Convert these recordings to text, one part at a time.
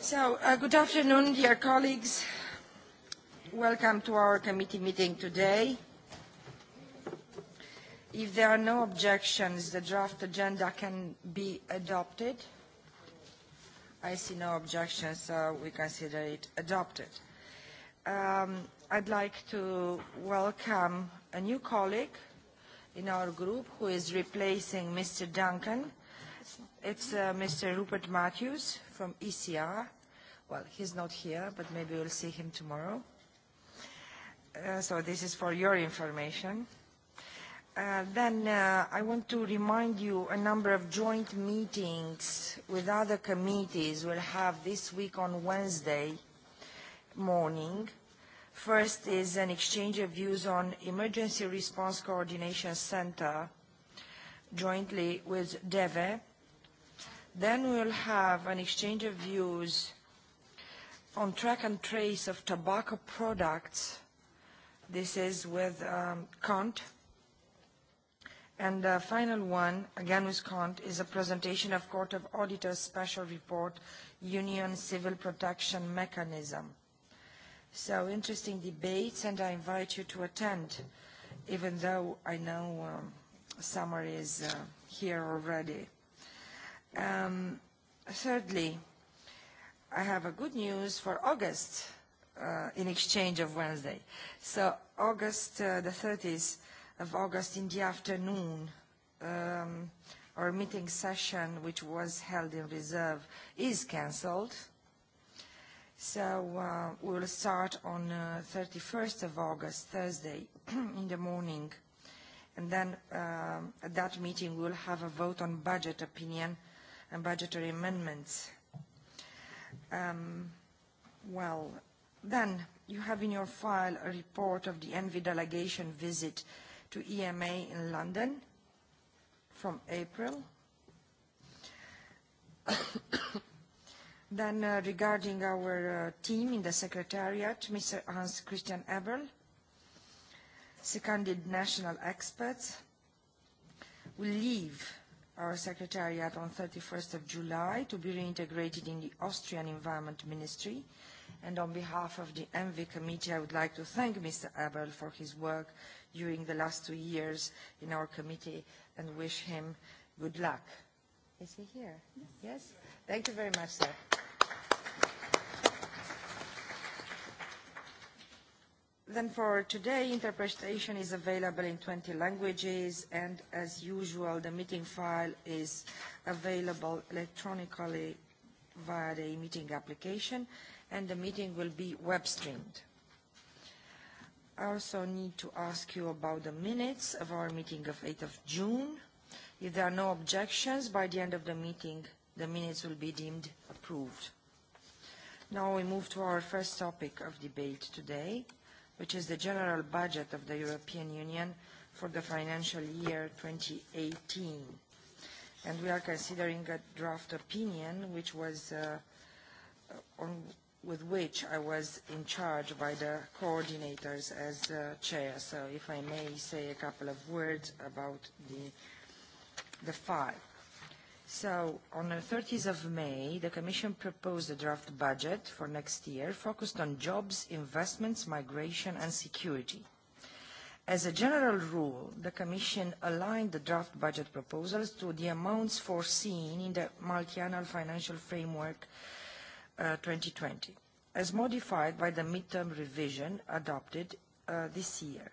So, uh, good afternoon, dear colleagues. Welcome to our committee meeting today. If there are no objections, the draft agenda can be adopted. I see no objections, so we consider it adopted. Um, I'd like to welcome a new colleague in our group who is replacing Mr. Duncan, It's uh, Mr. Rupert Matthews from ECR. Well, he's not here, but maybe we'll see him tomorrow. Uh, so this is for your information. Uh, then uh, I want to remind you a number of joint meetings with other committees we'll have this week on Wednesday morning. First is an exchange of views on Emergency Response Coordination Center jointly with DEVE Then we will have an exchange of views on track and trace of tobacco products. This is with um, Kant. And the final one, again with Kant, is a presentation of Court of Auditors Special Report, Union Civil Protection Mechanism. So interesting debates, and I invite you to attend, even though I know um, summer is uh, here already. Um, thirdly, I have a good news for August uh, in exchange of Wednesday. So August uh, the 30th of August in the afternoon, um, our meeting session, which was held in reserve, is cancelled. So uh, we will start on uh, 31st of August, Thursday, in the morning. And then uh, at that meeting, we will have a vote on budget opinion uh, and budgetary amendments. Um, well, then you have in your file a report of the ENVI delegation visit to EMA in London from April. Then uh, regarding our uh, team in the secretariat, Mr. Hans Christian Eberl seconded national experts will leave our secretariat on 31st of July to be reintegrated in the Austrian Environment Ministry. And on behalf of the ENVI committee, I would like to thank Mr. Abel for his work during the last two years in our committee and wish him good luck. Is he here? Yes? yes? Thank you very much, sir. Then for today, interpretation is available in 20 languages, and as usual, the meeting file is available electronically via the meeting application, and the meeting will be web-streamed. I also need to ask you about the minutes of our meeting of 8th of June. If there are no objections, by the end of the meeting, the minutes will be deemed approved. Now we move to our first topic of debate today, which is the general budget of the European Union for the financial year 2018. And we are considering a draft opinion which was, uh, uh, on, with which I was in charge by the coordinators as uh, chair. So if I may say a couple of words about the, the file. So on the 30th of May, the Commission proposed a draft budget for next year focused on jobs, investments, migration and security. As a general rule, the Commission aligned the draft budget proposals to the amounts foreseen in the Multiannual Financial Framework uh, 2020, as modified by the midterm revision adopted uh, this year.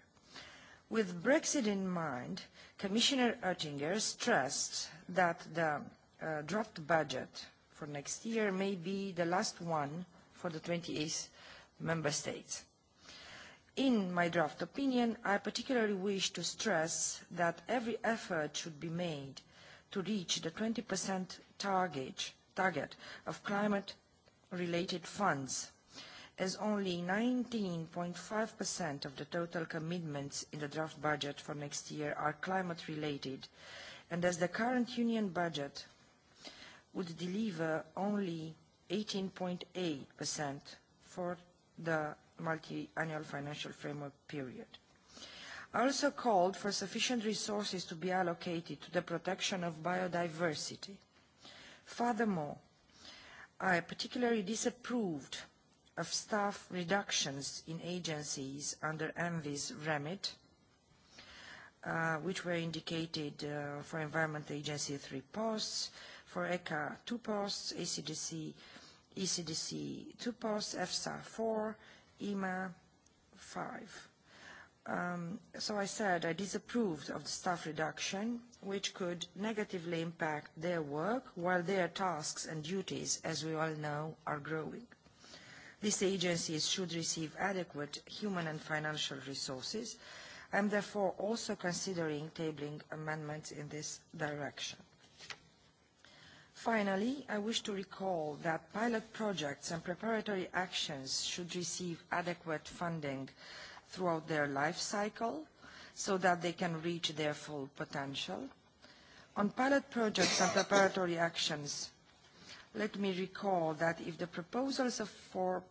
With Brexit in mind, Commissioner Oettinger stressed that the uh, draft budget for next year may be the last one for the 28 member states. In my draft opinion, I particularly wish to stress that every effort should be made to reach the 20% target, target of climate-related funds as only 19.5% of the total commitments in the draft budget for next year are climate-related, and as the current union budget would deliver only 18.8% for the multiannual financial framework period. I also called for sufficient resources to be allocated to the protection of biodiversity. Furthermore, I particularly disapproved of staff reductions in agencies under ENVI's remit, uh, which were indicated uh, for Environment Agency three posts, for ECHA two posts, ECDC, ECDC two posts, EFSA four, EMA five. Um, so I said I disapproved of the staff reduction, which could negatively impact their work, while their tasks and duties, as we all know, are growing. These agencies should receive adequate human and financial resources. I am therefore also considering tabling amendments in this direction. Finally, I wish to recall that pilot projects and preparatory actions should receive adequate funding throughout their life cycle so that they can reach their full potential. On pilot projects and preparatory actions, let me recall that if the proposals of, for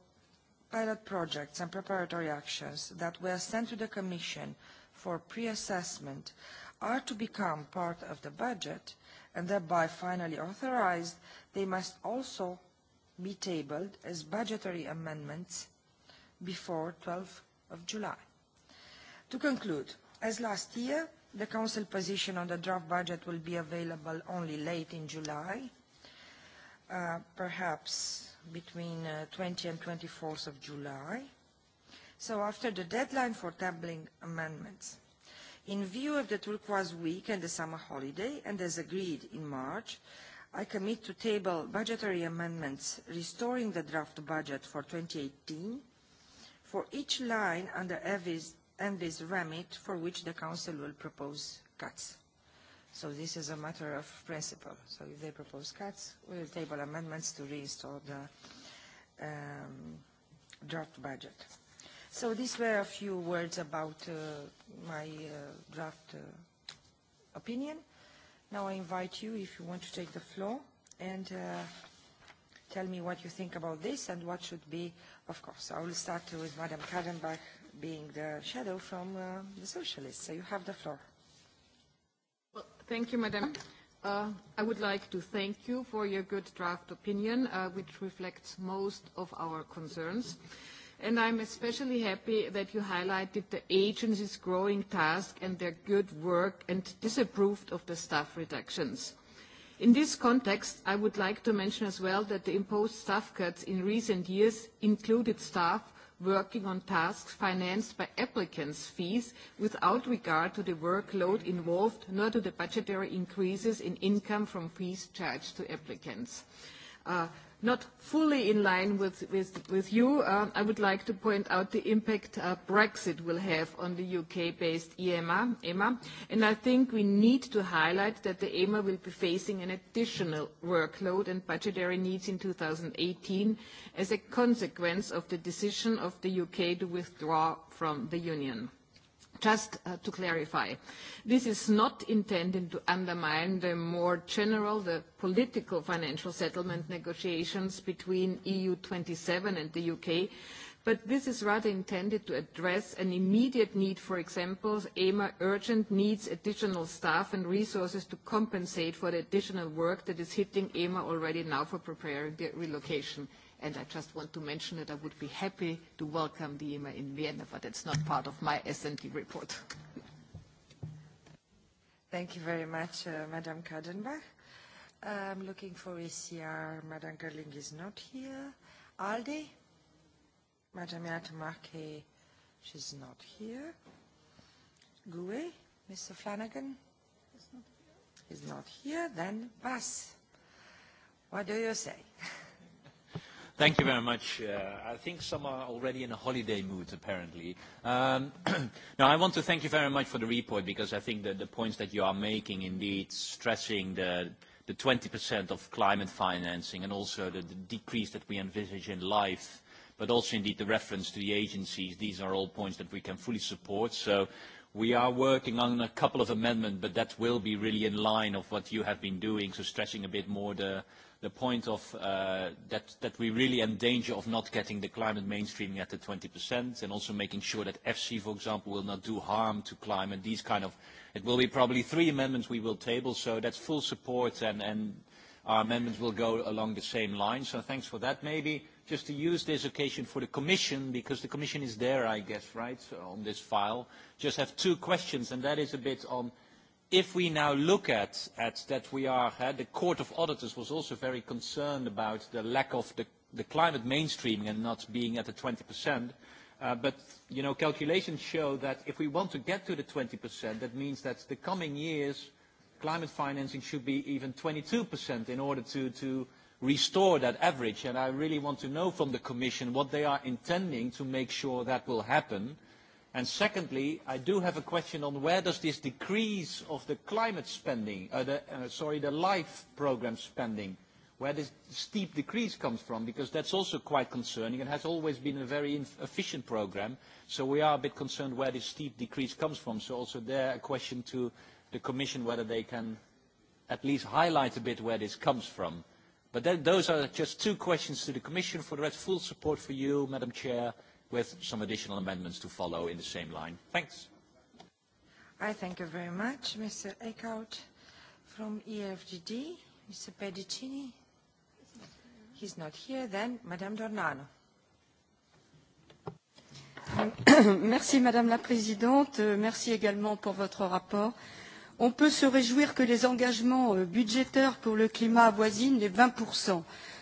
pilot projects and preparatory actions that were sent to the Commission for pre-assessment are to become part of the budget and thereby finally authorized, they must also be tabled as budgetary amendments before 12 of July. To conclude, as last year, the Council position on the draft budget will be available only late in July, uh, perhaps between uh, 20 and 24th of July, so after the deadline for tabling amendments. In view of the turquoise week and the summer holiday, and as agreed in March, I commit to table budgetary amendments restoring the draft budget for 2018 for each line under ENVI's remit for which the Council will propose cuts. So this is a matter of principle. So if they propose cuts, we will table amendments to reinstall the um, draft budget. So these were a few words about uh, my uh, draft uh, opinion. Now I invite you, if you want to take the floor, and uh, tell me what you think about this and what should be, of course. I will start with Madam Kadenbach being the shadow from uh, the Socialists. So you have the floor. Thank you, Madam. Uh, I would like to thank you for your good draft opinion, uh, which reflects most of our concerns. And I'm especially happy that you highlighted the agency's growing task and their good work and disapproved of the staff reductions. In this context, I would like to mention as well that the imposed staff cuts in recent years included staff working on tasks financed by applicants' fees without regard to the workload involved nor to the budgetary increases in income from fees charged to applicants. Uh, not fully in line with, you, uh, I would like to point out the impact uh, Brexit will have on the U.K.-based EMA, EMA, and I think we need to highlight that the EMA will be facing an additional workload and budgetary needs in 2018 as a consequence of the decision of the U.K. to withdraw from the Union. Just uh, to clarify, this is not intended to undermine the more general, the political financial settlement negotiations between EU 27 and the U.K., but this is rather intended to address an immediate need. For example, EMA urgent needs additional staff and resources to compensate for the additional work that is hitting EMA already now for preparing the relocation And I just want to mention that I would be happy to welcome the EMA in Vienna, but that's not part of my S&D report. Thank you very much, uh, Madam Kadenbach. I'm looking for ECR. Madam Gerling is not here. ALDE? Madam Yatamaki, she's not here. GUE? Mr. Flanagan? He's not here. He's not here. Then Bas, what do you say? Thank you very much. Uh, I think some are already in a holiday mood, apparently. Um, now, I want to thank you very much for the report because I think that the points that you are making, indeed, stressing the, the 20% of climate financing and also the, the decrease that we envisage in life, but also indeed the reference to the agencies, these are all points that we can fully support. So We are working on a couple of amendments, but that will be really in line of what you have been doing, so stressing a bit more the the point of uh, that, that we really in danger of not getting the climate mainstreaming at the 20% and also making sure that FC, for example, will not do harm to climate. These kind of, it will be probably three amendments we will table, so that's full support and, and our amendments will go along the same line. So thanks for that. Maybe just to use this occasion for the Commission, because the Commission is there, I guess, right, so on this file. Just have two questions, and that is a bit on – if we now look at, that we are, uh, the Court of Auditors was also very concerned about the lack of the, the climate mainstreaming and not being at the 20%. Uh, but, you know, calculations show that if we want to get to the 20%, that means that the coming years, climate financing should be even 22% in order to, to restore that average. And I really want to know from the Commission what they are intending to make sure that will happen. Uh, And secondly, I do have a question on where does this decrease of the climate spending, uh, the, uh, sorry, the life program spending, where this steep decrease comes from, because that's also quite concerning and has always been a very efficient program. So we are a bit concerned where this steep decrease comes from. So also there, a question to the Commission whether they can at least highlight a bit where this comes from. But those are just two questions to the Commission. For the rest, full support for you, Madam Chair, with some additional amendments to follow in the same line. Thanks. I thank you very much, Mr. Eckhout. From EFGD, Mr. Pedicini. He's not here. Then, Madame Dornano. Merci, Madame la Présidente. Euh, merci également pour votre rapport. On peut se réjouir que les engagements euh, budgétaires pour le climat avoisinent les 20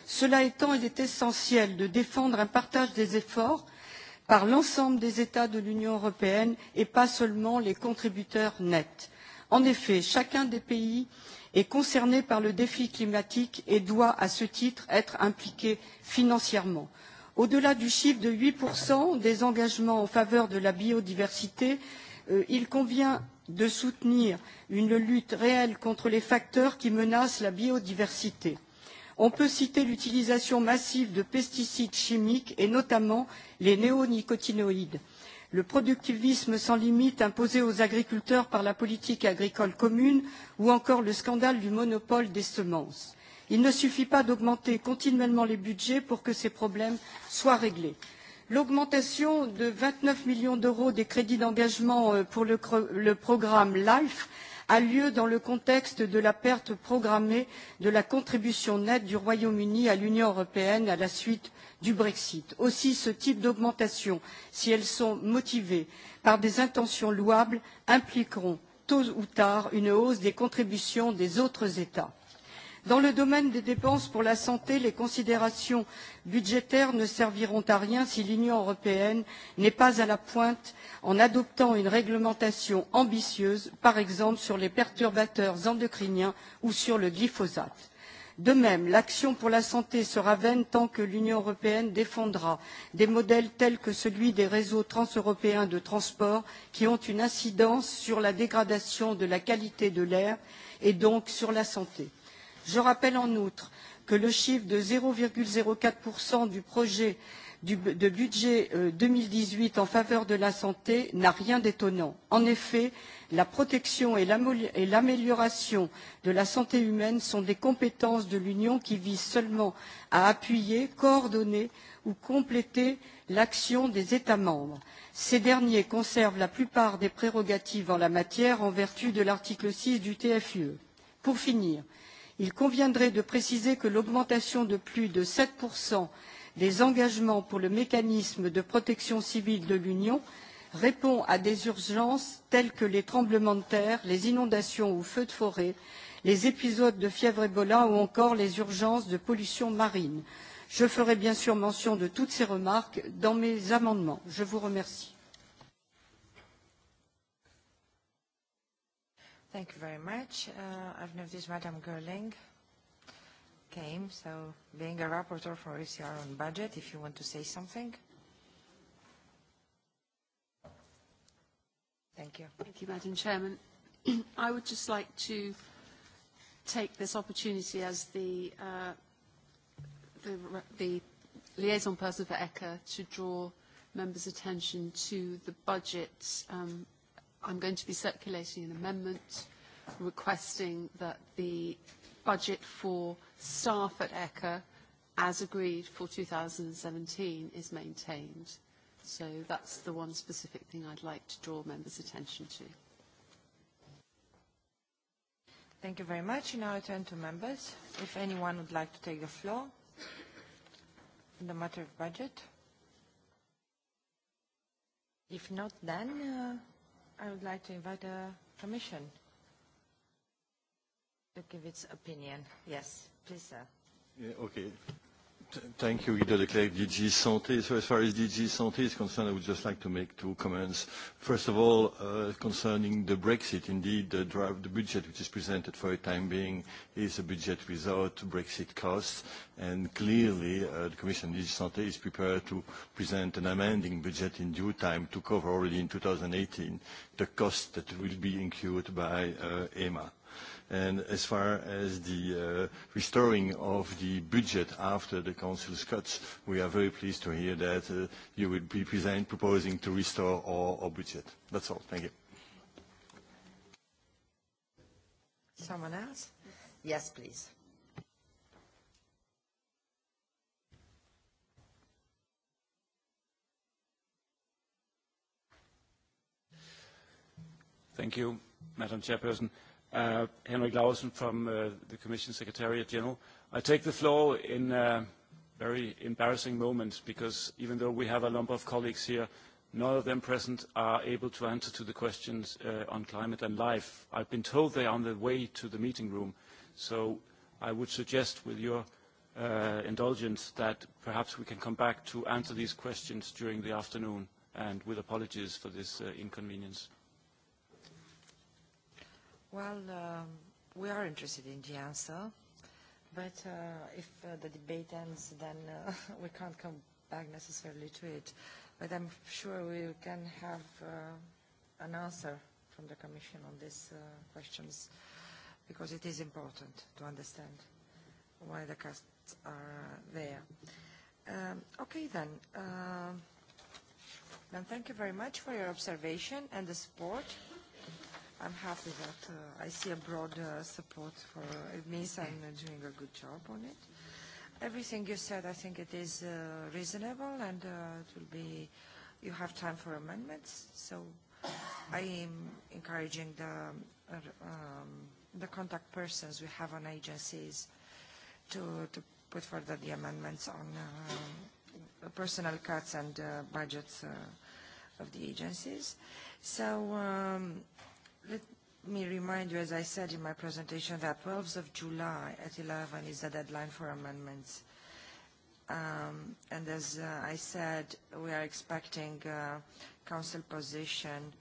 Cela étant, il est essentiel de défendre un partage des efforts par l'ensemble des États de l'Union européenne et pas seulement les contributeurs nets. En effet, chacun des pays est concerné par le défi climatique et doit, à ce titre, être impliqué financièrement. Au delà du chiffre de huit des engagements en faveur de la biodiversité, euh, il convient de soutenir une lutte réelle contre les facteurs qui menacent la biodiversité on peut citer l'utilisation massive de pesticides chimiques et notamment les néonicotinoïdes le productivisme sans limite imposé aux agriculteurs par la politique agricole commune ou encore le scandale du monopole des semences. il ne suffit pas d'augmenter continuellement les budgets pour que ces problèmes soient réglés. l'augmentation de vingt neuf millions d'euros des crédits d'engagement euh, pour le, programme life a lieu dans le contexte de la perte programmée de la contribution nette du royaume uni à l'union européenne à la suite du brexit. aussi ce type d'augmentation, si elles sont motivées par des intentions louables impliqueront tôt ou tard une hausse des contributions des autres états. Dans le domaine des dépenses pour la santé, les considérations budgétaires ne serviront à rien si l'Union européenne n'est pas à la pointe en adoptant une réglementation ambitieuse, par exemple sur les perturbateurs endocriniens ou sur le glyphosate. De même, l'action pour la santé sera vaine tant que l'Union européenne défendra des modèles tels que celui des réseaux transeuropéens de transport qui ont une incidence sur la dégradation de la qualité de l'air et donc sur la santé je rappelle en outre que le chiffre de zéro quatre du projet du, de budget euh, deux mille dix huit en faveur de la santé n'a rien d'étonnant. en effet la protection et l'amélioration de la santé humaine sont des compétences de l'union qui visent seulement à appuyer coordonner ou compléter l'action des états membres. ces derniers conservent la plupart des prérogatives en la matière en vertu de l'article six du tfue. pour finir il conviendrait de préciser que l'augmentation de plus de sept des engagements pour le mécanisme de protection civile de l'union répond à des urgences telles que les tremblements de terre les inondations ou feux de forêt les épisodes de fièvre ebola ou encore les urgences de pollution marine. je ferai bien sûr mention de toutes ces remarques dans mes amendements. je vous remercie. Thank you very much. Uh, I've noticed Madame Gerling came, so being a rapporteur for ECR on budget, if you want to say something. Thank you. Thank you, Madam Chairman. I would just like to take this opportunity as the, uh, the, the liaison person for ECHA to draw members' attention to the budget um, I'm going to be circulating an amendment requesting that the budget for staff at ECHA, as agreed for 2017, is maintained. So that's the one specific thing I'd like to draw members' attention to. Thank you very much. Now I turn to members. If anyone would like to take the floor in the matter of budget. If not, then uh, i would like to invite the Commission to give its opinion. Yes, please, sir. Yeah, okay. Thank you, Guido de Klerk, DG Santé. So as far as DG Santé is concerned, I would just like to make two comments. First of all, uh, concerning the Brexit, indeed, the draft, the budget which is presented for the time being is a budget without Brexit costs, and clearly, uh, the Commission, DG Santé, is prepared to present an amending budget in due time to cover already in 2018 the cost that will be incurred by uh, EMA. And as far as the uh, restoring of the budget after the council's cuts, we are very pleased to hear that uh, you will be present proposing to restore our, our budget. That's all. Thank you. Someone else? Yes, please. Thank you, Madam Chairperson uh, Henrik Lausen from uh, the Commission Secretariat General. I take the floor in a uh, very embarrassing moment because even though we have a number of colleagues here, none of them present are able to answer to the questions uh, on climate and life. I've been told they are on the way to the meeting room, so I would suggest with your uh, indulgence that perhaps we can come back to answer these questions during the afternoon and with apologies for this uh, inconvenience. Well, um, we are interested in the answer, but uh, if uh, the debate ends, then uh, we can't come back necessarily to it. But I'm sure we can have uh, an answer from the Commission on these uh, questions, because it is important to understand why the costs are there. Um, okay, then. Uh, then thank you very much for your observation and the support. I'm happy that uh, I see a broad uh, support for it means I'm uh, doing a good job on it. Everything you said, I think it is uh, reasonable and uh, it will be, you have time for amendments. So I am encouraging the, uh, um, the contact persons we have on agencies to, to put further the amendments on uh, personal cuts and uh, budgets uh, of the agencies. So um, Let me remind you, as I said in my presentation, that 12th of July at 11 is the deadline for amendments. Um, and as uh, I said, we are expecting uh, council position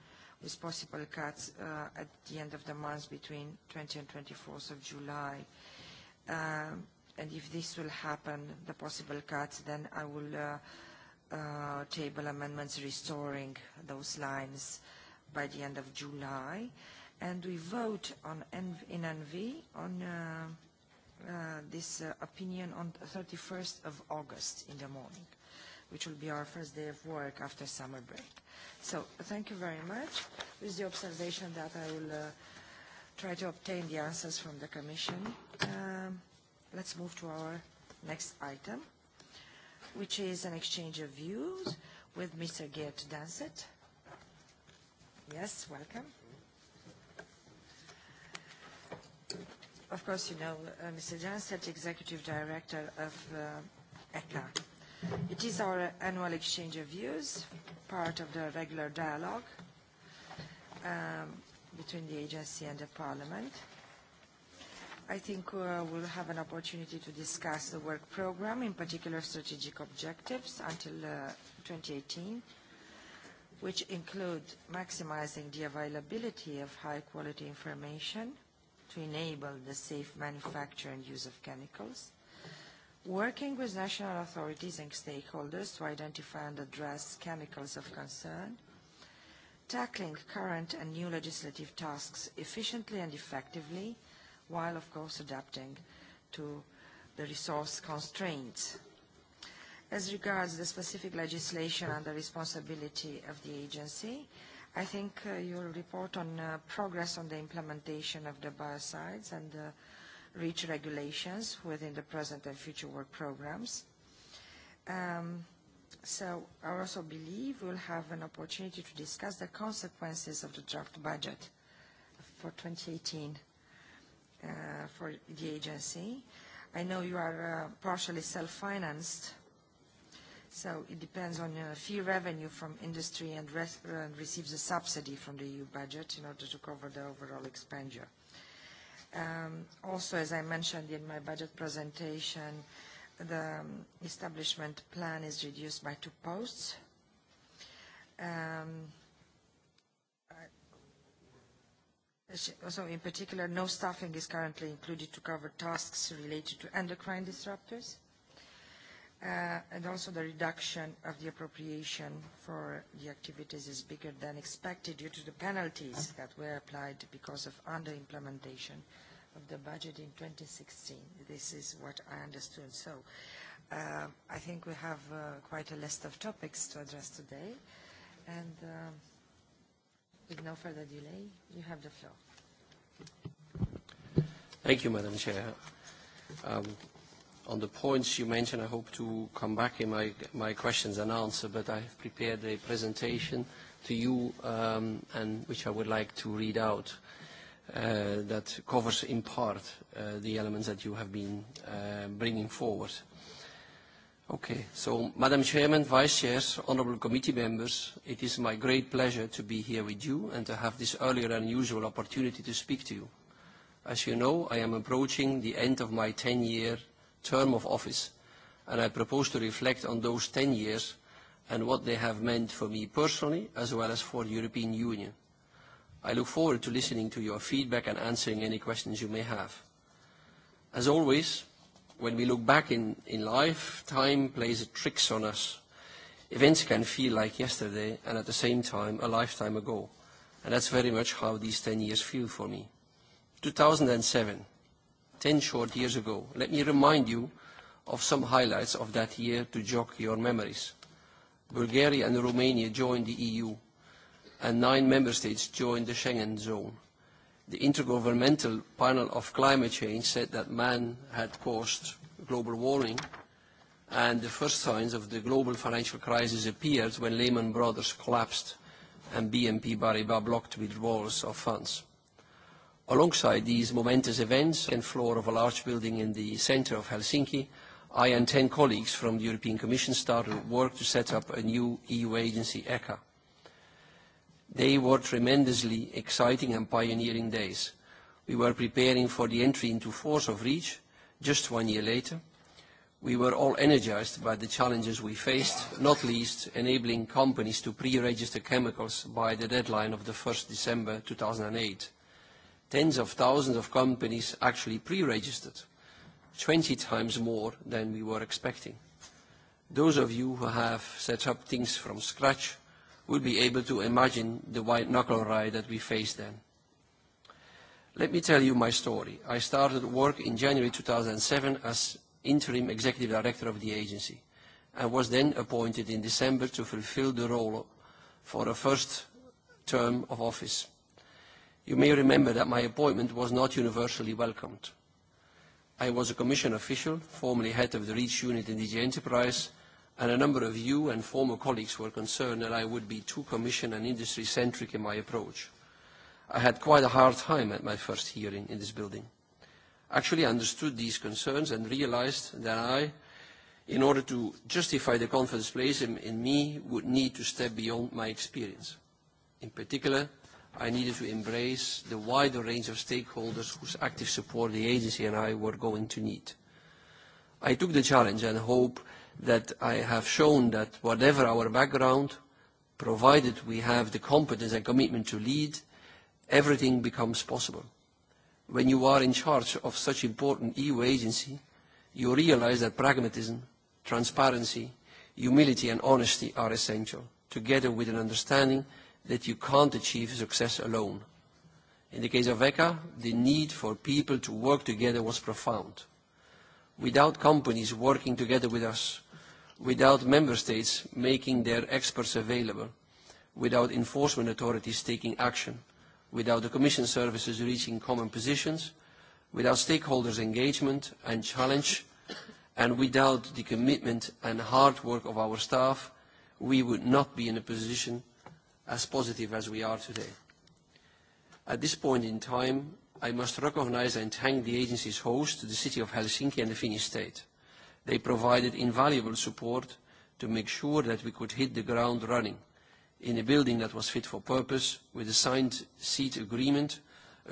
with possible cuts uh, at the end of the month between 20 and 24th of July. Um, and if this will happen, the possible cuts, then I will uh, uh, table amendments restoring those lines. Uh, by the end of July, and we vote on NV, in on uh, uh, this uh, opinion on the 31st of August in the morning, which will be our first day of work after summer break. So thank you very much. With the observation that I will uh, try to obtain the answers from the Commission, um, let's move to our next item, which is an exchange of views with Mr. Geert Danset, Yes, welcome. Of course, you know, uh, Mr. Janset, Executive Director of uh, ECA. It is our annual exchange of views, part of the regular dialogue um, between the agency and the Parliament. I think uh, we'll have an opportunity to discuss the work program, in particular strategic objectives until uh, 2018, which include maximizing the availability of high-quality information to enable the safe manufacture and use of chemicals, working with national authorities and stakeholders to identify and address chemicals of concern, tackling current and new legislative tasks efficiently and effectively, while of course adapting to the resource constraints As regards the specific legislation and the responsibility of the agency, I think uh, your report on uh, progress on the implementation of the biocides and the uh, REACH regulations within the present and future work programs. Um, so I also believe we'll have an opportunity to discuss the consequences of the draft budget for 2018 uh, for the agency. I know you are uh, partially self-financed so it depends on uh, fee revenue from industry and res uh, receives a subsidy from the EU budget in order to cover the overall expenditure. Um, also, as I mentioned in my budget presentation, the um, establishment plan is reduced by two posts. Um, so in particular, no staffing is currently included to cover tasks related to endocrine disruptors uh, and also the reduction of the appropriation for the activities is bigger than expected due to the penalties ah. that were applied because of underimplementation of the budget in 2016. This is what I understood. So uh, I think we have uh, quite a list of topics to address today. And uh, with no further delay, you have the floor. Thank you, Madam Chair. Um, on the points you mentioned. I hope to come back in my, my questions and answer, but I have prepared a presentation to you, um, and which I would like to read out, uh, that covers in part uh, the elements that you have been uh, bringing forward. Okay. So, Madam Chairman, Vice Chairs, honorable committee members, it is my great pleasure to be here with you and to have this earlier than usual opportunity to speak to you. As you know, I am approaching the end of my 10-year term of office, and I propose to reflect on those 10 years and what they have meant for me personally as well as for the European Union. I look forward to listening to your feedback and answering any questions you may have. As always, when we look back in, in life, time plays tricks on us. Events can feel like yesterday and at the same time a lifetime ago. And that's very much how these 10 years feel for me. 2007, 10 short years ago. Let me remind you of some highlights of that year to jog your memories. Bulgaria and Romania joined the EU, and nine member states joined the Schengen zone. The Intergovernmental Panel of Climate Change said that man had caused global warming, and the first signs of the global financial crisis appeared when Lehman Brothers collapsed and BNP Paribas blocked withdrawals of funds. Alongside these momentous events and floor of a large building in the center of Helsinki, I and 10 colleagues from the European Commission started work to set up a new EU agency, ECHA. They were tremendously exciting and pioneering days. We were preparing for the entry into force of REACH just one year later. We were all energized by the challenges we faced, not least enabling companies to pre-register chemicals by the deadline of the 1st December 2008 tens of thousands of companies actually pre-registered, 20 times more than we were expecting. Those of you who have set up things from scratch will be able to imagine the white-knuckle ride that we faced then. Let me tell you my story. I started work in January 2007 as interim executive director of the agency and was then appointed in December to fulfill the role for a first term of office. You may remember that my appointment was not universally welcomed. I was a commission official, formerly head of the REACH unit in DG Enterprise, and a number of you and former colleagues were concerned that I would be too commission and industry-centric in my approach. I had quite a hard time at my first hearing in this building. Actually, I understood these concerns and realized that I, in order to justify the confidence placed in, in me, would need to step beyond my experience. In particular, i needed to embrace the wider range of stakeholders whose active support the agency and I were going to need. I took the challenge and hope that I have shown that whatever our background, provided we have the competence and commitment to lead, everything becomes possible. When you are in charge of such important EU agency, you realize that pragmatism, transparency, humility and honesty are essential, together with an understanding that you can't achieve success alone. In the case of ECA, the need for people to work together was profound. Without companies working together with us, without member states making their experts available, without enforcement authorities taking action, without the Commission services reaching common positions, without stakeholders' engagement and challenge, and without the commitment and hard work of our staff, we would not be in a position as positive as we are today. At this point in time, I must recognize and thank the agency's host, the City of Helsinki and the Finnish state. They provided invaluable support to make sure that we could hit the ground running in a building that was fit for purpose, with a signed seat agreement,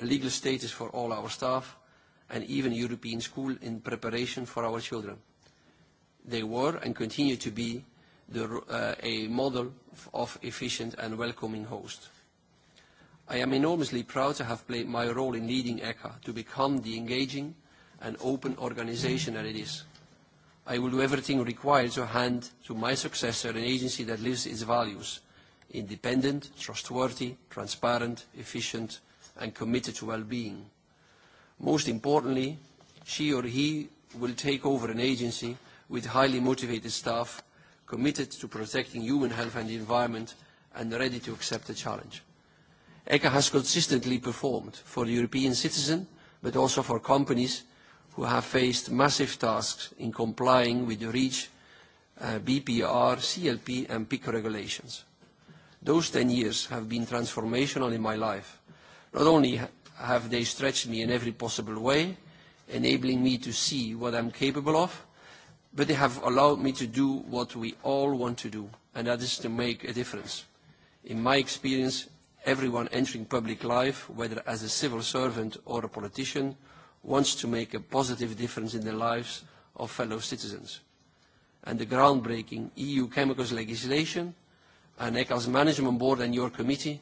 a legal status for all our staff, and even European school in preparation for our children. They were and continue to be the, uh, a model of efficient and welcoming host. I am enormously proud to have played my role in leading ECHA to become the engaging and open organization that it is. I will do everything required to hand to my successor an agency that lives its values, independent, trustworthy, transparent, efficient, and committed to well-being. Most importantly, she or he will take over an agency with highly motivated staff committed to protecting human health and the environment and ready to accept the challenge. ECHA has consistently performed for the European citizen, but also for companies who have faced massive tasks in complying with the REACH, uh, BPR, CLP and PIC regulations. Those 10 years have been transformational in my life. Not only have they stretched me in every possible way, enabling me to see what I'm capable of, but they have allowed me to do what we all want to do, and that is to make a difference. In my experience, everyone entering public life, whether as a civil servant or a politician, wants to make a positive difference in the lives of fellow citizens. And the groundbreaking EU chemicals legislation and ECA's management board and your committee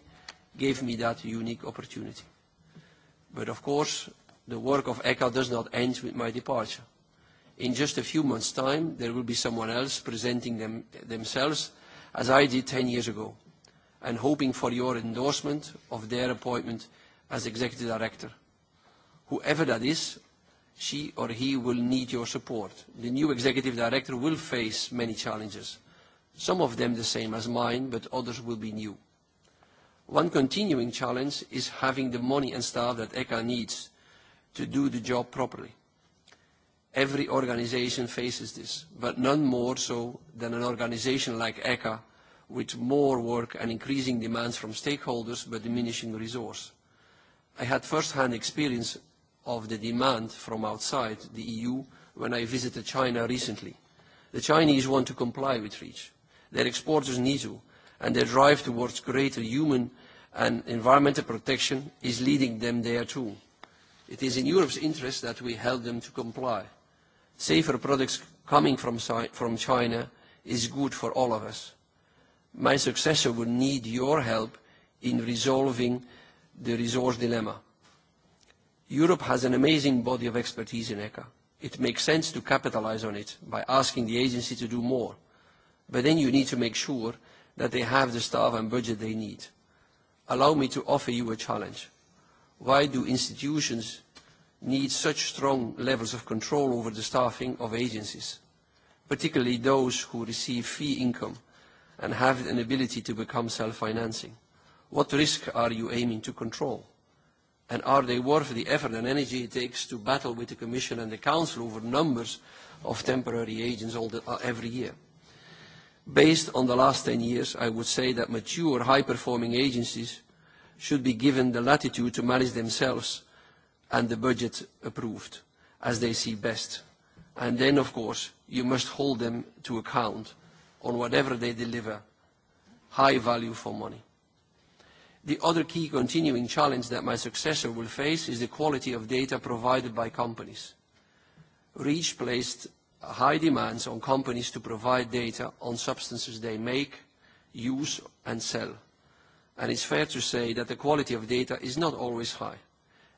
gave me that unique opportunity. But of course, the work of ECHA does not end with my departure in just a few months' time, there will be someone else presenting them, themselves, as I did 10 years ago, and hoping for your endorsement of their appointment as executive director. Whoever that is, she or he will need your support. The new executive director will face many challenges, some of them the same as mine, but others will be new. One continuing challenge is having the money and staff that ECHA needs to do the job properly. Every organization faces this, but none more so than an organization like ECHA, with more work and increasing demands from stakeholders but diminishing resource. I had first-hand experience of the demand from outside the EU when I visited China recently. The Chinese want to comply with REACH. Their exporters need to, and their drive towards greater human and environmental protection is leading them there too. It is in Europe's interest that we help them to comply safer products coming from, from China is good for all of us. My successor will need your help in resolving the resource dilemma. Europe has an amazing body of expertise in ECHA. It makes sense to capitalize on it by asking the agency to do more. But then you need to make sure that they have the staff and budget they need. Allow me to offer you a challenge. Why do institutions need such strong levels of control over the staffing of agencies, particularly those who receive fee income and have an ability to become self-financing? What risk are you aiming to control? And are they worth the effort and energy it takes to battle with the Commission and the Council over numbers of temporary agents all the, uh, every year? Based on the last 10 years, I would say that mature, high-performing agencies should be given the latitude to manage themselves and the budget approved as they see best. And then, of course, you must hold them to account on whatever they deliver, high value for money. The other key continuing challenge that my successor will face is the quality of data provided by companies. REACH placed high demands on companies to provide data on substances they make, use, and sell. And it's fair to say that the quality of data is not always high.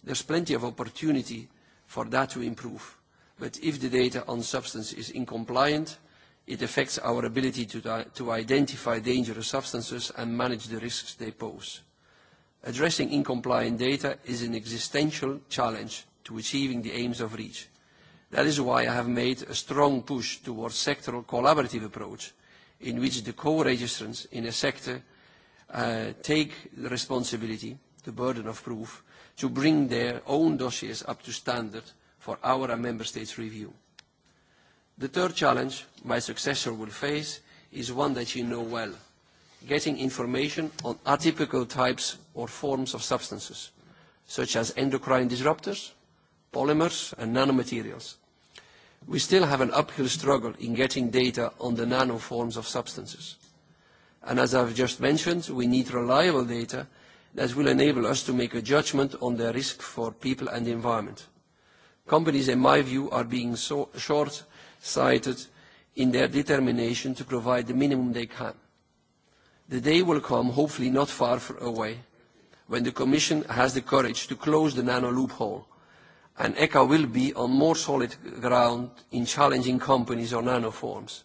There's plenty of opportunity for that to improve. But if the data on substance is incompliant, it affects our ability to, to identify dangerous substances and manage the risks they pose. Addressing incompliant data is an existential challenge to achieving the aims of REACH. That is why I have made a strong push towards sectoral collaborative approach in which the co-registrants in a sector uh, take the responsibility, the burden of proof, to bring their own dossiers up to standard for our member states' review. The third challenge my successor will face is one that you know well, getting information on atypical types or forms of substances, such as endocrine disruptors, polymers and nanomaterials. We still have an uphill struggle in getting data on the nanoforms of substances. And as I've just mentioned, we need reliable data that will enable us to make a judgment on the risk for people and the environment. Companies, in my view, are being so short-sighted in their determination to provide the minimum they can. The day will come, hopefully not far away, when the Commission has the courage to close the nano loophole, and ECHA will be on more solid ground in challenging companies or nanoforms.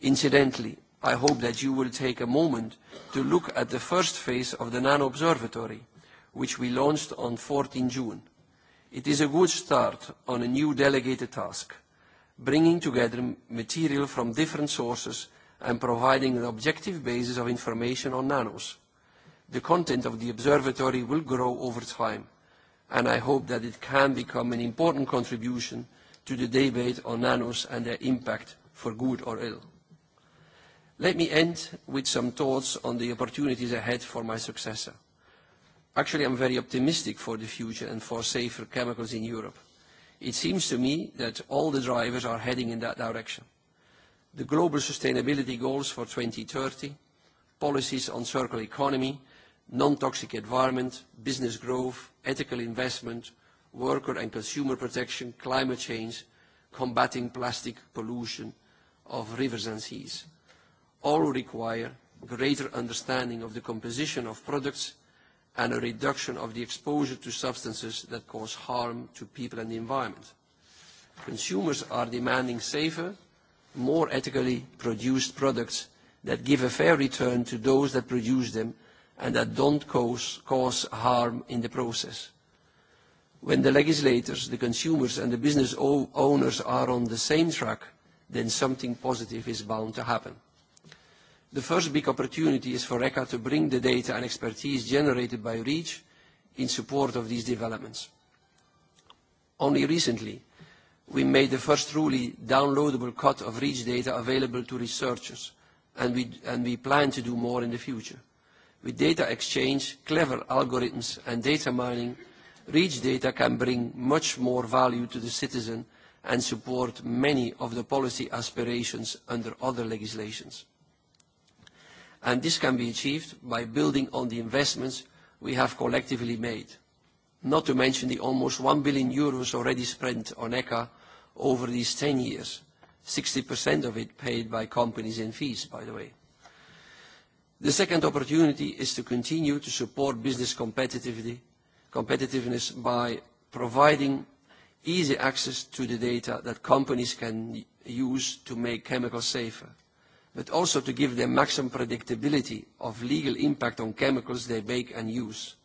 Incidentally, i hope that you will take a moment to look at the first phase of the Nano Observatory, which we launched on 14 June. It is a good start on a new delegated task, bringing together material from different sources and providing an objective basis of information on nanos. The content of the observatory will grow over time, and I hope that it can become an important contribution to the debate on nanos and their impact for good or ill. Let me end with some thoughts on the opportunities ahead for my successor. Actually, I'm very optimistic for the future and for safer chemicals in Europe. It seems to me that all the drivers are heading in that direction. The global sustainability goals for 2030, policies on circular economy, non-toxic environment, business growth, ethical investment, worker and consumer protection, climate change, combating plastic pollution of rivers and seas all require greater understanding of the composition of products and a reduction of the exposure to substances that cause harm to people and the environment. Consumers are demanding safer, more ethically produced products that give a fair return to those that produce them and that don't cause, cause harm in the process. When the legislators, the consumers and the business owners are on the same track, then something positive is bound to happen. The first big opportunity is for ECHA to bring the data and expertise generated by REACH in support of these developments. Only recently, we made the first truly downloadable cut of REACH data available to researchers, and we, and we plan to do more in the future. With data exchange, clever algorithms, and data mining, REACH data can bring much more value to the citizen and support many of the policy aspirations under other legislations and this can be achieved by building on the investments we have collectively made, not to mention the almost 1 billion euros already spent on ECHA over these 10 years, 60% of it paid by companies in fees, by the way. The second opportunity is to continue to support business competitiveness by providing easy access to the data that companies can use to make chemicals safer but also to give them maximum predictability of legal impact on chemicals they make and use.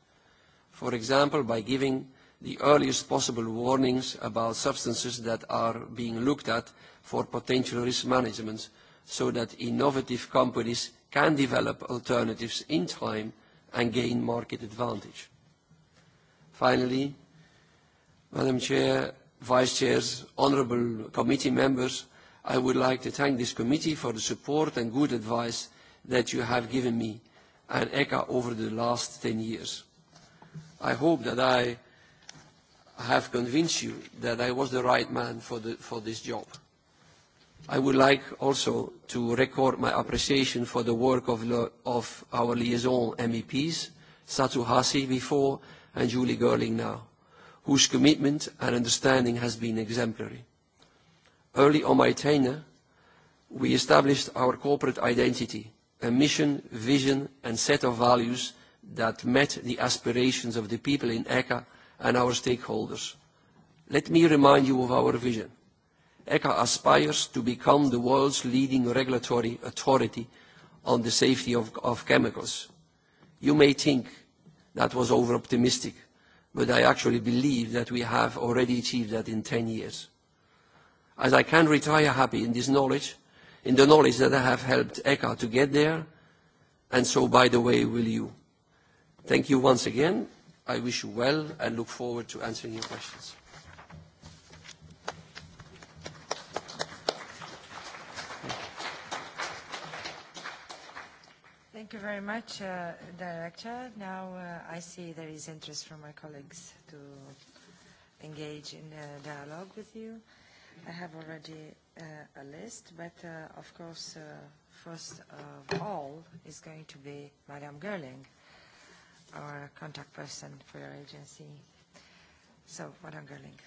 For example, by giving the earliest possible warnings about substances that are being looked at for potential risk management so that innovative companies can develop alternatives in time and gain market advantage. Finally, Madam Chair, Vice Chairs, honourable committee members, i would like to thank this committee for the support and good advice that you have given me and ECHA over the last 10 years. I hope that I have convinced you that I was the right man for, the, for this job. I would like also to record my appreciation for the work of, of our liaison MEPs, Satu Hasi before and Julie Gerling now, whose commitment and understanding has been exemplary. Early on my tenure, we established our corporate identity, a mission, vision and set of values that met the aspirations of the people in ECA and our stakeholders. Let me remind you of our vision. ECHA aspires to become the world's leading regulatory authority on the safety of, of chemicals. You may think that was over-optimistic, but I actually believe that we have already achieved that in 10 years as I can retire happy in this knowledge, in the knowledge that I have helped ECHA to get there, and so, by the way, will you. Thank you once again. I wish you well and look forward to answering your questions. Thank you very much, uh, Director. Now uh, I see there is interest from my colleagues to engage in a uh, dialogue with you. I have already uh, a list, but uh, of course, uh, first of all is going to be Madame Gerling, our contact person for your agency. So, Madame Gerling.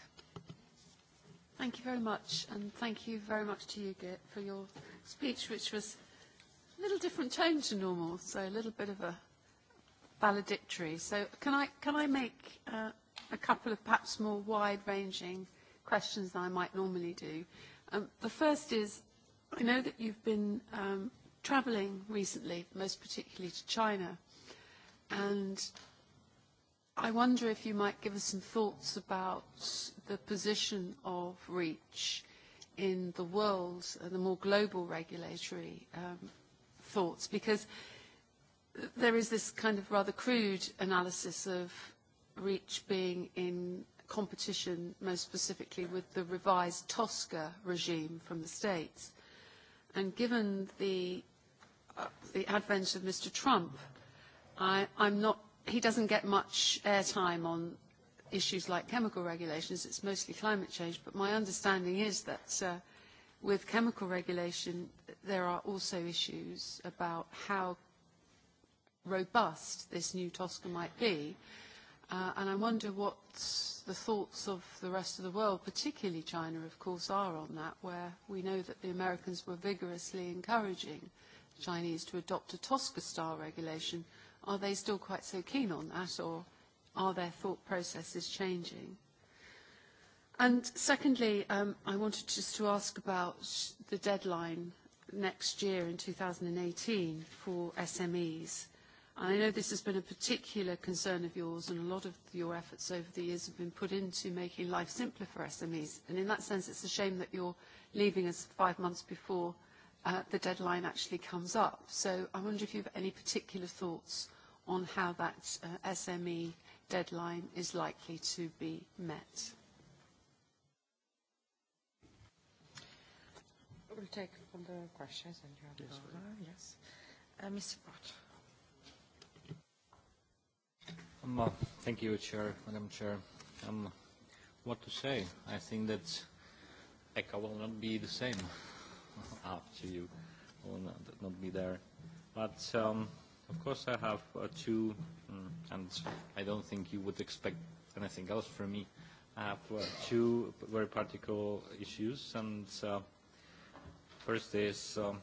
Thank you very much, and thank you very much to you, Git for your speech, which was a little different tone to normal, so a little bit of a valedictory. So can I, can I make uh, a couple of perhaps more wide-ranging – questions than I might normally do. Um, the first is, I know that you've been um, travelling recently, most particularly to China, and I wonder if you might give us some thoughts about the position of REACH in the world, uh, the more global regulatory um, thoughts, because there is this kind of rather crude analysis of REACH being in competition, most specifically with the revised TOSCA regime from the states. And given the, uh, the advent of Mr. Trump, I, I'm not, he doesn't get much airtime on issues like chemical regulations. It's mostly climate change. But my understanding is that uh, with chemical regulation, there are also issues about how robust this new TOSCA might be. Uh, and I wonder what the thoughts of the rest of the world, particularly China, of course, are on that, where we know that the Americans were vigorously encouraging the Chinese to adopt a Tosca-style regulation. Are they still quite so keen on that, or are their thought processes changing? And secondly, um, I wanted just to ask about the deadline next year in 2018 for SMEs. I know this has been a particular concern of yours, and a lot of your efforts over the years have been put into making life simpler for SMEs. And in that sense, it's a shame that you're leaving us five months before uh, the deadline actually comes up. So I wonder if you have any particular thoughts on how that uh, SME deadline is likely to be met. We'll take from the questions and you have the uh, Yes. Uh, Mr. Bott. Um, thank you, Chair, Madam Chair. Um, what to say? I think that ECHA will not be the same after you will not, not be there. But um, of course I have uh, two, um, and I don't think you would expect anything else from me. I have uh, two very particular issues, and uh, first is um,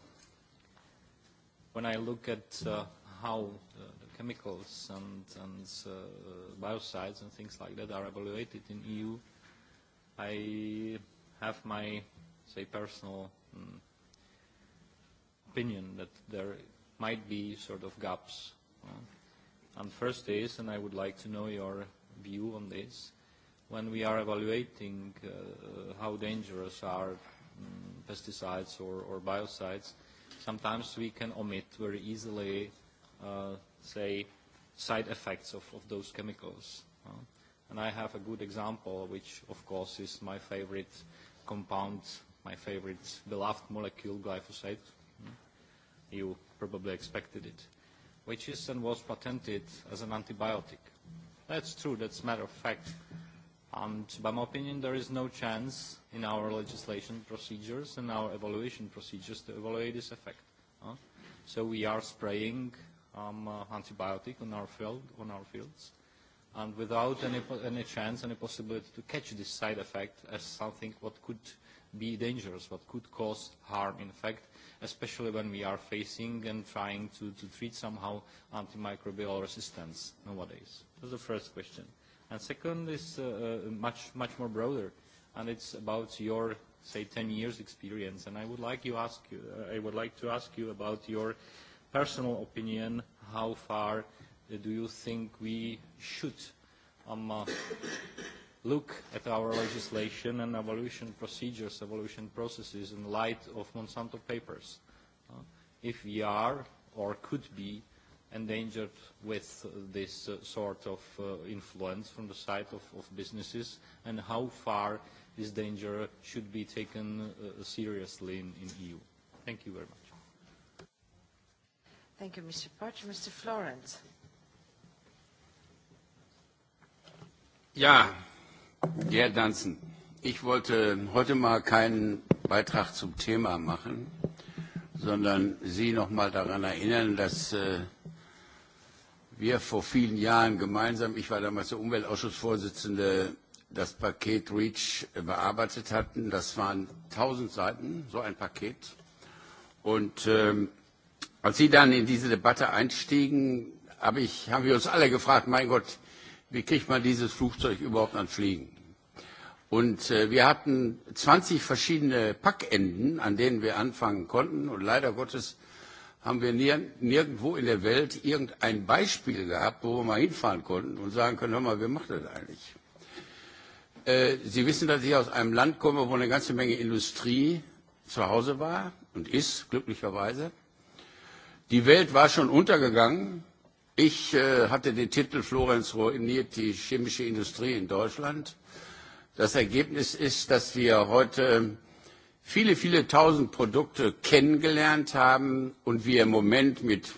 when I look at uh, how the the chemicals and, and uh, biocides and things like that are evaluated in EU, I have my, say, personal um, opinion that there might be sort of gaps. Uh, and first is, and I would like to know your view on this, when we are evaluating uh, how dangerous are um, pesticides or, or biocides, sometimes we can omit very easily uh, say, side effects of, of those chemicals. Uh, and I have a good example, which of course is my favorite compound, my favorite beloved molecule, glyphosate. Hmm? You probably expected it, which is and was patented as an antibiotic. That's true, that's a matter of fact. And by my opinion, there is no chance in our legislation procedures and our evaluation procedures to evaluate this effect. Uh, so we are spraying um, uh, antibiotic on our, field, on our fields and without any, any chance, any possibility to catch this side effect as something what could be dangerous, what could cause harm, in fact, especially when we are facing and trying to, to treat somehow antimicrobial resistance nowadays. That's the first question. And second is uh, uh much, much more broader, and it's about your, say, 10 years experience. And I would like, you ask you, uh, I would like to ask you about your personal opinion, how far do you think we should um, uh, look at our legislation and evolution procedures, evolution processes in light of Monsanto papers? Uh, if we are or could be endangered with this uh, sort of uh, influence from the side of, of businesses and how far this danger should be taken uh, seriously in, in EU. Thank you very much. Thank you, Mr. Potch. Mr. Florence. Ja, Herr Danzen, ich wollte heute mal keinen Beitrag zum Thema machen, sondern Sie noch mal daran erinnern, dass äh, wir vor vielen Jahren gemeinsam, ich war damals der Umweltausschussvorsitzende, das Paket REACH bearbeitet hatten. Das waren 1000 Seiten, so ein Paket. Und ähm, Als Sie dann in diese Debatte einstiegen, hab ich, haben wir uns alle gefragt, mein Gott, wie kriegt man dieses Flugzeug überhaupt ans Fliegen? Und äh, wir hatten 20 verschiedene Packenden, an denen wir anfangen konnten. Und leider Gottes haben wir nirgendwo in der Welt irgendein Beispiel gehabt, wo wir mal hinfahren konnten und sagen können, hör mal, wer macht das eigentlich? Äh, Sie wissen, dass ich aus einem Land komme, wo eine ganze Menge Industrie zu Hause war und ist, glücklicherweise. Die Welt war schon untergegangen. Ich äh, hatte den Titel Florenz ruiniert die chemische Industrie in Deutschland. Das Ergebnis ist, dass wir heute viele, viele tausend Produkte kennengelernt haben und wir im Moment mit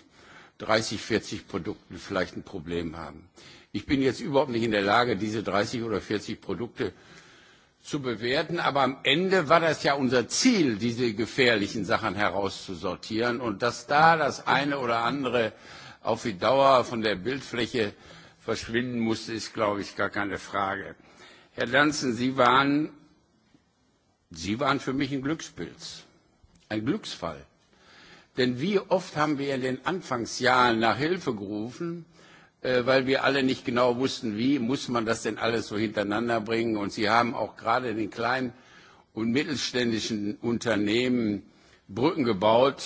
30, 40 Produkten vielleicht ein Problem haben. Ich bin jetzt überhaupt nicht in der Lage, diese 30 oder 40 Produkte äh, zu bewerten. Aber am Ende war das ja unser Ziel, diese gefährlichen Sachen herauszusortieren. Und dass da das eine oder andere auf die Dauer von der Bildfläche verschwinden musste, ist, glaube ich, gar keine Frage. Herr Danzen, Sie waren, Sie waren für mich ein Glückspilz, ein Glücksfall. Denn wie oft haben wir in den Anfangsjahren nach Hilfe gerufen Äh, weil wir alle nicht genau wussten, wie muss man das denn alles so hintereinander bringen. Und Sie haben auch gerade in den kleinen und mittelständischen Unternehmen Brücken gebaut,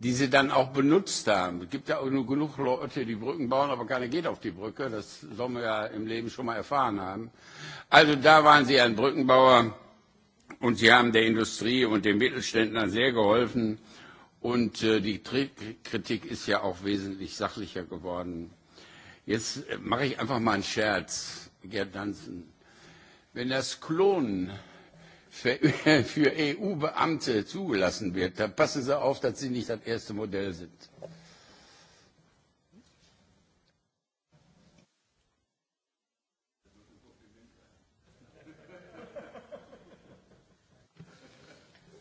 die sie dann auch benutzt haben. Es gibt ja auch nur genug Leute, die Brücken bauen, aber keiner geht auf die Brücke. Das soll man ja im Leben schon mal erfahren haben. Also da waren sie ein Brückenbauer und sie haben der Industrie und den Mittelständlern sehr geholfen. Und äh, die Kritik ist ja auch wesentlich sachlicher geworden Jetzt mache ich einfach mal einen Scherz, Gerd Danzen. Wenn das Klonen für, für EU-Beamte zugelassen wird, dann passen Sie auf, dass Sie nicht das erste Modell sind.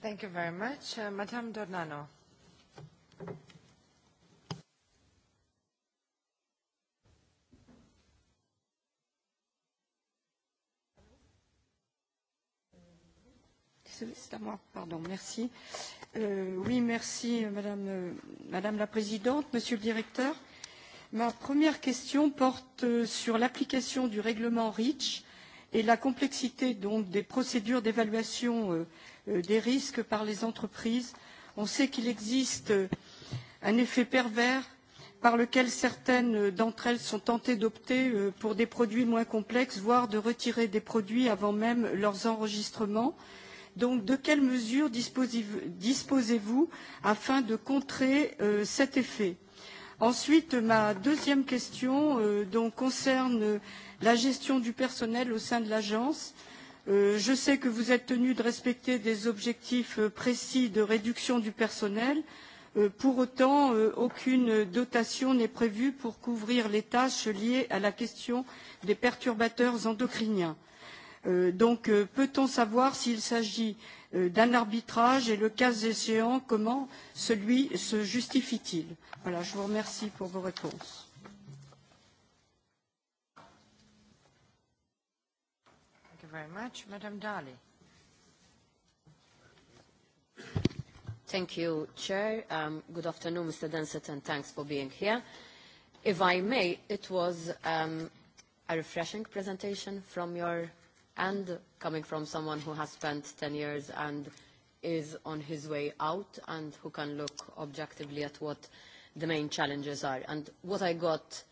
Thank you very much. Uh, Madame Dornano. c'est à moi, pardon, merci. Euh, oui, merci Madame, euh, Madame la Présidente, Monsieur le Directeur. Ma première question porte euh, sur l'application du règlement REACH et la complexité donc des procédures d'évaluation euh, euh des risques par les entreprises. On sait qu'il existe euh, un effet pervers par lequel certaines d'entre elles sont tentées d'opter pour des produits moins complexes, voire de retirer des produits avant même leurs enregistrements. Euh, Donc, de quelles mesures disposez-vous afin de contrer euh, cet effet Ensuite, ma deuxième question euh, donc, concerne la gestion du personnel au sein de l'agence. Euh, je sais que vous êtes tenu de respecter des objectifs euh, précis de réduction du personnel. Euh, pour autant, euh, aucune dotation n'est prévue pour couvrir les tâches liées à la question des perturbateurs endocriniens. Euh, donc euh, peut-on savoir s'il s'agit euh, d'un arbitrage et le cas échéant comment celui se justifie-t-il Voilà, je vous remercie pour vos réponses. Thank you very much. Madame Dali. Thank you, Chair. Um, good afternoon, Mr. Densett, and thanks for being here. If I may, it was um, a refreshing presentation from your and coming from someone who has spent 10 years and is on his way out and who can look objectively at what the main challenges are. And what I got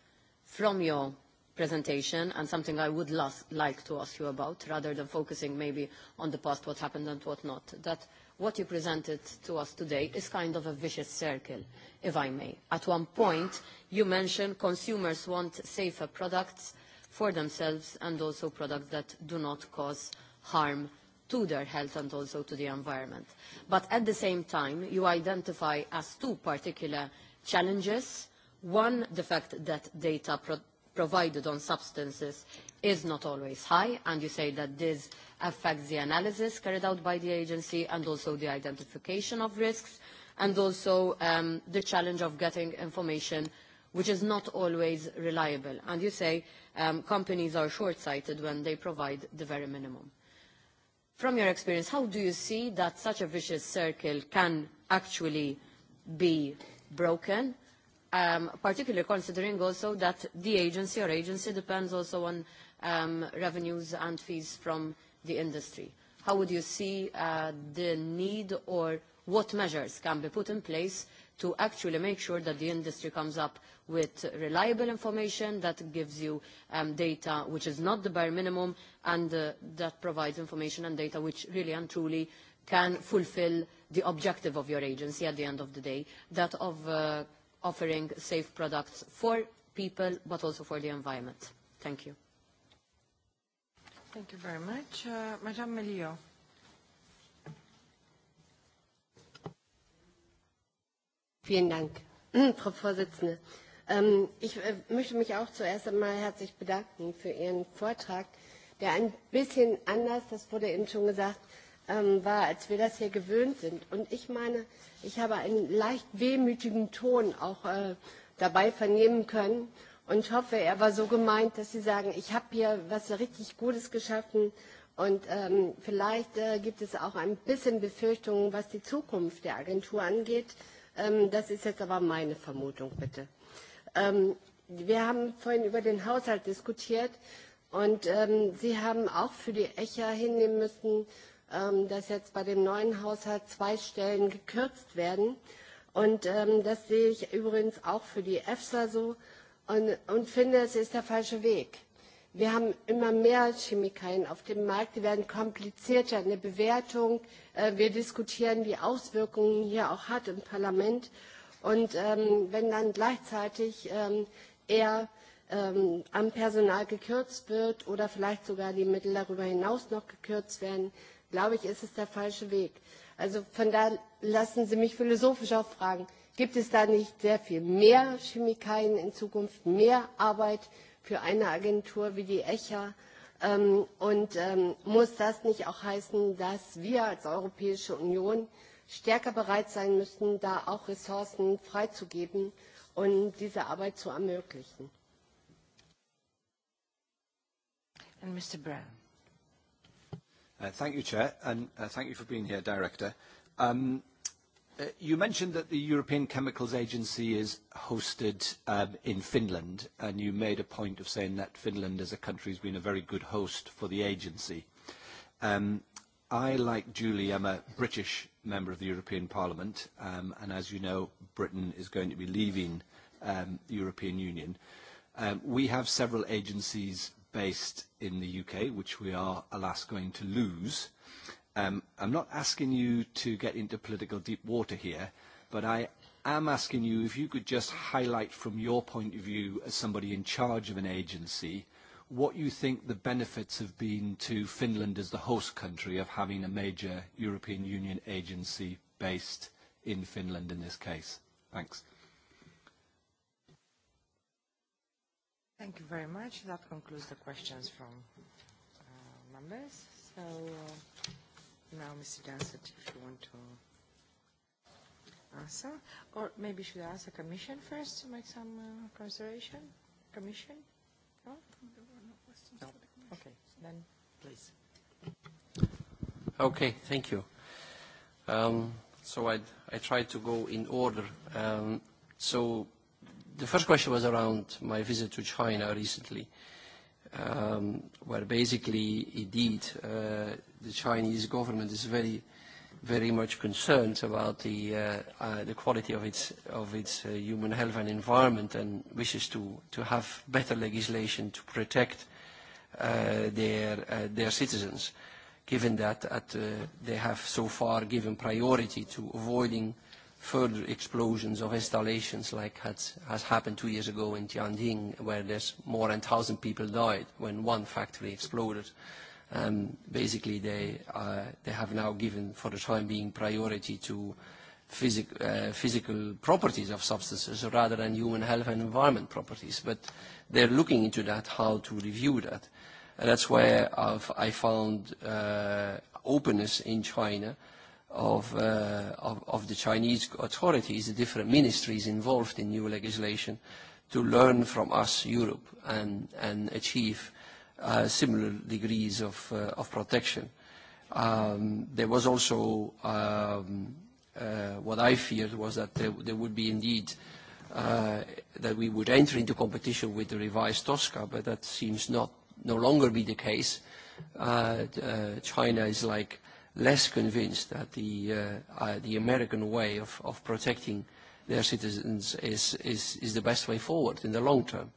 from your presentation and something I would like to ask you about, rather than focusing maybe on the past, what happened and what not, that what you presented to us today is kind of a vicious circle, if I may. At one point, you mentioned consumers want safer products for themselves and also products that do not cause harm to their health and also to the environment. But at the same time, you identify as two particular challenges. One, the fact that data pro provided on substances is not always high, and you say that this affects the analysis carried out by the agency and also the identification of risks, and also um, the challenge of getting information which is not always reliable. And you say um, companies are short-sighted when they provide the very minimum. From your experience, how do you see that such a vicious circle can actually be broken, um, particularly considering also that the agency or agency depends also on um, revenues and fees from the industry? How would you see uh, the need or what measures can be put in place to actually make sure that the industry comes up with reliable information that gives you um, data which is not the bare minimum and uh, that provides information and data which really and truly can fulfill the objective of your agency at the end of the day, that of uh, offering safe products for people but also for the environment. Thank you. Thank you very much. Uh, Madame Melio. Vielen Dank, Frau Vorsitzende. Ähm, ich äh, möchte mich auch zuerst einmal herzlich bedanken für Ihren Vortrag, der ein bisschen anders, das wurde eben schon gesagt, ähm, war, als wir das hier gewöhnt sind. Und ich meine, ich habe einen leicht wehmütigen Ton auch äh, dabei vernehmen können und hoffe, er war so gemeint, dass Sie sagen, ich habe hier was richtig Gutes geschaffen und ähm, vielleicht äh, gibt es auch ein bisschen Befürchtungen, was die Zukunft der Agentur angeht Ähm, das ist jetzt aber meine Vermutung, bitte. Ähm, wir haben vorhin über den Haushalt diskutiert und ähm, Sie haben auch für die ECHA hinnehmen müssen, ähm, dass jetzt bei dem neuen Haushalt zwei Stellen gekürzt werden. Und ähm, das sehe ich übrigens auch für die EFSA so und, und finde, es ist der falsche Weg Wir haben immer mehr Chemikalien auf dem Markt, die werden komplizierter in der Bewertung. Äh, wir diskutieren, die Auswirkungen hier auch hat im Parlament. Und ähm, wenn dann gleichzeitig ähm, eher ähm, am Personal gekürzt wird oder vielleicht sogar die Mittel darüber hinaus noch gekürzt werden, glaube ich, ist es der falsche Weg. Also von da lassen Sie mich philosophisch auch fragen, gibt es da nicht sehr viel mehr Chemikalien in Zukunft, mehr Arbeit für eine Agentur wie die ECHA? Ähm, und ähm, muss das nicht auch heißen, dass wir als Europäische Union stärker bereit sein müssen, da auch Ressourcen freizugeben und diese Arbeit zu ermöglichen? And Mr. Brown. Uh, thank you, Chair, and uh, thank you for being here, Director. Um, Uh, you mentioned that the European Chemicals Agency is hosted um, in Finland, and you made a point of saying that Finland as a country has been a very good host for the agency. Um, I, like Julie, am a British member of the European Parliament, um, and as you know, Britain is going to be leaving the European Union. we have several agencies based in the UK, which we are, alas, going to lose. I'm not asking you to get into political deep water here, but I am asking you if you could just highlight from your point of view as somebody in charge of an agency, what you think the benefits have been to Finland as the host country of having a major European Union agency based in Finland in this case. Thanks. Thank you very much. That concludes the questions from uh, members. So, uh, now, Mr. Dansett, if you want to answer, or maybe should I ask the Commission first to make some uh, consideration? Commission? No? no. Okay, then please. Okay, thank you. Um, so I'd, I tried to go in order. Um, so the first question was around my visit to China recently, um, where basically, indeed, uh, the Chinese government is very, very much concerned about the, uh, uh, the quality of its, of its uh, human health and environment and wishes to, to have better legislation to protect uh, their, uh, their citizens, given that at, uh, they have so far given priority to avoiding further explosions of installations like has, has happened two years ago in Tianjin, where there's more than 1,000 people died when one factory exploded. Um, basically, they, uh, they have now given, for the time being, priority to physic uh, physical properties of substances rather than human health and environment properties. But they're looking into that, how to review that. And that's where I've, I found uh, openness in China of, uh, of, of the Chinese authorities, the different ministries involved in new legislation, to learn from us, Europe, and, and achieve uh, similar degrees of, uh, of protection. Um, there was also um, uh, what I feared was that there, there would be indeed uh, that we would enter into competition with the revised TOSCA, but that seems not no longer be the case. Uh, uh, China is like less convinced that the, uh, uh, the American way of, of protecting their citizens is, is, is the best way forward in the long term.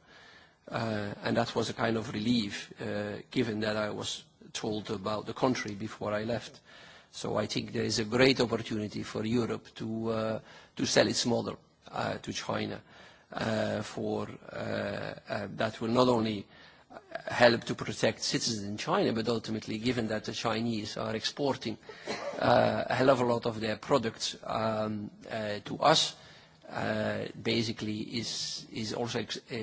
Uh, and that was a kind of relief, uh, given that I was told about the country before I left. So I think there is a great opportunity for Europe to, uh, to sell its model uh, to China uh, for, uh, uh, that will not only help to protect citizens in China, but ultimately, given that the Chinese are exporting uh, a hell of a lot of their products um, uh, to us, uh, basically is, is also ex uh,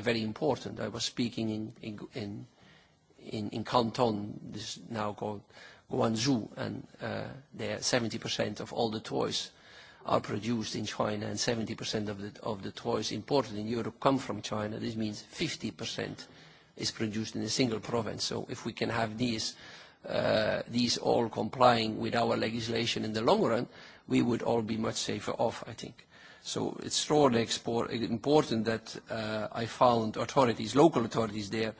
very important. I was speaking in, in, in, in, in Canton, this is now called Guangzhou, and uh, there 70% of all the toys are produced in China and 70% of the, of the toys imported in Europe come from China. This means 50% is produced in a single province. So if we can have these, uh, these all complying with our legislation in the long run, we would all be much safer off, I think. So it's extraordinarily important that uh, I found authorities, local authorities there,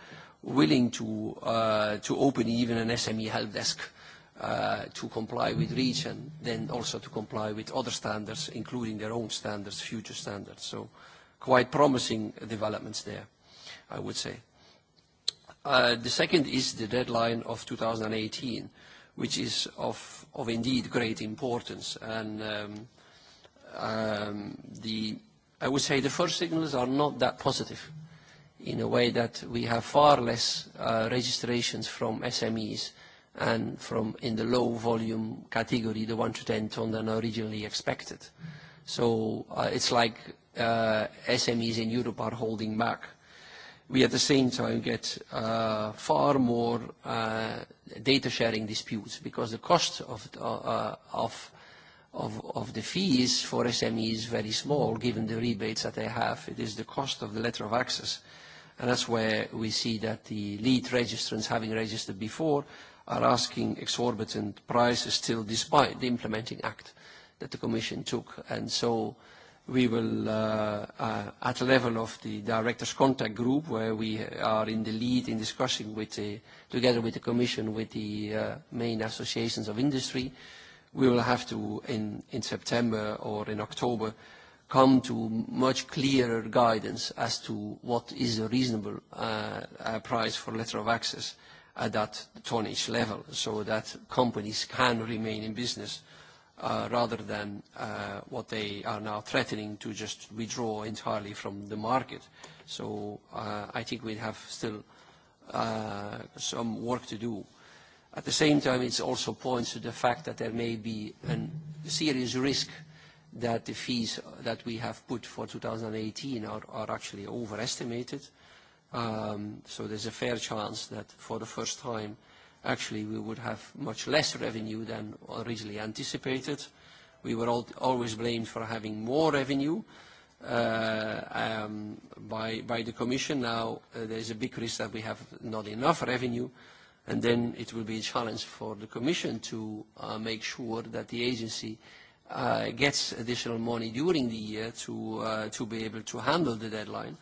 willing to, uh, to open even an SME help desk uh, to comply with REACH and then also to comply with other standards, including their own standards, future standards. So quite promising developments there, I would say. Uh, the second is the deadline of 2018, which is of, of indeed great importance. And um, um, the, I would say the first signals are not that positive in a way that we have far less uh, registrations from SMEs and from in the low volume category, the 1 to 10 ton than originally expected. So uh, it's like uh, SMEs in Europe are holding back. We at the same time get uh, far more uh, data sharing disputes because the cost of, uh, of of, of the fees for SMEs is very small given the rebates that they have. It is the cost of the letter of access. And that's where we see that the lead registrants, having registered before, are asking exorbitant prices still despite the implementing act that the Commission took. And so we will, uh, uh, at the level of the Directors Contact Group, where we are in the lead in discussing with the, together with the Commission, with the uh, main associations of industry, uh, we will have to, in, in September or in October, come to much clearer guidance as to what is a reasonable uh, uh, price for letter of access at that tonnage level, so that companies can remain in business uh, rather than uh, what they are now threatening to just withdraw entirely from the market. So uh, I think we have still uh, some work to do. At the same time, it also points to the fact that there may be a serious risk that the fees that we have put for 2018 are, are actually overestimated. Um, so there's a fair chance that for the first time, actually, we would have much less revenue than originally anticipated. We were all, always blamed for having more revenue uh, um, by, by the Commission. Now, uh, there's a big risk that we have not enough revenue, And then it will be a challenge for the Commission to uh, make sure that the agency uh, gets additional money during the year to, uh, to be able to handle the deadline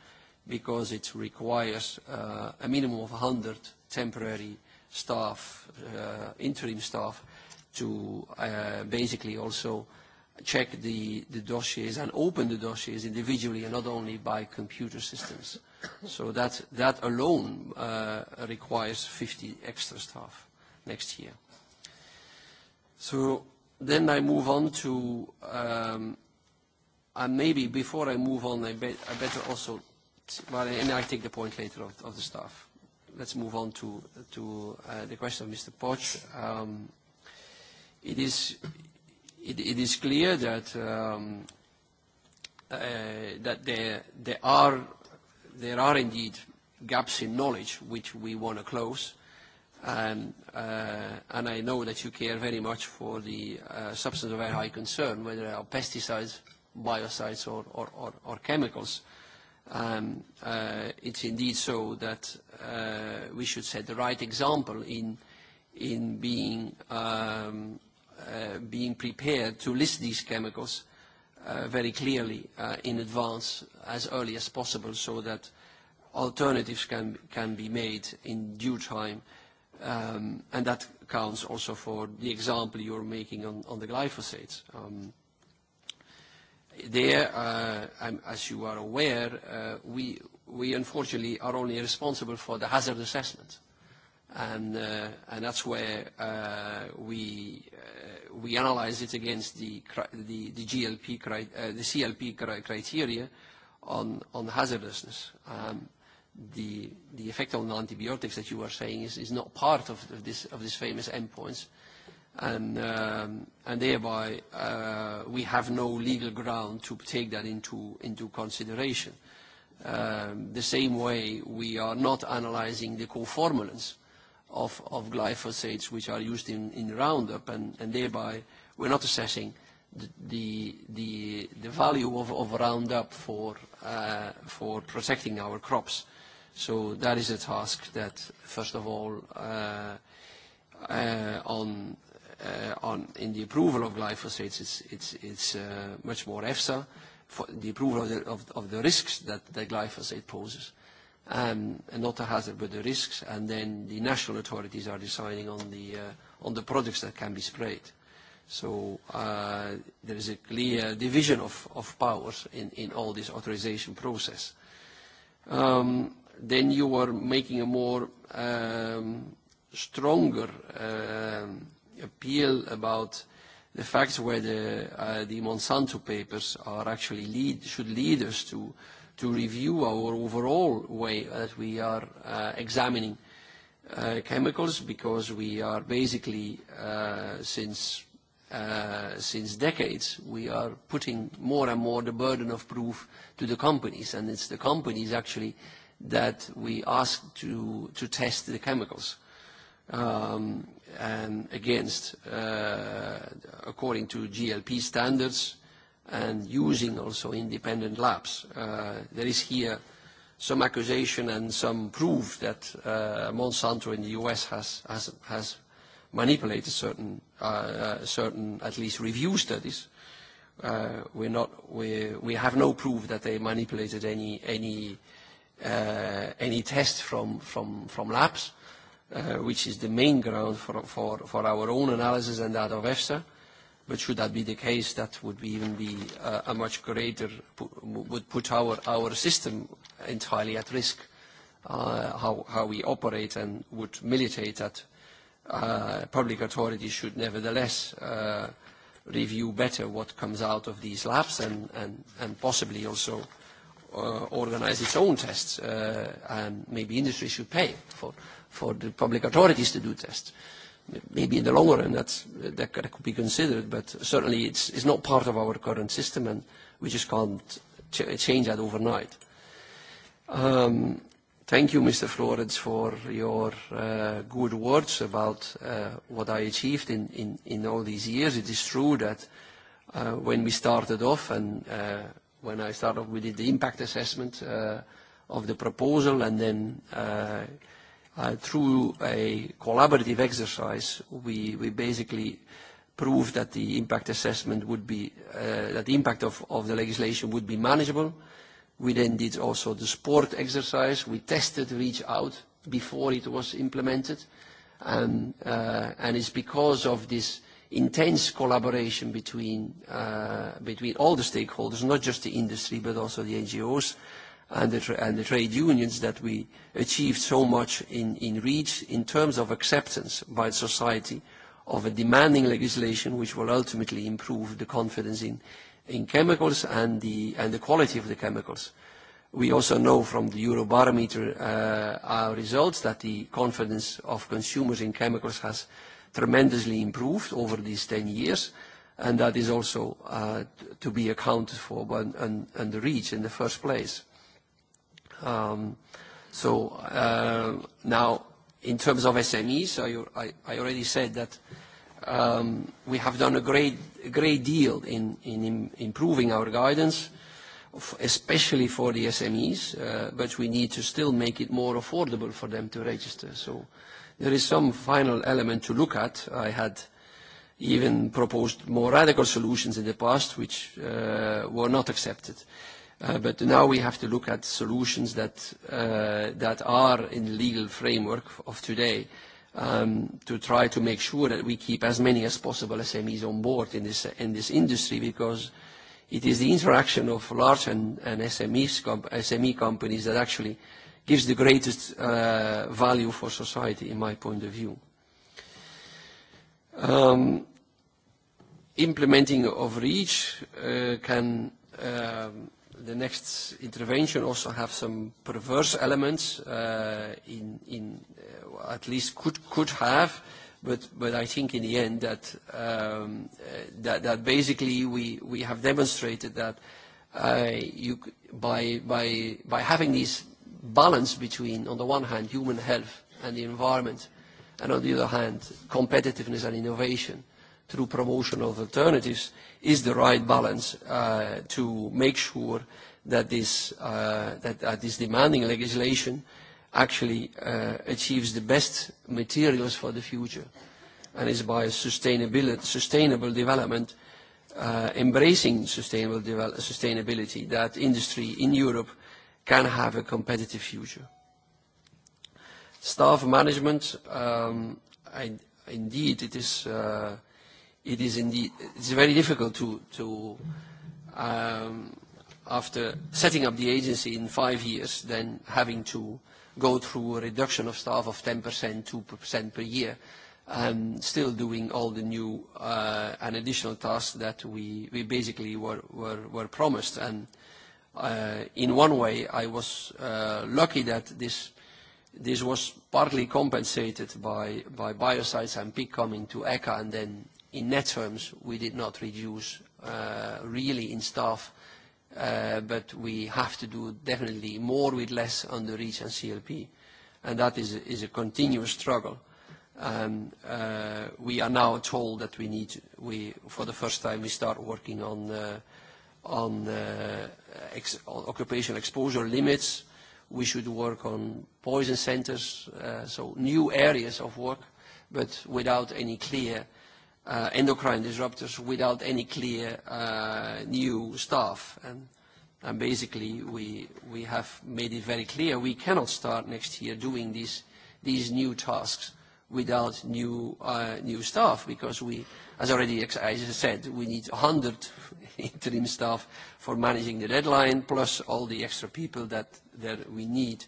because it requires uh, a minimum of 100 temporary staff, uh, interim staff, to uh, basically also uh, check the, the dossiers and open the dossiers individually and not only by computer systems. So that, that alone uh, requires 50 extra staff next year. So then I move on to, um, and maybe before I move on, I, be, I better also, well, and I take the point later of, of the staff. Let's move on to, to uh, the question of Mr. Poch. Um, it is it, it is clear that um, uh, that there there are there are indeed gaps in knowledge which we want to close. And, uh, and I know that you care very much for the uh, substance of very high concern, whether they are pesticides, biocides, or, or, or, or chemicals. Um, uh, it's indeed so that uh, we should set the right example in, in being um, uh, being prepared to list these chemicals uh, very clearly uh, in advance as early as possible so that alternatives can, can be made in due time. Um, and that counts also for the example you're making on, on the glyphosate. Um, there, uh, I'm, as you are aware, uh, we, we unfortunately are only responsible for the hazard assessment. Uh, and uh, and that's where uh, we uh, we analyze it against the the, the GLP uh, the CLP criteria on on hazardousness. Um, the the effect on antibiotics that you are saying is, is not part of, this of this famous endpoints, and um, and thereby uh, we have no legal ground to take that into into consideration. Um, the same way we are not analyzing the formulants of, of glyphosates which are used in, in Roundup, and, and thereby we're not assessing the, the, the, the value of, of Roundup for, uh, for protecting our crops. So that is a task that, first of all, uh, uh, on, uh, on in the approval of glyphosates, it's, it's, it's uh, much more EFSA, for the approval of the, of, of the risks that, that glyphosate poses um, and not a hazard but the risks, and then the national authorities are deciding on the, uh, on the products that can be sprayed. So uh, there is a clear division of, of powers in, in all this authorization process. Um, then you are making a more um, stronger uh appeal about the facts where the, uh, the Monsanto papers are actually lead, should lead us to to review our overall way that we are uh, examining uh, chemicals because we are basically, uh, since, uh, since decades, we are putting more and more the burden of proof to the companies. And it's the companies actually that we ask to, to test the chemicals um, and against, uh, according to GLP standards, and using also independent labs. Uh, there is here some accusation and some proof that uh, Monsanto in the U.S. has, has, has manipulated certain, uh, uh, certain, at least review studies. Uh, we're not, we're, we have no proof that they manipulated any, any, uh, any test from, from, from labs, uh, which is the main ground for, for, for our own analysis and that of EFSA. But should that be the case, that would be even be uh, a much greater, would put our, our system entirely at risk, uh, how, how we operate and would militate that uh, public authorities should nevertheless uh, review better what comes out of these labs and, and, and possibly also uh, organize its own tests uh, and maybe industry should pay for, for the public authorities to do tests. Uh, maybe in the long run that's, that, that could be considered, but certainly it's, it's not part of our current system and we just can't ch change that overnight. Um, thank you, Mr. Florence, for your uh, good words about uh, what I achieved in, in, in all these years. It is true that uh, when we started off and uh, when I started, we did the impact assessment uh, of the proposal and then uh, Uh, through a collaborative exercise, we, we basically proved that the impact assessment would be, uh, that the impact of, of the legislation would be manageable. We then did also the sport exercise. We tested reach out before it was implemented. And, uh, and it's because of this intense collaboration between, uh, between all the stakeholders, not just the industry, but also the NGOs, and the, tra and the trade unions that we achieved so much in, in reach in terms of acceptance by society of a demanding legislation which will ultimately improve the confidence in, in chemicals and the, and the quality of the chemicals. We also know from the Eurobarometer uh, our results that the confidence of consumers in chemicals has tremendously improved over these 10 years, and that is also uh, to be accounted for under REACH in the first place. Um, so uh, now, in terms of SMEs, I, I, I already said that um, we have done a great, a great deal in, in improving our guidance, especially for the SMEs, uh, but we need to still make it more affordable for them to register. So there is some final element to look at. I had even proposed more radical solutions in the past, which uh, were not accepted. Uh, but now we have to look at solutions that, uh, that are in the legal framework of today um, to try to make sure that we keep as many as possible SMEs on board in this, in this industry because it is the interaction of large and, and SMEs comp SME companies that actually gives the greatest uh, value for society, in my point of view. Um, implementing of REACH uh, can um, the next intervention also have some perverse elements uh, in, in uh, at least could, could have, but, but I think in the end that, um, uh, that, that basically we, we have demonstrated that uh, you, by, by, by having this balance between, on the one hand, human health and the environment, and on the other hand, competitiveness and innovation through promotion of alternatives, is the right balance uh, to make sure that this, uh, that, that uh, this demanding legislation actually uh, achieves the best materials for the future and is by sustainability, sustainable development, uh, embracing sustainable sustainability, that industry in Europe can have a competitive future. Staff management, um, I, indeed, it is uh, it is indeed it's very difficult to to um, after setting up the agency in five years, then having to go through a reduction of staff of 10%, 2% per year, and um, still doing all the new uh, and additional tasks that we, we basically were, were, were promised. And uh, in one way, I was uh, lucky that this, this was partly compensated by, by biocides and PIC coming to ECHA and then in net terms, we did not reduce uh, really in staff, uh, but we have to do definitely more with less on the REACH and CLP. And that is, is a continuous struggle. Uh, we are now told that we need, we, for the first time, we start working on, uh, on, uh, occupational exposure limits. We should work on poison centers, uh, so new areas of work, but without any clear uh, endocrine disruptors without any clear uh, new staff. And, and basically, we, we have made it very clear we cannot start next year doing these, these new tasks without new, uh, new staff because we, as already as I said, we need 100 interim staff for managing the deadline, plus all the extra people that, that we need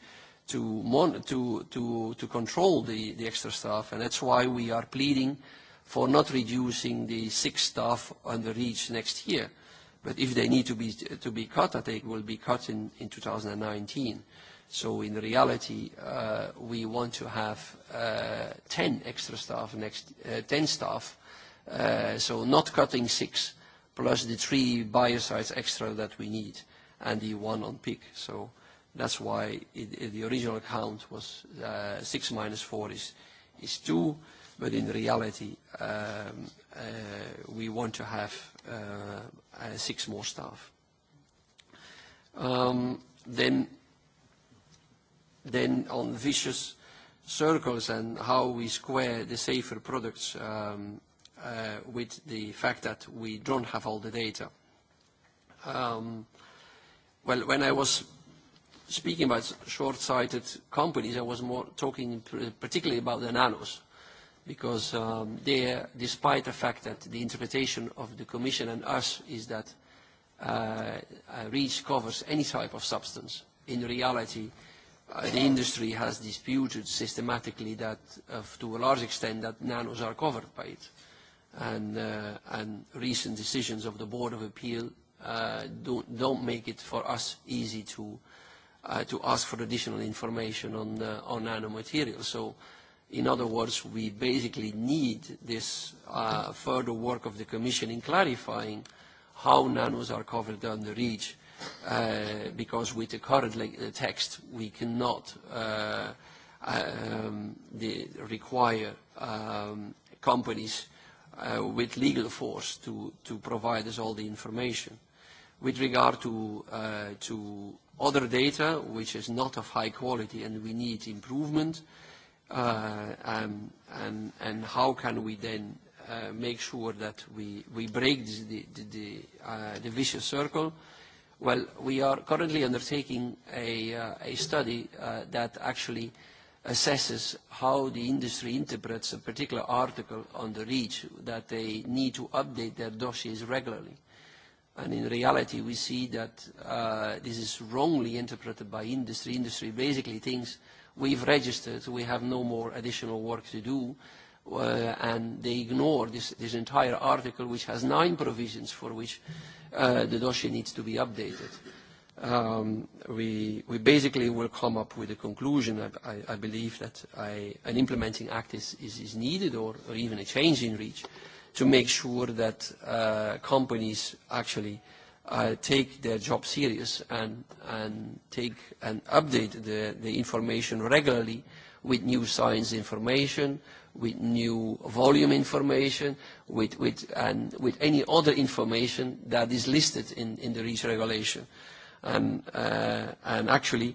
to, mon to, to, to control the, the extra staff. And that's why we are pleading uh, for not reducing the sick staff on the REACH next year. But if they need to be, to be cut, I think will be cut in, in 2019. So in reality, uh, we want to have uh, 10 extra staff next, uh, 10 staff, uh, so not cutting six, plus the three biocides extra that we need, and the one on peak. So that's why it, it, the original count was uh, six minus four is, is two. But in reality, um, uh, we want to have uh, uh, six more staff. Um, then, then on vicious circles and how we square the safer products um, uh, with the fact that we don't have all the data. Um, well, when I was speaking about short-sighted companies, I was more talking particularly about the nanos because um, uh, they, despite the fact that the interpretation of the Commission and us is that uh, uh, REACH covers any type of substance, in reality, uh, the industry has disputed systematically that, uh, to a large extent, that nanos are covered by it. And, uh, and recent decisions of the Board of Appeal uh, don't, don't make it for us easy to, uh, to ask for additional information on, uh, on nanomaterials. So In other words, we basically need this uh, further work of the Commission in clarifying how nanos are covered under REACH, uh, because with the current uh, text, we cannot uh, um, the, require um, companies uh, with legal force to, to provide us all the information. With regard to, uh, to other data, which is not of high quality and we need improvement, uh, uh, um, and, and how can we then uh, make sure that we, we break the, the, the, uh, the vicious circle? Well, we are currently undertaking a, uh, a study uh, that actually assesses how the industry interprets a particular article on the REACH, that they need to update their dossiers regularly. And in reality, we see that uh, this is wrongly interpreted by industry. Industry basically thinks uh, we've registered, we have no more additional work to do, uh, and they ignore this, this entire article, which has nine provisions for which uh, the dossier needs to be updated. Um, we, we basically will come up with a conclusion. I, I, I believe that I, an implementing act is, is, is needed or, or even a change in reach to make sure that uh, companies actually uh, uh, take their job serious and, and take and update the, the information regularly with new science information, with new volume information, with, with, and with any other information that is listed in, in the REACH regulation. And, uh, and actually,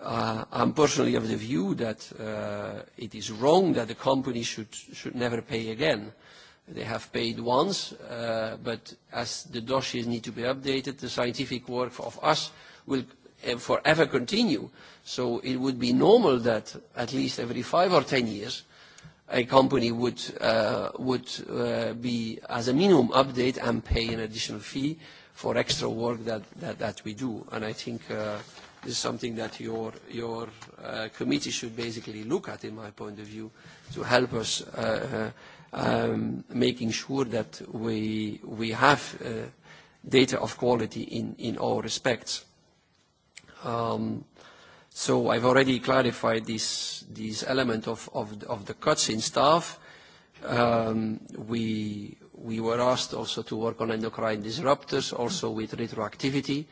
uh, I'm personally of the view that uh, it is wrong that the company should, should never pay again. Uh, They have paid once, uh, but as the dossiers need to be updated, the scientific work of us will eh, forever continue. So it would be normal that at least every five or ten years, a company would, uh, would uh, be, as a minimum, update and pay an additional fee for extra work that, that, that we do. And I think uh, this is something that your, your uh, committee should basically look at, in my point of view, to help us uh, uh, um, making sure that we, we have uh, data of quality in, in all respects. Um, so I've already clarified this, this element of, of, of the cuts in staff. Um, we, we were asked also to work on endocrine disruptors, also with retroactivity.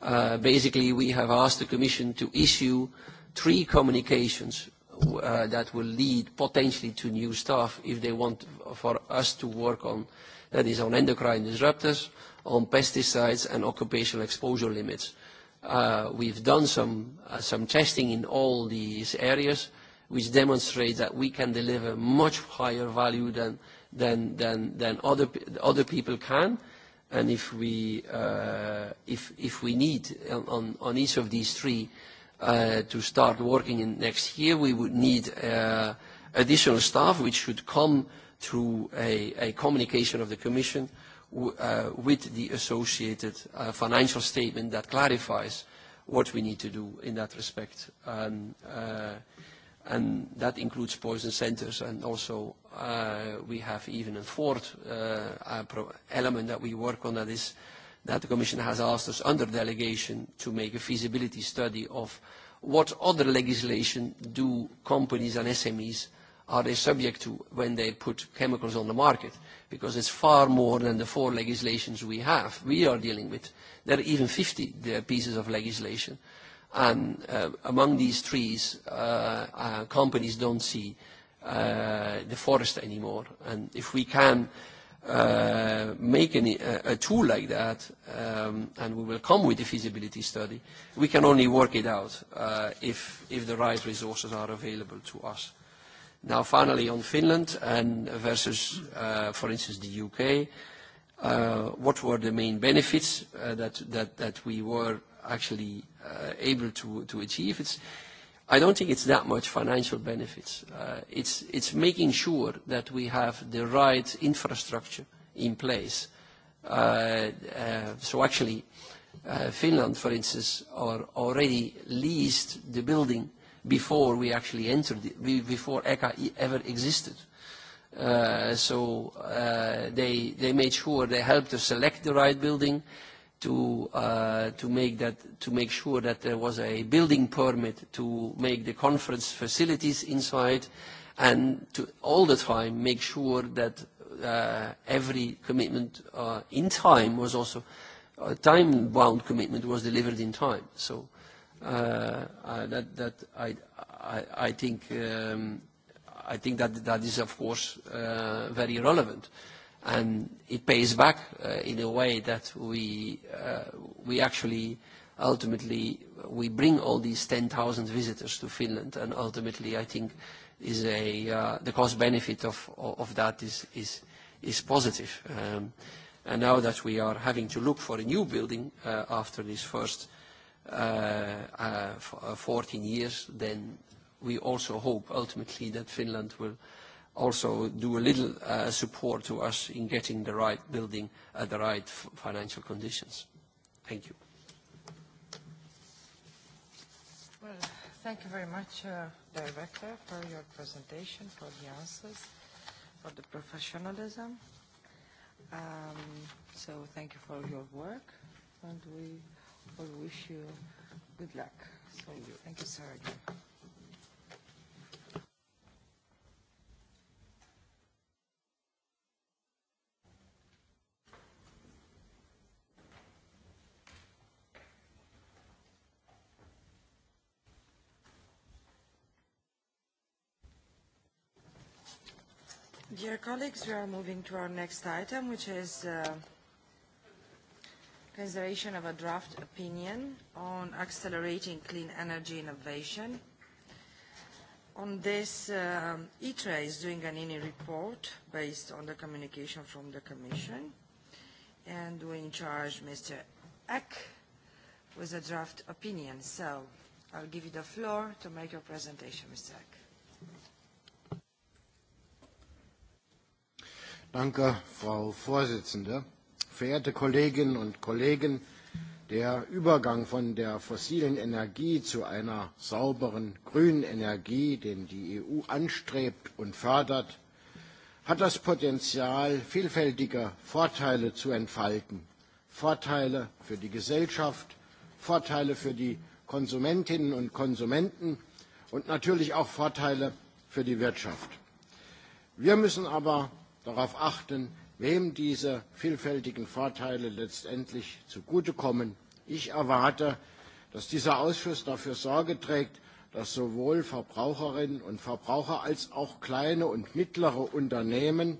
Uh, basically, we have asked the Commission to issue three communications uh, that will lead potentially to new stuff if they want for us to work on, that is on endocrine disruptors, on pesticides and occupational exposure limits. Uh, we've done some, uh, some testing in all these areas, which demonstrates that we can deliver much higher value than, than, than, than other, other people can. And if we, uh, if, if we need on, on each of these three, uh, to start working in next year. We would need uh, additional staff, which should come through a, a communication of the Commission uh, with the associated uh, financial statement that clarifies what we need to do in that respect. Um, uh, and that includes poison centers and also uh, we have even a fourth uh, element that we work on that is that the Commission has asked us under delegation to make a feasibility study of what other legislation do companies and SMEs are they subject to when they put chemicals on the market, because it's far more than the four legislations we have, we are dealing with. There are even 50 uh, pieces of legislation, and uh, among these trees, uh, uh, companies don't see uh, the forest anymore. And if we can uh, make any, uh, a tool like that, um, and we will come with a feasibility study, we can only work it out uh, if, if the right resources are available to us. Now, finally, on Finland and versus, uh, for instance, the U.K., uh, what were the main benefits uh, that, that, that we were actually uh, able to, to achieve? It's, i don't think it's that much financial benefits. Uh, it's, it's making sure that we have the right infrastructure in place. Uh, uh, so actually, uh, Finland, for instance, are already leased the building before we actually entered it, before ECA ever existed. Uh, so uh, they, they made sure they helped to select the right building, to uh, to make that to make sure that there was a building permit to make the conference facilities inside, and to all the time make sure that uh, every commitment uh, in time was also a time-bound commitment was delivered in time. So uh, uh, that that I I, I think. Um, I think that that is, of course, uh, very relevant. Uh, and it pays back uh, in a way that we uh, we actually ultimately we bring all these 10,000 visitors to Finland, and ultimately I think is a uh, the cost benefit of of that is is is positive. Um, and now that we are having to look for a new building uh, after these first uh, uh, 14 uh, years, then we also hope ultimately that Finland will also do a little uh, support to us in getting the right building at the right financial conditions. Thank you. Well, thank you very much, uh, Director, for your presentation, for the answers, for the professionalism. Um, so thank you for your work, and we all wish you good luck. So thank you, thank you sir. Again. Dear colleagues, we are moving to our next item, which is uh, consideration of a draft opinion on accelerating clean energy innovation. On this, uh, ITRE is doing an INI report based on the communication from the Commission, and we in charge Mr. Eck with a draft opinion. So I'll give you the floor to make your presentation, Mr. Eck. Danke, Frau Vorsitzende. Verehrte Kolleginnen und Kollegen, der Übergang von der fossilen Energie zu einer sauberen grünen Energie, den die EU anstrebt und fördert, hat das Potenzial, vielfältige Vorteile zu entfalten. Vorteile für die Gesellschaft, Vorteile für die Konsumentinnen und Konsumenten und natürlich auch Vorteile für die Wirtschaft. Wir müssen aber darauf achten, wem diese vielfältigen Vorteile letztendlich zugutekommen. Ich erwarte, dass dieser Ausschuss dafür Sorge trägt, dass sowohl Verbraucherinnen und Verbraucher als auch kleine und mittlere Unternehmen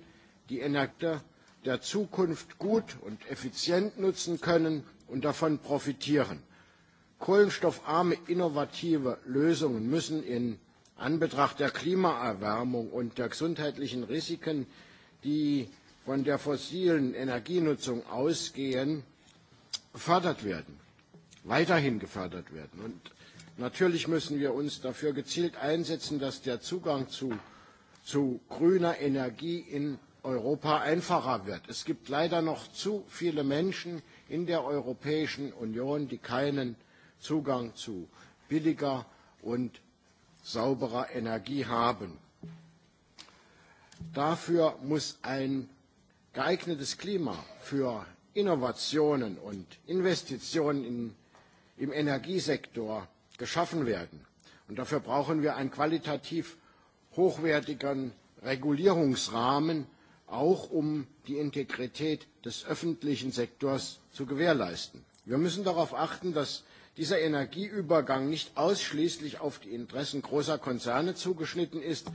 die Energie der Zukunft gut und effizient nutzen können und davon profitieren. Kohlenstoffarme innovative Lösungen müssen in Anbetracht der Klimaerwärmung und der gesundheitlichen Risiken die von der fossilen Energienutzung ausgehen, gefördert werden, weiterhin gefördert werden. Und natürlich müssen wir uns dafür gezielt einsetzen, dass der Zugang zu, zu grüner Energie in Europa einfacher wird. Es gibt leider noch zu viele Menschen in der Europäischen Union, die keinen Zugang zu billiger und sauberer Energie haben. Dafür muss ein geeignetes Klima für Innovationen und Investitionen in, im Energiesektor geschaffen werden. Und dafür brauchen wir einen qualitativ hochwertigen Regulierungsrahmen, auch um die Integrität des öffentlichen Sektors zu gewährleisten. Wir müssen darauf achten, dass dieser Energieübergang nicht ausschließlich auf die Interessen großer Konzerne zugeschnitten ist,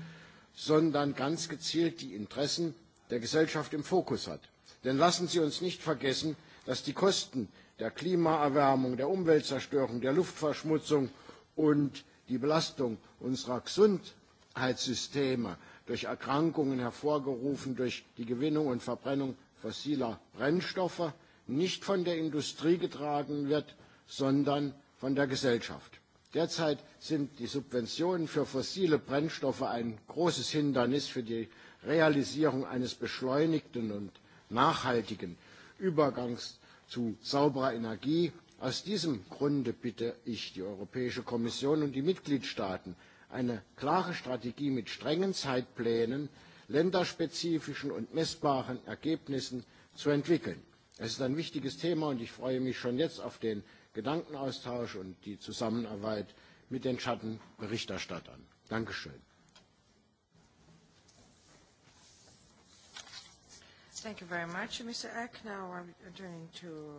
sondern ganz gezielt die Interessen der Gesellschaft im Fokus hat. Denn lassen Sie uns nicht vergessen, dass die Kosten der Klimaerwärmung, der Umweltzerstörung, der Luftverschmutzung und die Belastung unserer Gesundheitssysteme durch Erkrankungen hervorgerufen durch die Gewinnung und Verbrennung fossiler Brennstoffe nicht von der Industrie getragen wird, sondern von der Gesellschaft. Derzeit sind die Subventionen für fossile Brennstoffe ein großes Hindernis für die Realisierung eines beschleunigten und nachhaltigen Übergangs zu sauberer Energie. Aus diesem Grunde bitte ich die Europäische Kommission und die Mitgliedstaaten, eine klare Strategie mit strengen Zeitplänen, länderspezifischen und messbaren Ergebnissen zu entwickeln. Es ist ein wichtiges Thema und ich freue mich schon jetzt auf den Gedankenaustausch und die Zusammenarbeit mit den Schattenberichterstattern. Dankeschön. Thank you very much, Mr. Eck. Now I'm turning to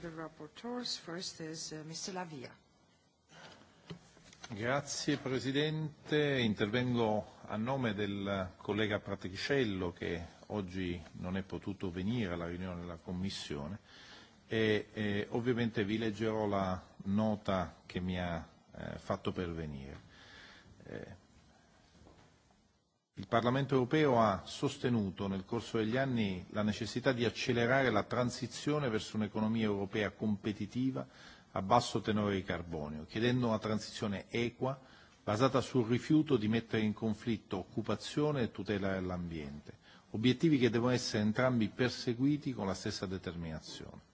the rapporteurs. First is uh, Mr. Lavia. Grazie Presidente, intervengo a nome del collega Praticello che oggi non è potuto venire alla riunione della Commissione e eh, ovviamente vi leggerò la nota che mi ha eh, fatto pervenire. Eh, il Parlamento europeo ha sostenuto nel corso degli anni la necessità di accelerare la transizione verso un'economia europea competitiva a basso tenore di carbonio, chiedendo una transizione equa basata sul rifiuto di mettere in conflitto occupazione e tutela dell'ambiente, obiettivi che devono essere entrambi perseguiti con la stessa determinazione.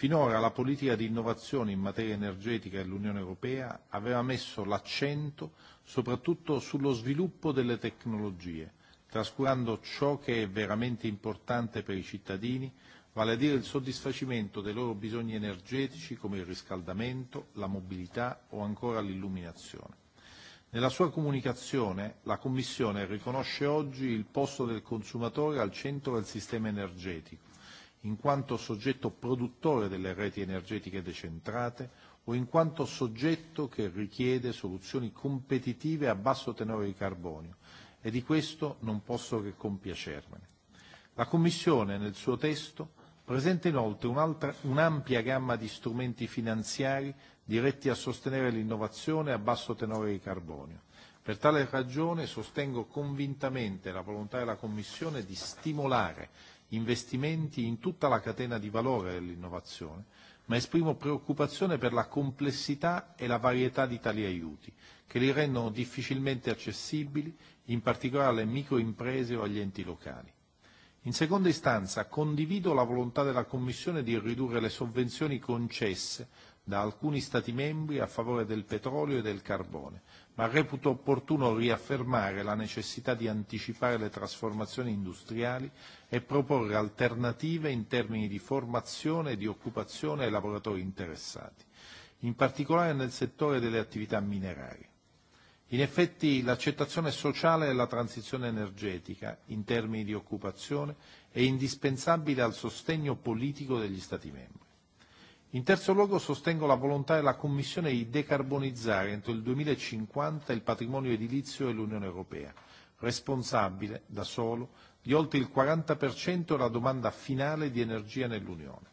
Finora la politica di innovazione in materia energetica dell'Unione Europea aveva messo l'accento soprattutto sullo sviluppo delle tecnologie, trascurando ciò che è veramente importante per i cittadini, vale a dire il soddisfacimento dei loro bisogni energetici come il riscaldamento, la mobilità o ancora l'illuminazione. Nella sua comunicazione la Commissione riconosce oggi il posto del consumatore al centro del sistema energetico in quanto soggetto produttore delle reti energetiche decentrate o in quanto soggetto che richiede soluzioni competitive a basso tenore di carbonio e di questo non posso che compiacermene. La Commissione, nel suo testo, presenta inoltre un'ampia gamma di strumenti finanziari diretti a sostenere l'innovazione a basso tenore di carbonio. Per tale ragione sostengo convintamente la volontà della Commissione di stimolare investimenti in tutta la catena di valore dell'innovazione, ma esprimo preoccupazione per la complessità e la varietà di tali aiuti, che li rendono difficilmente accessibili, in particolare alle microimprese o agli enti locali. In seconda istanza, condivido la volontà della Commissione di ridurre le sovvenzioni concesse da alcuni Stati membri a favore del petrolio e del carbone, ma reputo opportuno riaffermare la necessità di anticipare le trasformazioni industriali e proporre alternative in termini di formazione e di occupazione ai lavoratori interessati, in particolare nel settore delle attività minerarie. In effetti l'accettazione sociale della transizione energetica in termini di occupazione è indispensabile al sostegno politico degli Stati membri. In terzo luogo sostengo la volontà della Commissione di decarbonizzare entro il 2050 il patrimonio edilizio dell'Unione Europea, responsabile da solo di oltre il 40% la domanda finale di energia nell'Unione.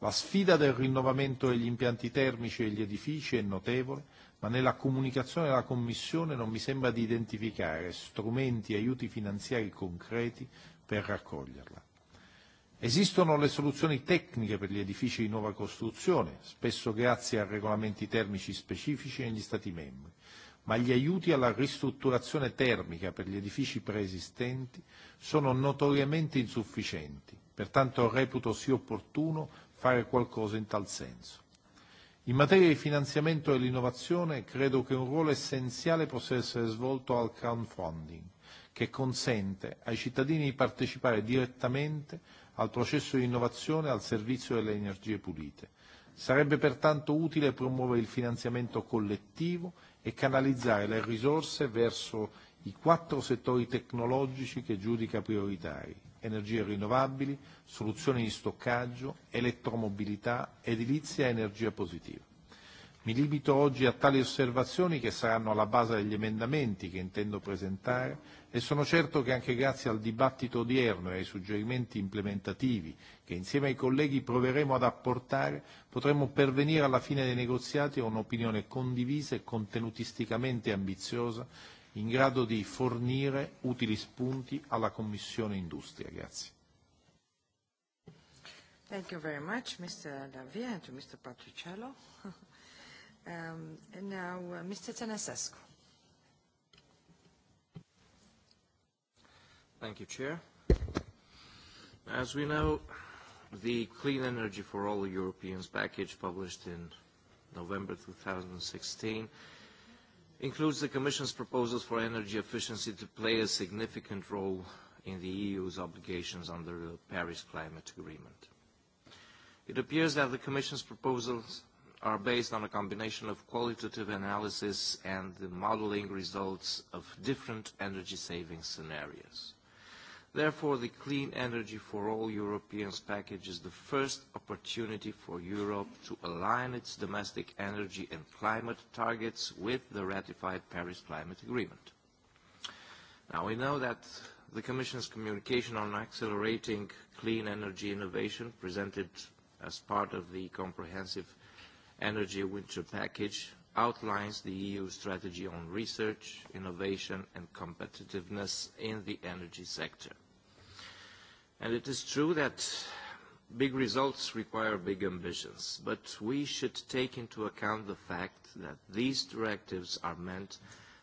La sfida del rinnovamento degli impianti termici e degli edifici è notevole, ma nella comunicazione della Commissione non mi sembra di identificare strumenti e aiuti finanziari concreti per raccoglierla. Esistono le soluzioni tecniche per gli edifici di nuova costruzione, spesso grazie a regolamenti termici specifici negli Stati membri, ma gli aiuti alla ristrutturazione termica per gli edifici preesistenti sono notoriamente insufficienti, pertanto reputo sia opportuno fare qualcosa in tal senso. In materia di finanziamento dell'innovazione credo che un ruolo essenziale possa essere svolto al crowdfunding, che consente ai cittadini di partecipare direttamente al processo di innovazione al servizio delle energie pulite. Sarebbe pertanto utile promuovere il finanziamento collettivo e canalizzare le risorse verso i quattro settori tecnologici che giudica prioritari energie rinnovabili, soluzioni di stoccaggio, elettromobilità, edilizia e energia positiva. Mi limito oggi a tali osservazioni che saranno alla base degli emendamenti che intendo presentare e sono certo che anche grazie al dibattito odierno e ai suggerimenti implementativi che insieme ai colleghi proveremo ad apportare potremo pervenire alla fine dei negoziati a un'opinione condivisa e contenutisticamente ambiziosa in grado di fornire utili spunti alla Commissione Industria. Grazie. Thank you very much, Mr. Davia, and to Mr. Patriciello. um, and now, uh, Mr. Tanasescu. Thank you, Chair. As we know, the Clean Energy for All Europeans package published in November 2016 includes the Commission's proposals for energy efficiency to play a significant role in the EU's obligations under the Paris Climate Agreement. It appears that the Commission's proposals are based on a combination of qualitative analysis and the modeling results of different energy saving scenarios. Therefore, the Clean Energy for All Europeans package is the first opportunity for Europe to align its domestic energy and climate targets with the ratified Paris Climate Agreement. Now, we know that the Commission's communication on accelerating clean energy innovation presented as part of the comprehensive energy winter package outlines the EU strategy on research, innovation and competitiveness in the energy sector. And it is true that big results require big ambitions, but we should take into account the fact that these directives are meant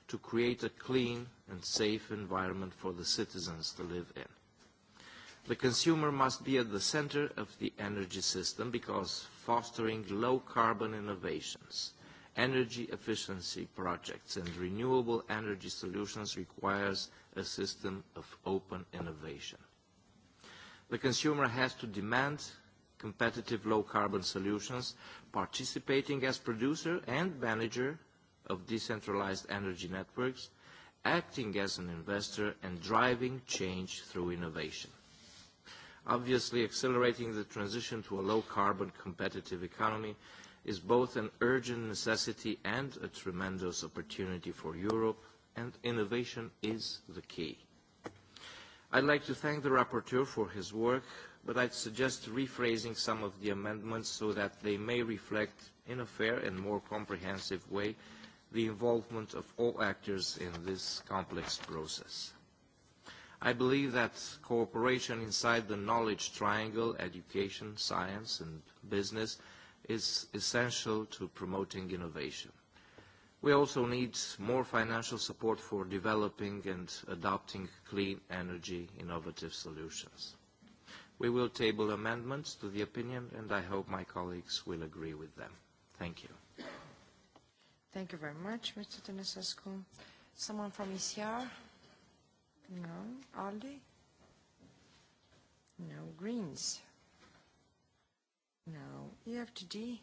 to create a clean and safe environment for the citizens to live in. The consumer must be at the center of the energy system because fostering low-carbon innovations, energy efficiency projects and renewable energy solutions requires a system of open innovation. The consumer has to demand competitive low-carbon solutions, participating as producer and manager of decentralized energy networks, acting as an investor and driving change through innovation. Obviously, accelerating the transition to a low-carbon competitive economy is both an urgent necessity and a tremendous opportunity for Europe, and innovation is the key. I'd like to thank the rapporteur for his work, but I'd suggest rephrasing some of the amendments so that they may reflect in a fair and more comprehensive way the involvement of all actors in this complex process. I believe that cooperation inside the knowledge triangle, education, science and business, is essential to promoting innovation. We also need more financial support for developing and adopting clean energy innovative solutions. We will table amendments to the opinion, and I hope my colleagues will agree with them. Thank you. Thank you very much, Mr. Tănăsescu. Someone from ECR? No. ALDE? No. Greens? No. EFTD?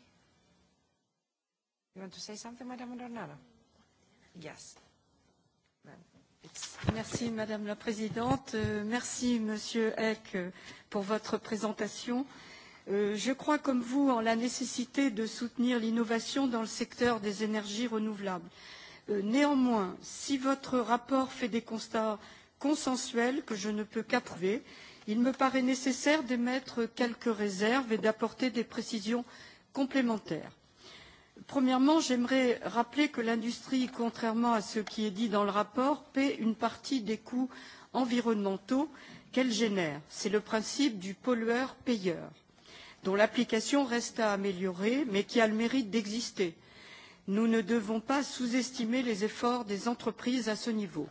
You want to say something, Madame Dornano? Yes. Merci, Madame la Présidente. Euh, merci, Monsieur Eck, euh, pour votre présentation. Euh, je crois, comme vous, en la nécessité de soutenir l'innovation dans le secteur des énergies renouvelables. Néanmoins, si votre rapport fait des constats consensuels que je ne peux qu'approuver, il me paraît nécessaire d'émettre quelques réserves et d'apporter des précisions complémentaires premièrement j'aimerais rappeler que l'industrie contrairement à ce qui est dit dans le rapport paie une partie des coûts environnementaux qu'elle génère c'est le principe du pollueur payeur dont l'application reste à améliorer mais qui a le mérite d'exister. nous ne devons pas sous estimer les efforts des entreprises à ce niveau.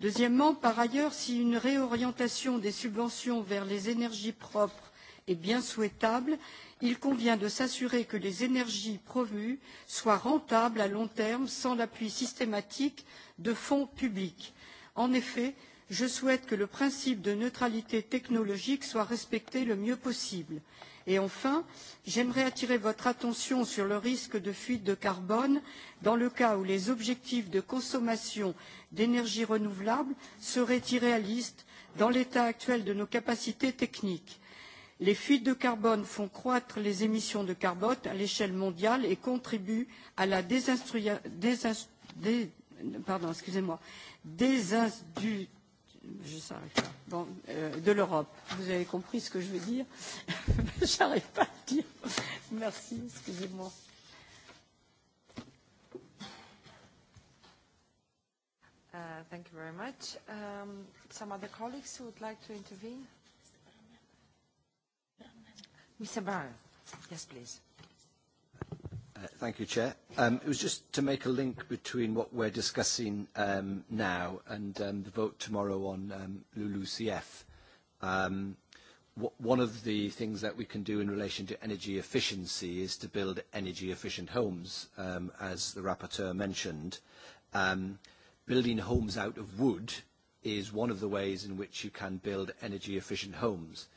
deuxièmement par ailleurs si une réorientation des subventions vers les énergies propres est bien souhaitable, il convient de s'assurer que les énergies promues soient rentables à long terme sans l'appui systématique de fonds publics. En effet, je souhaite que le principe de neutralité technologique soit respecté le mieux possible. Et enfin j'aimerais attirer votre attention sur le risque de fuite de carbone dans le cas où les objectifs de consommation d'énergies renouvelables seraient irréalistes dans l'état actuel de nos capacités techniques. Les fuites de carbone font croître les émissions de carbone à l'échelle mondiale et contribuent à la désindustrialisation euh, de l'Europe. Vous avez compris ce que je veux dire J'arrive pas à le dire. Merci, excusez-moi. Uh, thank you very much. Um, some other colleagues who would like to intervene? Mr. Brown, yes, please. Uh, thank you, Chair. Um, it was just to make a link between what we're discussing um, now and um, the vote tomorrow on um, LULUCF. Um, one of the things that we can do in relation to energy efficiency is to build energy efficient homes, um, as the rapporteur mentioned. Um, building homes out of wood is one of the ways in which you can build energy efficient homes.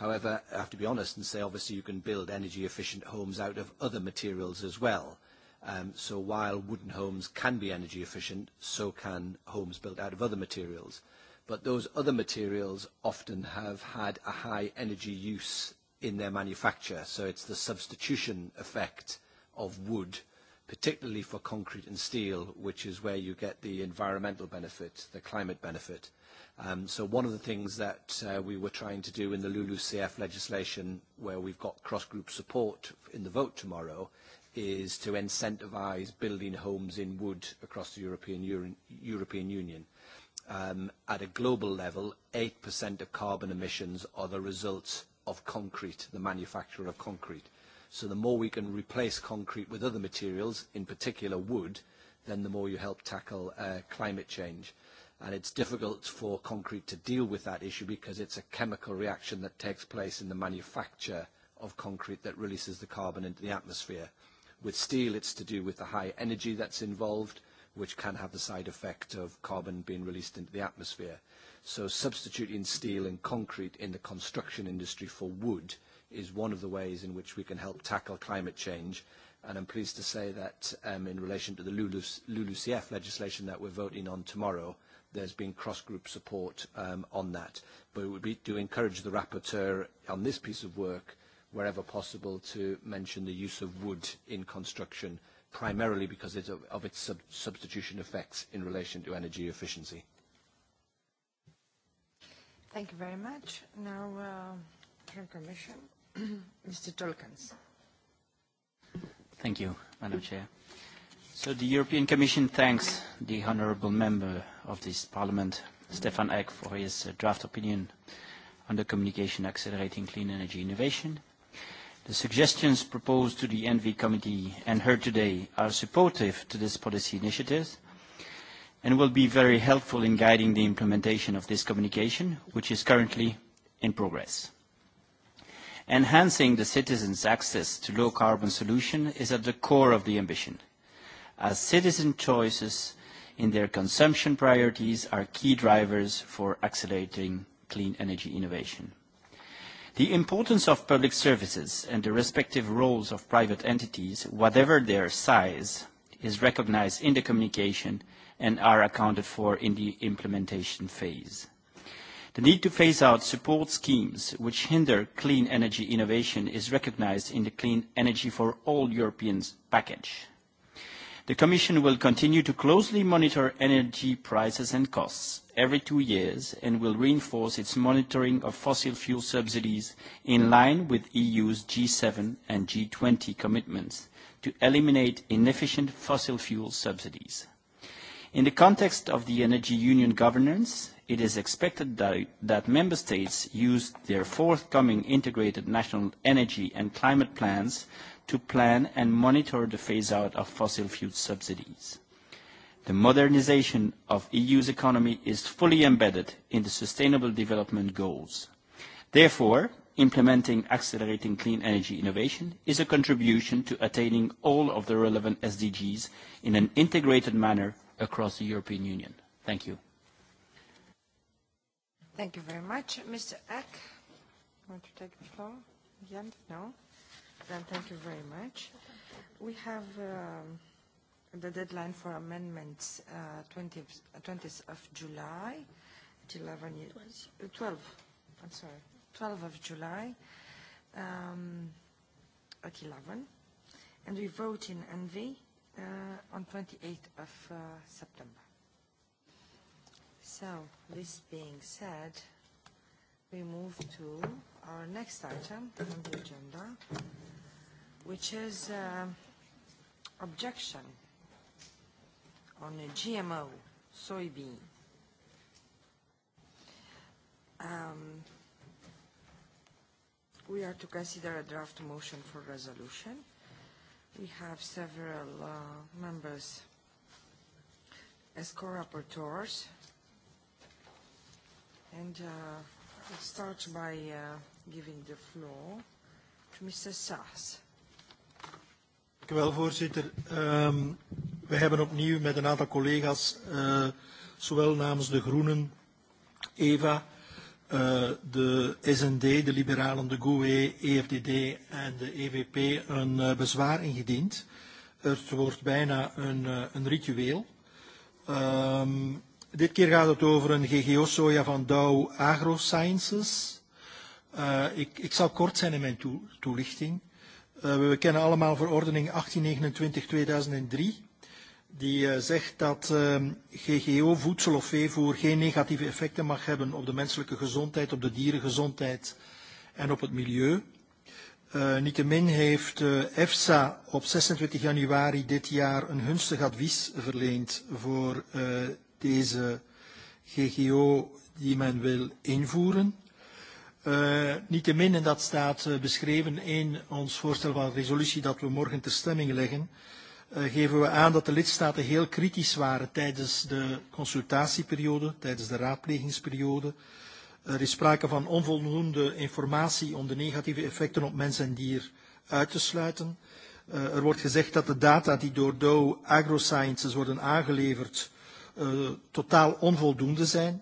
However, I have to be honest and say obviously you can build energy efficient homes out of other materials as well. Um, so while wooden homes can be energy efficient, so can homes built out of other materials. But those other materials often have had a high energy use in their manufacture. So it's the substitution effect of wood, particularly for concrete and steel, which is where you get the environmental benefit, the climate benefit. Um, so one of the things that uh, we were trying to do in the LULUCF legislation, where we've got cross-group support in the vote tomorrow, is to incentivize building homes in wood across the European, Euro European Union. Um, at a global level, 8% of carbon emissions are the result of concrete, the manufacture of concrete. So the more we can replace concrete with other materials, in particular wood, then the more you help tackle uh, climate change and it's difficult for concrete to deal with that issue because it's a chemical reaction that takes place in the manufacture of concrete that releases the carbon into the atmosphere. With steel, it's to do with the high energy that's involved, which can have the side effect of carbon being released into the atmosphere. So substituting steel and concrete in the construction industry for wood is one of the ways in which we can help tackle climate change. And I'm pleased to say that um, in relation to the LULUCF legislation that we're voting on tomorrow, there's been cross-group support um, on that. But it would be to encourage the rapporteur on this piece of work, wherever possible, to mention the use of wood in construction, primarily because it's of, of its sub substitution effects in relation to energy efficiency. Thank you very much. Now, uh, Commission, Mr. Tolkens. Thank you, Madam Chair. So the European Commission thanks the honourable member of this Parliament, Stefan Eck, for his uh, draft opinion on the communication accelerating clean energy innovation. The suggestions proposed to the ENVI committee and heard today are supportive to this policy initiative and will be very helpful in guiding the implementation of this communication, which is currently in progress. Enhancing the citizens' access to low-carbon solutions is at the core of the ambition – as citizen choices in their consumption priorities are key drivers for accelerating clean energy innovation. The importance of public services and the respective roles of private entities, whatever their size, is recognized in the communication and are accounted for in the implementation phase. The need to phase out support schemes which hinder clean energy innovation is recognized in the Clean Energy for All Europeans package. The Commission will continue to closely monitor energy prices and costs every two years and will reinforce its monitoring of fossil fuel subsidies in line with EU's G7 and G20 commitments to eliminate inefficient fossil fuel subsidies. In the context of the energy union governance, it is expected that, that member states use their forthcoming integrated national energy and climate plans to plan and monitor the phase-out of fossil fuel subsidies. The modernisation of the EU's economy is fully embedded in the Sustainable Development Goals. Therefore, implementing accelerating clean energy innovation is a contribution to attaining all of the relevant SDGs in an integrated manner across the European Union. Thank you. Thank you very much. Mr. Eck, want to take the floor? no? Then thank you very much. We have um, the deadline for amendments uh, 20th, uh, 20th of July 11, 12, I'm sorry, 12 of July um, at 11. And we vote in Envy uh, on 28th of uh, September. So this being said, we move to our next item on the agenda, which is uh, objection on a GMO soybean. Um, we are to consider a draft motion for resolution. We have several uh, members as co-rapporteurs. And uh, I'll start by uh, giving the floor to Mr. Sass. Dank u wel, voorzitter. Um, we hebben opnieuw met een aantal collega's, uh, zowel namens de Groenen, Eva, uh, de SND, de Liberalen, de GUE, EFDD en de EVP een uh, bezwaar ingediend. Het er wordt bijna een, uh, een ritueel. Um, dit keer gaat het over een GGO-soja van Dow AgroSciences. Uh, ik, ik zal kort zijn in mijn toelichting. Eh, we kennen allemaal verordening 1829-2003. Die eh, zegt dat ehm, GGO voedsel of veevoer geen negatieve effecten mag hebben op de menselijke gezondheid, op de dierengezondheid en op het milieu. Uh, niettemin heeft uh, EFSA op 26 januari dit jaar een gunstig advies verleend voor uh, deze GGO die men wil invoeren. Uh, Niettemin, en dat staat uh, beschreven in ons voorstel van resolutie dat we morgen ter stemming leggen, uh, geven we aan dat de lidstaten heel kritisch waren tijdens de consultatieperiode, tijdens de raadplegingsperiode. Er is sprake van onvoldoende informatie om de negatieve effecten op mens en dier uit te sluiten. Uh, er wordt gezegd dat de data die door Dow AgroSciences worden aangeleverd uh, totaal onvoldoende zijn.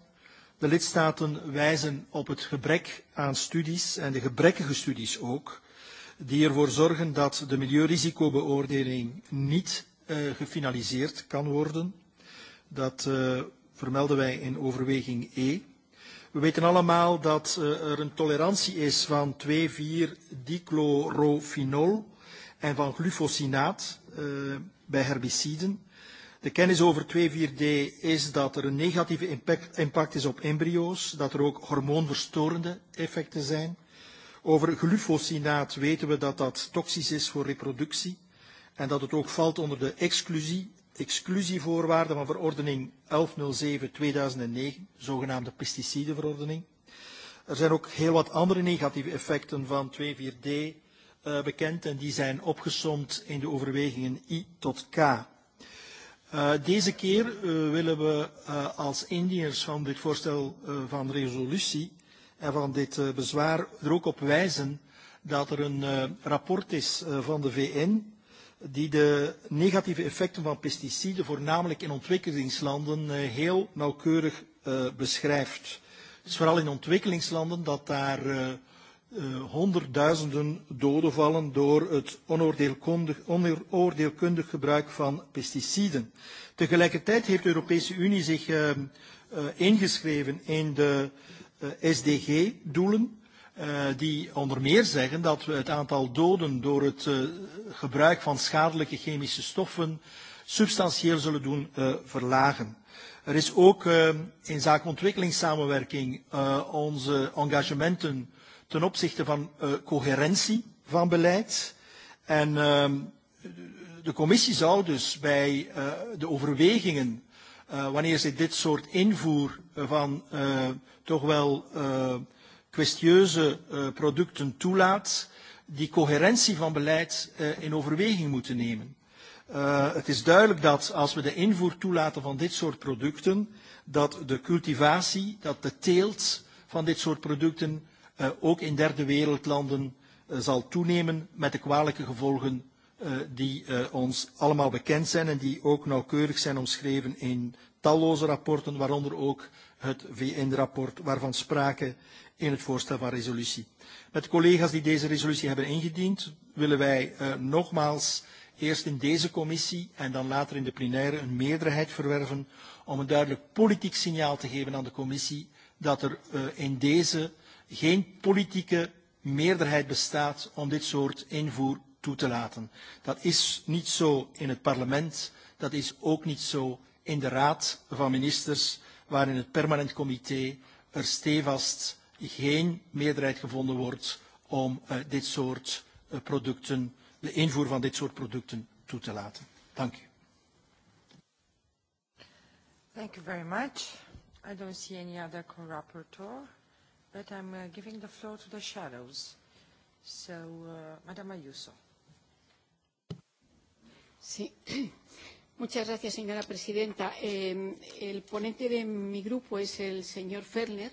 De lidstaten wijzen op het gebrek aan studies en de gebrekkige studies ook, die ervoor zorgen dat de milieurisicobeoordeling niet uh, gefinaliseerd kan worden. Dat uh, vermelden wij in overweging E. We weten allemaal dat uh, er een tolerantie is van 2,4-dichlorofinol en van glufosinaat uh, bij herbiciden. De kennis over 2,4-D is dat er een negatieve impact, impact is op embryo's, dat er ook hormoonverstorende effecten zijn. Over glufosinaat weten we dat dat toxisch is voor reproductie en dat het ook valt onder de exclusie, exclusievoorwaarden van verordening 1107-2009, zogenaamde pesticidenverordening. Er zijn ook heel wat andere negatieve effecten van 2,4-D eh, bekend en die zijn opgesomd in de overwegingen I tot K. Eh, deze keer uh, willen we uh, als indieners van dit voorstel uh, van resolutie en van dit uh, bezwaar er ook op wijzen dat er een uh, rapport is uh, van de VN die de negatieve effecten van pesticiden, voornamelijk in ontwikkelingslanden, uh, heel nauwkeurig uh, beschrijft. Het is vooral in ontwikkelingslanden dat daar uh, Eh, honderdduizenden doden vallen door het onoordeelkundig gebruik van pesticiden. Tegelijkertijd heeft de Europese Unie zich uh, uh, ingeschreven in de uh, SDG-doelen, die onder meer zeggen dat we het aantal doden door het gebruik van schadelijke chemische stoffen substantieel zullen doen verlagen. Er is ook in zaak ontwikkelingssamenwerking onze engagementen ten opzichte van uh, coherentie van beleid. En uh, de commissie zou dus bij uh, de overwegingen, uh, wanneer ze dit soort invoer van uh, toch wel uh, kwestieuze uh, producten toelaat, die coherentie van beleid uh, in overweging moeten nemen. Uh, het is duidelijk dat als we de invoer toelaten van dit soort producten, dat de cultivatie, dat de teelt van dit soort producten Eh, ook in derde wereldlanden eh, zal toenemen met de kwalijke gevolgen eh, die ons allemaal bekend zijn en die ook nauwkeurig zijn omschreven in talloze rapporten, waaronder ook het VN-rapport waarvan sprake in het voorstel van resolutie. Met de collega's die deze resolutie hebben ingediend, willen wij nogmaals eerst in deze commissie en dan later in de plenaire een meerderheid verwerven om een duidelijk politiek signaal te geven aan de commissie dat er in deze geen politieke meerderheid bestaat om dit soort invoer toe te laten. Dat is niet zo in het parlement, dat is ook niet zo in de Raad van Ministers, waar in het permanent comité er stevast geen meerderheid gevonden wordt om uh, dit soort uh, producten, de invoer van dit soort producten toe te laten. Dank u. Thank you very much. I don't see any other co-rapporteur but I'm uh, giving the floor to the shadows. So, uh, Madame Ayuso. Sí. Muchas gracias, señora presidenta. Eh, el ponente de mi grupo es el señor Ferner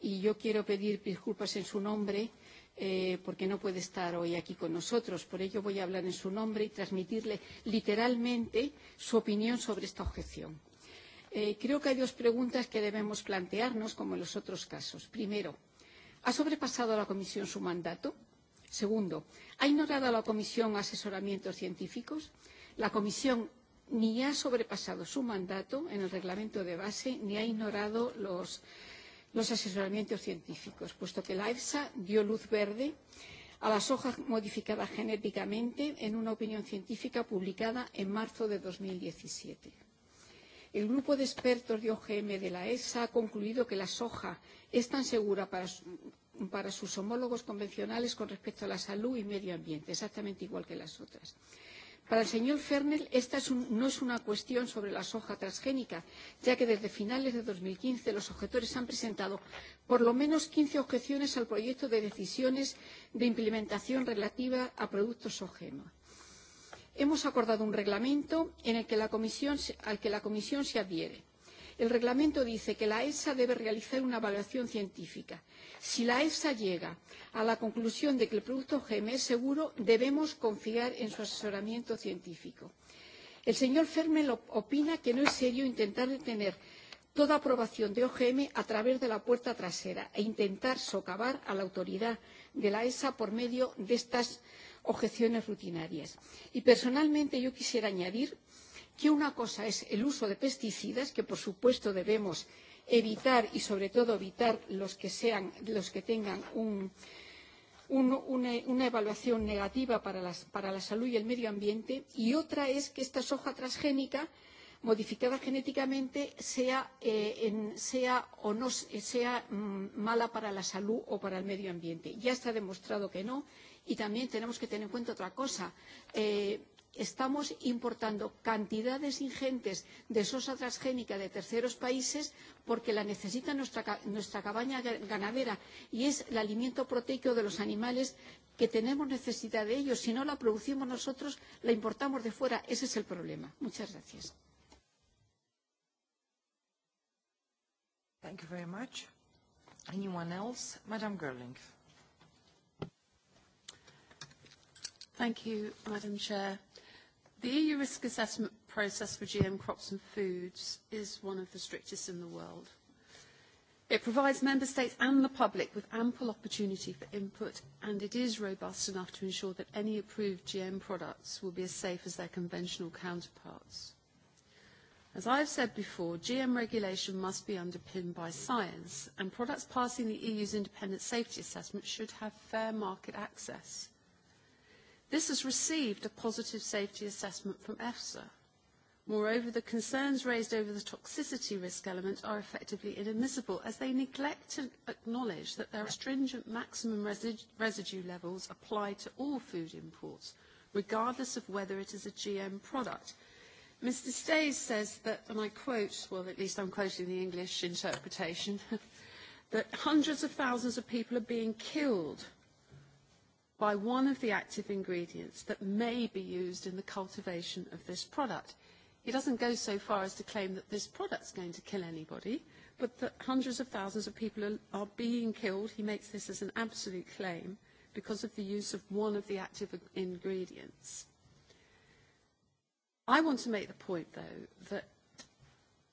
y yo quiero pedir disculpas en su nombre eh, porque no puede estar hoy aquí con nosotros. Por ello voy a hablar en su nombre y transmitirle literalmente su opinión sobre esta objeción eh, creo que hay dos preguntas que debemos plantearnos, como en los otros casos. Primero, ¿ha sobrepasado la Comisión su mandato? Segundo, ¿ha ignorado a la Comisión asesoramientos científicos? La Comisión ni ha sobrepasado su mandato en el reglamento de base ni ha ignorado los, los asesoramientos científicos, puesto que la EFSA dio luz verde a las hojas modificadas genéticamente en una opinión científica publicada en marzo de 2017. El grupo de expertos de OGM de la ESA ha concluido que la soja es tan segura para, para sus homólogos convencionales con respecto a la salud y medio ambiente, exactamente igual que las otras. Para el señor Fernel, esta es un, no es una cuestión sobre la soja transgénica, ya que desde finales de 2015 los objetores han presentado por lo menos 15 objeciones al proyecto de decisiones de implementación relativa a productos OGM hemos acordado un reglamento en el que la comisión, al que la Comisión se adhiere. El reglamento dice que la ESA debe realizar una evaluación científica. Si la ESA llega a la conclusión de que el producto GM es seguro, debemos confiar en su asesoramiento científico. El señor Fermel opina que no es serio intentar detener toda aprobación de OGM a través de la puerta trasera e intentar socavar a la autoridad de la ESA por medio de estas objeciones rutinarias. Y personalmente yo quisiera añadir que una cosa es el uso de pesticidas, que por supuesto debemos evitar y sobre todo evitar los que, sean, los que tengan un, un, una, una evaluación negativa para, las, para la salud y el medio ambiente, y otra es que esta soja transgénica modificada genéticamente sea, eh, en, sea o no sea mm, mala para la salud o para el medio ambiente. Ya está demostrado que no Y también tenemos que tener en cuenta otra cosa. Eh, estamos importando cantidades ingentes de sosa transgénica de terceros países porque la necesita nuestra, nuestra cabaña ganadera y es el alimento proteico de los animales que tenemos necesidad de ellos. Si no la producimos nosotros, la importamos de fuera. Ese es el problema. Muchas gracias. Thank you very much. Anyone else? Madame Gerling. Thank you, Madam Chair. The EU risk assessment process for GM crops and foods is one of the strictest in the world. It provides Member States and the public with ample opportunity for input and it is robust enough to ensure that any approved GM products will be as safe as their conventional counterparts. As I have said before, GM regulation must be underpinned by science and products passing the EU's independent safety assessment should have fair market access. This has received a positive safety assessment from EFSA. Moreover, the concerns raised over the toxicity risk element are effectively inadmissible as they neglect to acknowledge that there are stringent maximum resi residue levels applied to all food imports, regardless of whether it is a GM product. Mr. Stays says that, and I quote, well, at least I'm quoting the English interpretation, that hundreds of thousands of people are being killed by one of the active ingredients that may be used in the cultivation of this product. He doesn't go so far as to claim that this product's going to kill anybody, but that hundreds of thousands of people are, are being killed. He makes this as an absolute claim because of the use of one of the active ingredients. I want to make the point, though, that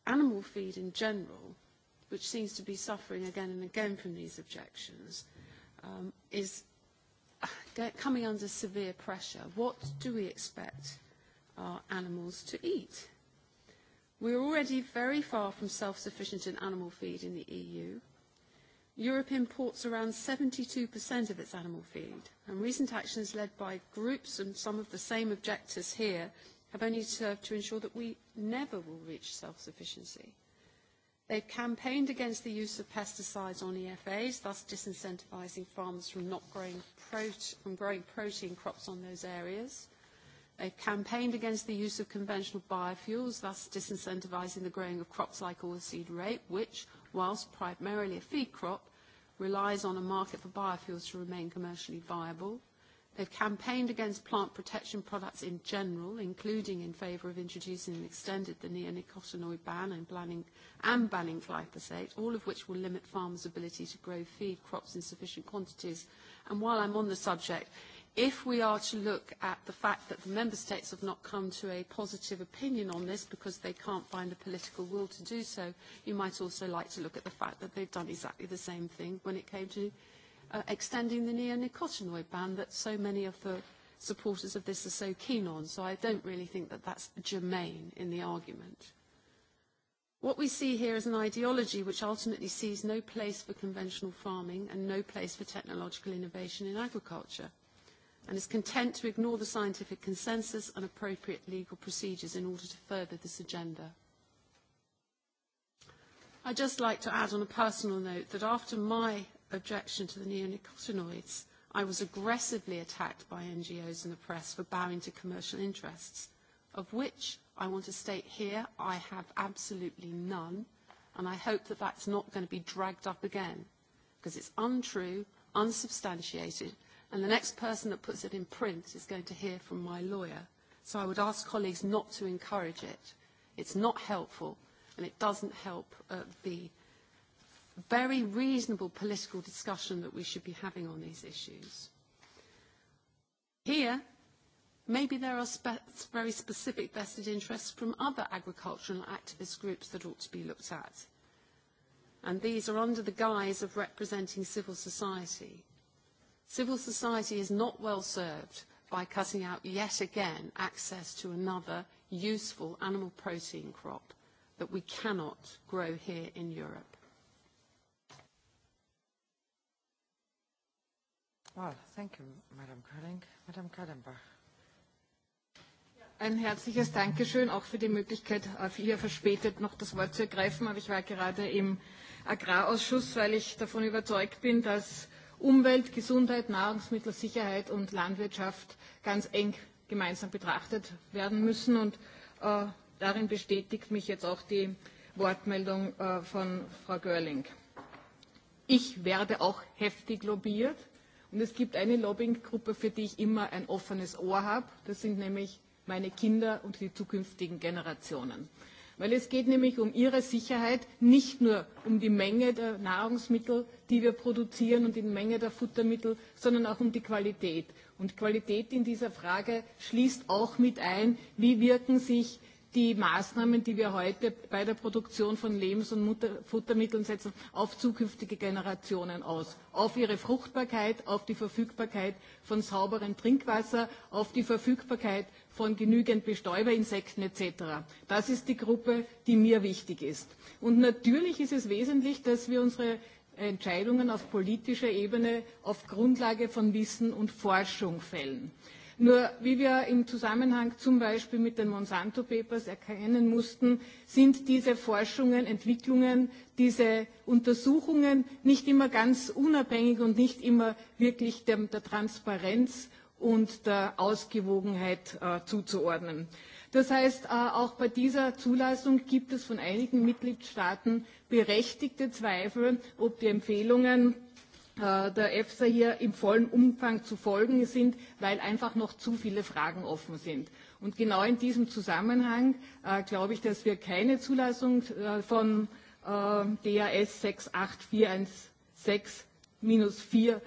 animal feed in general, which seems to be suffering again and again from these objections, um, is get, coming under severe pressure, what do we expect our animals to eat? We're already very far from self-sufficient in animal feed in the EU. Europe imports around 72% of its animal feed, and recent actions led by groups and some of the same objectors here have only served to ensure that we never will reach self-sufficiency. They've campaigned against the use of pesticides on EFAs, thus disincentivising farmers from not growing, pro- from growing protein crops on those areas. They've campaigned against the use of conventional biofuels, thus disincentivising the growing of crops like oilseed rape, which, whilst primarily a feed crop, relies on a market for biofuels to remain commercially viable. They've campaigned against plant protection products in general, including in favour of introducing and extended the neonicotinoid ban and, banning, and banning glyphosate, all of which will limit farmers' ability to grow feed crops in sufficient quantities. And while I'm on the subject, if we are to look at the fact that the member states have not come to a positive opinion on this because they can't find the political will to do so, you might also like to look at the fact that they've done exactly the same thing when it came to uh, extending the neonicotinoid ban that so many of the supporters of this are so keen on. So I don't really think that that's germane in the argument. What we see here is an ideology which ultimately sees no place for conventional farming and no place for technological innovation in agriculture and is content to ignore the scientific consensus and appropriate legal procedures in order to further this agenda. I'd just like to add on a personal note that after my objection to the neonicotinoids, I was aggressively attacked by NGOs and the press for bowing to commercial interests, of which I want to state here I have absolutely none, and I hope that that's not going to be dragged up again, because it's untrue, unsubstantiated, and the next person that puts it in print is going to hear from my lawyer. So I would ask colleagues not to encourage it. It's not helpful, and it doesn't help uh, the very reasonable political discussion that we should be having on these issues. Here, maybe there are spe very specific vested interests from other agricultural activist groups that ought to be looked at. And these are under the guise of representing civil society. Civil society is not well served by cutting out yet again access to another useful animal protein crop that we cannot grow here in Europe. Well, thank you, Madam Madam Ein herzliches Dankeschön auch für die Möglichkeit, hier verspätet noch das Wort zu ergreifen. Aber ich war gerade im Agrarausschuss, weil ich davon überzeugt bin, dass Umwelt, Gesundheit, Nahrungsmittelsicherheit und Landwirtschaft ganz eng gemeinsam betrachtet werden müssen. Und äh, darin bestätigt mich jetzt auch die Wortmeldung äh, von Frau Görling. Ich werde auch heftig lobbyiert Und es gibt eine Lobbyinggruppe, für die ich immer ein offenes Ohr habe. Das sind nämlich meine Kinder und die zukünftigen Generationen. Weil es geht nämlich um ihre Sicherheit, nicht nur um die Menge der Nahrungsmittel, die wir produzieren und die Menge der Futtermittel, sondern auch um die Qualität. Und Qualität in dieser Frage schließt auch mit ein, wie wirken sich die Maßnahmen, die wir heute bei der Produktion von Lebens- und Mutter Futtermitteln setzen, auf zukünftige Generationen aus. Auf ihre Fruchtbarkeit, auf die Verfügbarkeit von sauberem Trinkwasser, auf die Verfügbarkeit von genügend Bestäuberinsekten etc. Das ist die Gruppe, die mir wichtig ist. Und natürlich ist es wesentlich, dass wir unsere Entscheidungen auf politischer Ebene auf Grundlage von Wissen und Forschung fällen. Nur wie wir im Zusammenhang zum Beispiel mit den Monsanto Papers erkennen mussten, sind diese Forschungen, Entwicklungen, diese Untersuchungen nicht immer ganz unabhängig und nicht immer wirklich der, der Transparenz und der Ausgewogenheit äh, zuzuordnen. Das heißt, äh, auch bei dieser Zulassung gibt es von einigen Mitgliedstaaten berechtigte Zweifel, ob die Empfehlungen Äh, der EFSA hier im vollen Umfang zu folgen sind, weil einfach noch zu viele Fragen offen sind. Und genau in diesem Zusammenhang äh, glaube ich, dass wir keine Zulassung äh, von äh, DAS 68416-4 äh,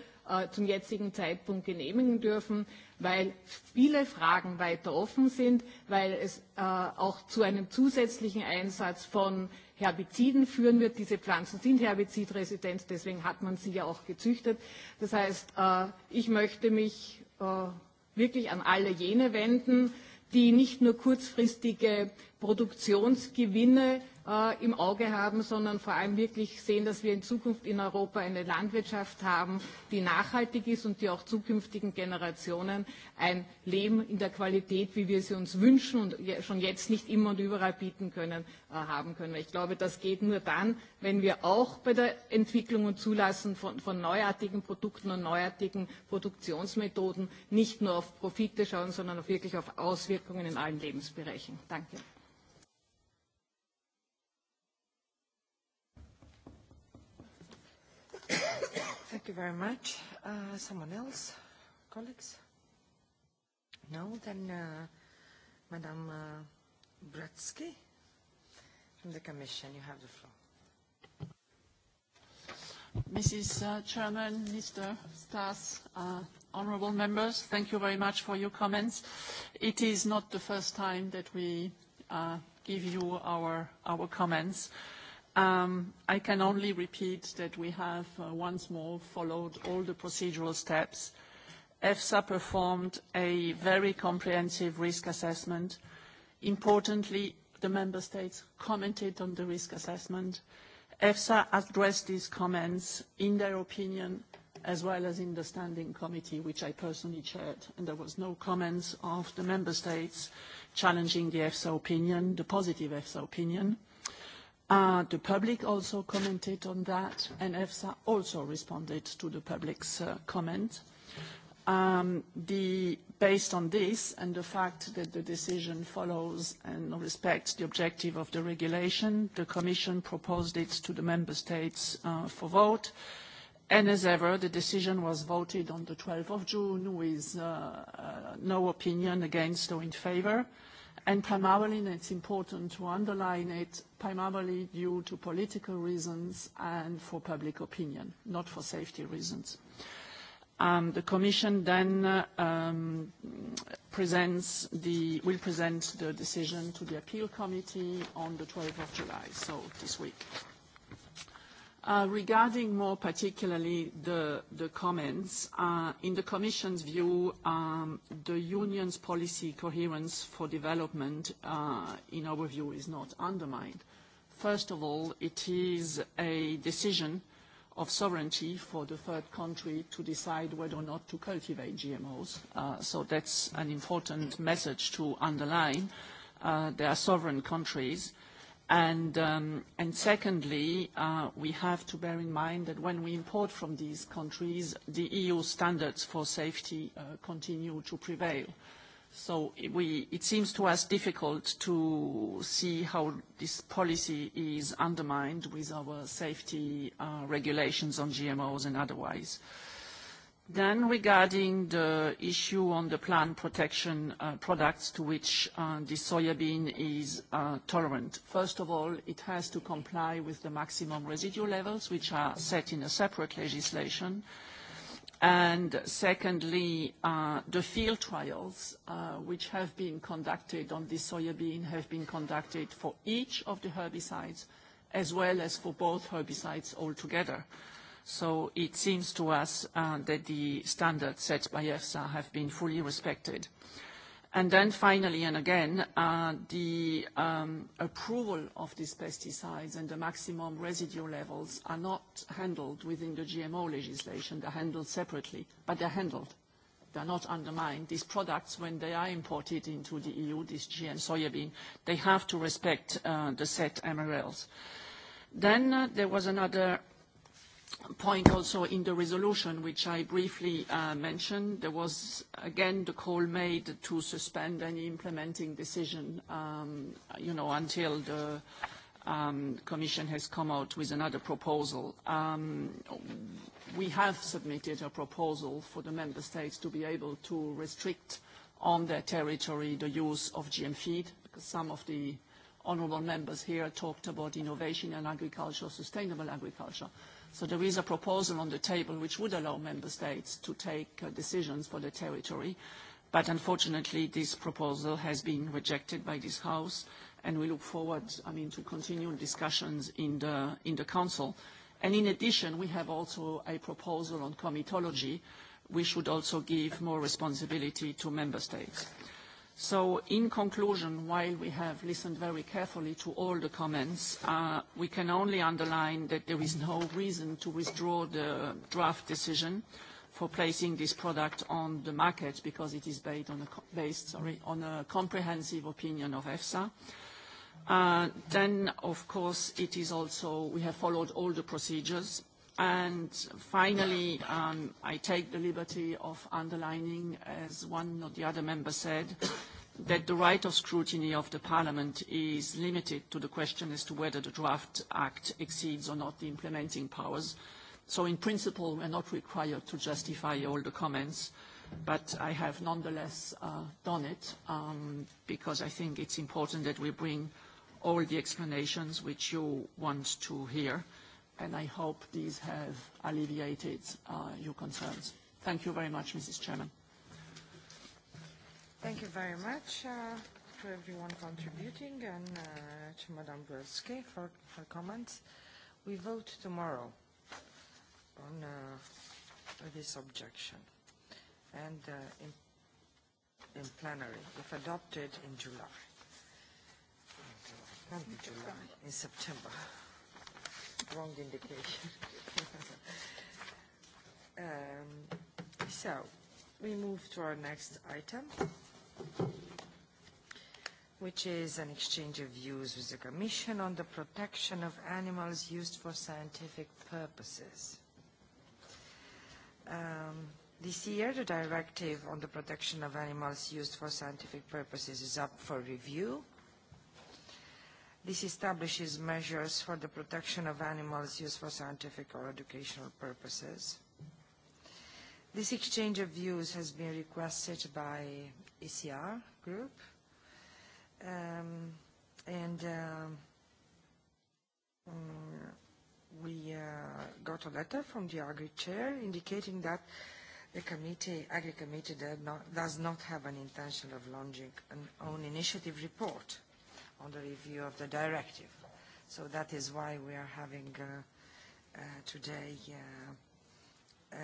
zum jetzigen Zeitpunkt genehmigen dürfen, weil viele Fragen weiter offen sind, weil es äh, auch zu einem zusätzlichen Einsatz von Herbiziden führen wird. Diese Pflanzen sind herbizidresistent, deswegen hat man sie ja auch gezüchtet. Das heißt, äh, ich möchte mich äh, wirklich an alle jene wenden, die nicht nur kurzfristige Produktionsgewinne Äh, im Auge haben, sondern vor allem wirklich sehen, dass wir in Zukunft in Europa eine Landwirtschaft haben, die nachhaltig ist und die auch zukünftigen Generationen ein Leben in der Qualität, wie wir sie uns wünschen und schon jetzt nicht immer und überall bieten können, äh, haben können. Ich glaube, das geht nur dann, wenn wir auch bei der Entwicklung und Zulassung von, von neuartigen Produkten und neuartigen Produktionsmethoden nicht nur auf Profite schauen, sondern auch wirklich auf Auswirkungen in allen Lebensbereichen. Danke. Thank you very much. Uh, someone else? Colleagues? No? Then uh, Madame uh, Bratsky from the Commission, you have the floor. Mrs. Uh, Chairman, Mr. Stas, uh, honorable members, thank you very much for your comments. It is not the first time that we uh, give you our, our comments. Uh, Um, I can only repeat that we have uh, once more followed all the procedural steps. EFSA performed a very comprehensive risk assessment. Importantly, the member states commented on the risk assessment. EFSA addressed these comments in their opinion, as well as in the standing committee, which I personally chaired, and there was no comments of the member states challenging the EFSA opinion, the positive EFSA opinion. Uh, the public also commented on that, and EFSA also responded to the public's uh, comment. Um, based on this and the fact that the decision follows and respects the objective of the regulation, the Commission proposed it to the member states uh, for vote. And As ever, the decision was voted on the 12th of June with no opinion against or in favor and primarily, and it's important to underline it, primarily due to political reasons and for public opinion, not for safety reasons. Um, the Commission then um, presents the, will present the decision to the Appeal Committee on the 12th of July, so this week. Uh, regarding more particularly the, comments, uh, in the Commission's view, um, the Union's policy coherence for development, uh, in our view, is not undermined. First of all, it is a decision of sovereignty for the third country to decide whether or not to cultivate GMOs. So that's an important message to underline. there are sovereign countries. Um, and, secondly, uh, we have to bear in mind that when we import from these countries, the EU standards for safety uh, continue to prevail. So we, it seems to us difficult to see how this policy is undermined with our safety uh, regulations on GMOs and otherwise. Then regarding the issue on the plant protection uh, products to which uh, the soybean is uh, tolerant. First of all, it has to comply with the maximum residual levels, which are set in a separate legislation. And secondly, the field trials, which have been conducted on the soybean, have been conducted for each of the herbicides, as well as for both herbicides altogether. So it seems to us uh, that the standards set by EFSA have been fully respected. And then finally, and again, uh, the um, approval of these pesticides and the maximum residue levels are not handled within the GMO legislation. They're handled separately, but they're handled. They're not undermined. These products, when they are imported into the EU, this GM soybean, they have to respect uh, the set MRLs. Then there was another point also in the resolution, which I briefly uh, mentioned. There was, again, the call made to suspend any implementing decision, um, you know, until the um, Commission has come out with another proposal. Um, we have submitted a proposal for the member states to be able to restrict on their territory the use of GM feed, because some of the honorable members here talked about innovation and agriculture, sustainable agriculture. So there is a proposal on the table which would allow member states to take uh, decisions for the territory. But unfortunately, this proposal has been rejected by this House, and we look forward, I mean, to continue discussions in the, in the Council. And in addition, we have also a proposal on comitology. We should also give more responsibility to member states. So in conclusion, while we have listened very carefully to all the comments, uh, we can only underline that there is no reason to withdraw the draft decision for placing this product on the market because it is based on a, comprehensive opinion of EFSA. Uh, then, of course, it is also we have followed all the procedures And finally, um, I take the liberty of underlining, as one or the other member said, that the right of scrutiny of the Parliament is limited to the question as to whether the draft act exceeds or not the implementing powers. So in principle, we're not required to justify all the comments, but I have nonetheless uh, done it um, because I think it's important that we bring all the explanations which you want to hear and I hope these have alleviated uh, your concerns. Thank you very much, Mrs. Chairman. Thank you very much uh, to everyone contributing and uh, to Madame Bursky for her comments. We vote tomorrow on uh, this objection and uh, in, in plenary, if adopted in July. in July, in September wrong indication. um, so, we move to our next item, which is an exchange of views with the Commission on the protection of animals used for scientific purposes. Um, This year, the directive on the protection of animals used for scientific purposes is up for review, This establishes measures for the protection of animals used for scientific or educational purposes. This exchange of views has been requested by ECR group. Um, and um, mm, we uh, got a letter from the Agri Chair indicating that the committee, Agri Committee does not, does not have an intention of launching an own initiative report on the review of the directive. So that is why we are having uh, uh, today uh, um,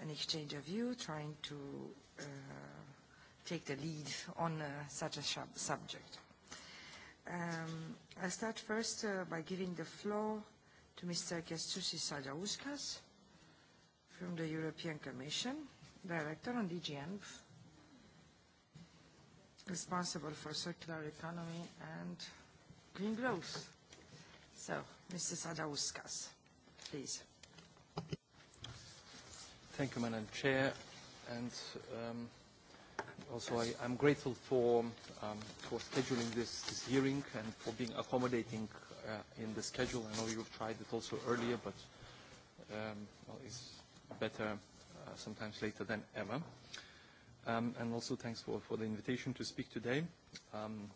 an exchange of view, trying to uh, take the lead on uh, such a sub subject. Um, I start first uh, by giving the floor to Mr. Kestusi Sadauskas from the European Commission, Director on DG responsible for circular economy and green growth. So, Mr. Sadauskas, please. Thank you, Madam Chair. And um, also, I, I'm grateful for, um, for scheduling this, this hearing and for being accommodating uh, in the schedule. I know you've tried it also earlier, but um, well, it's better uh, sometimes later than ever um, and also thanks for, for the invitation to speak today. Um,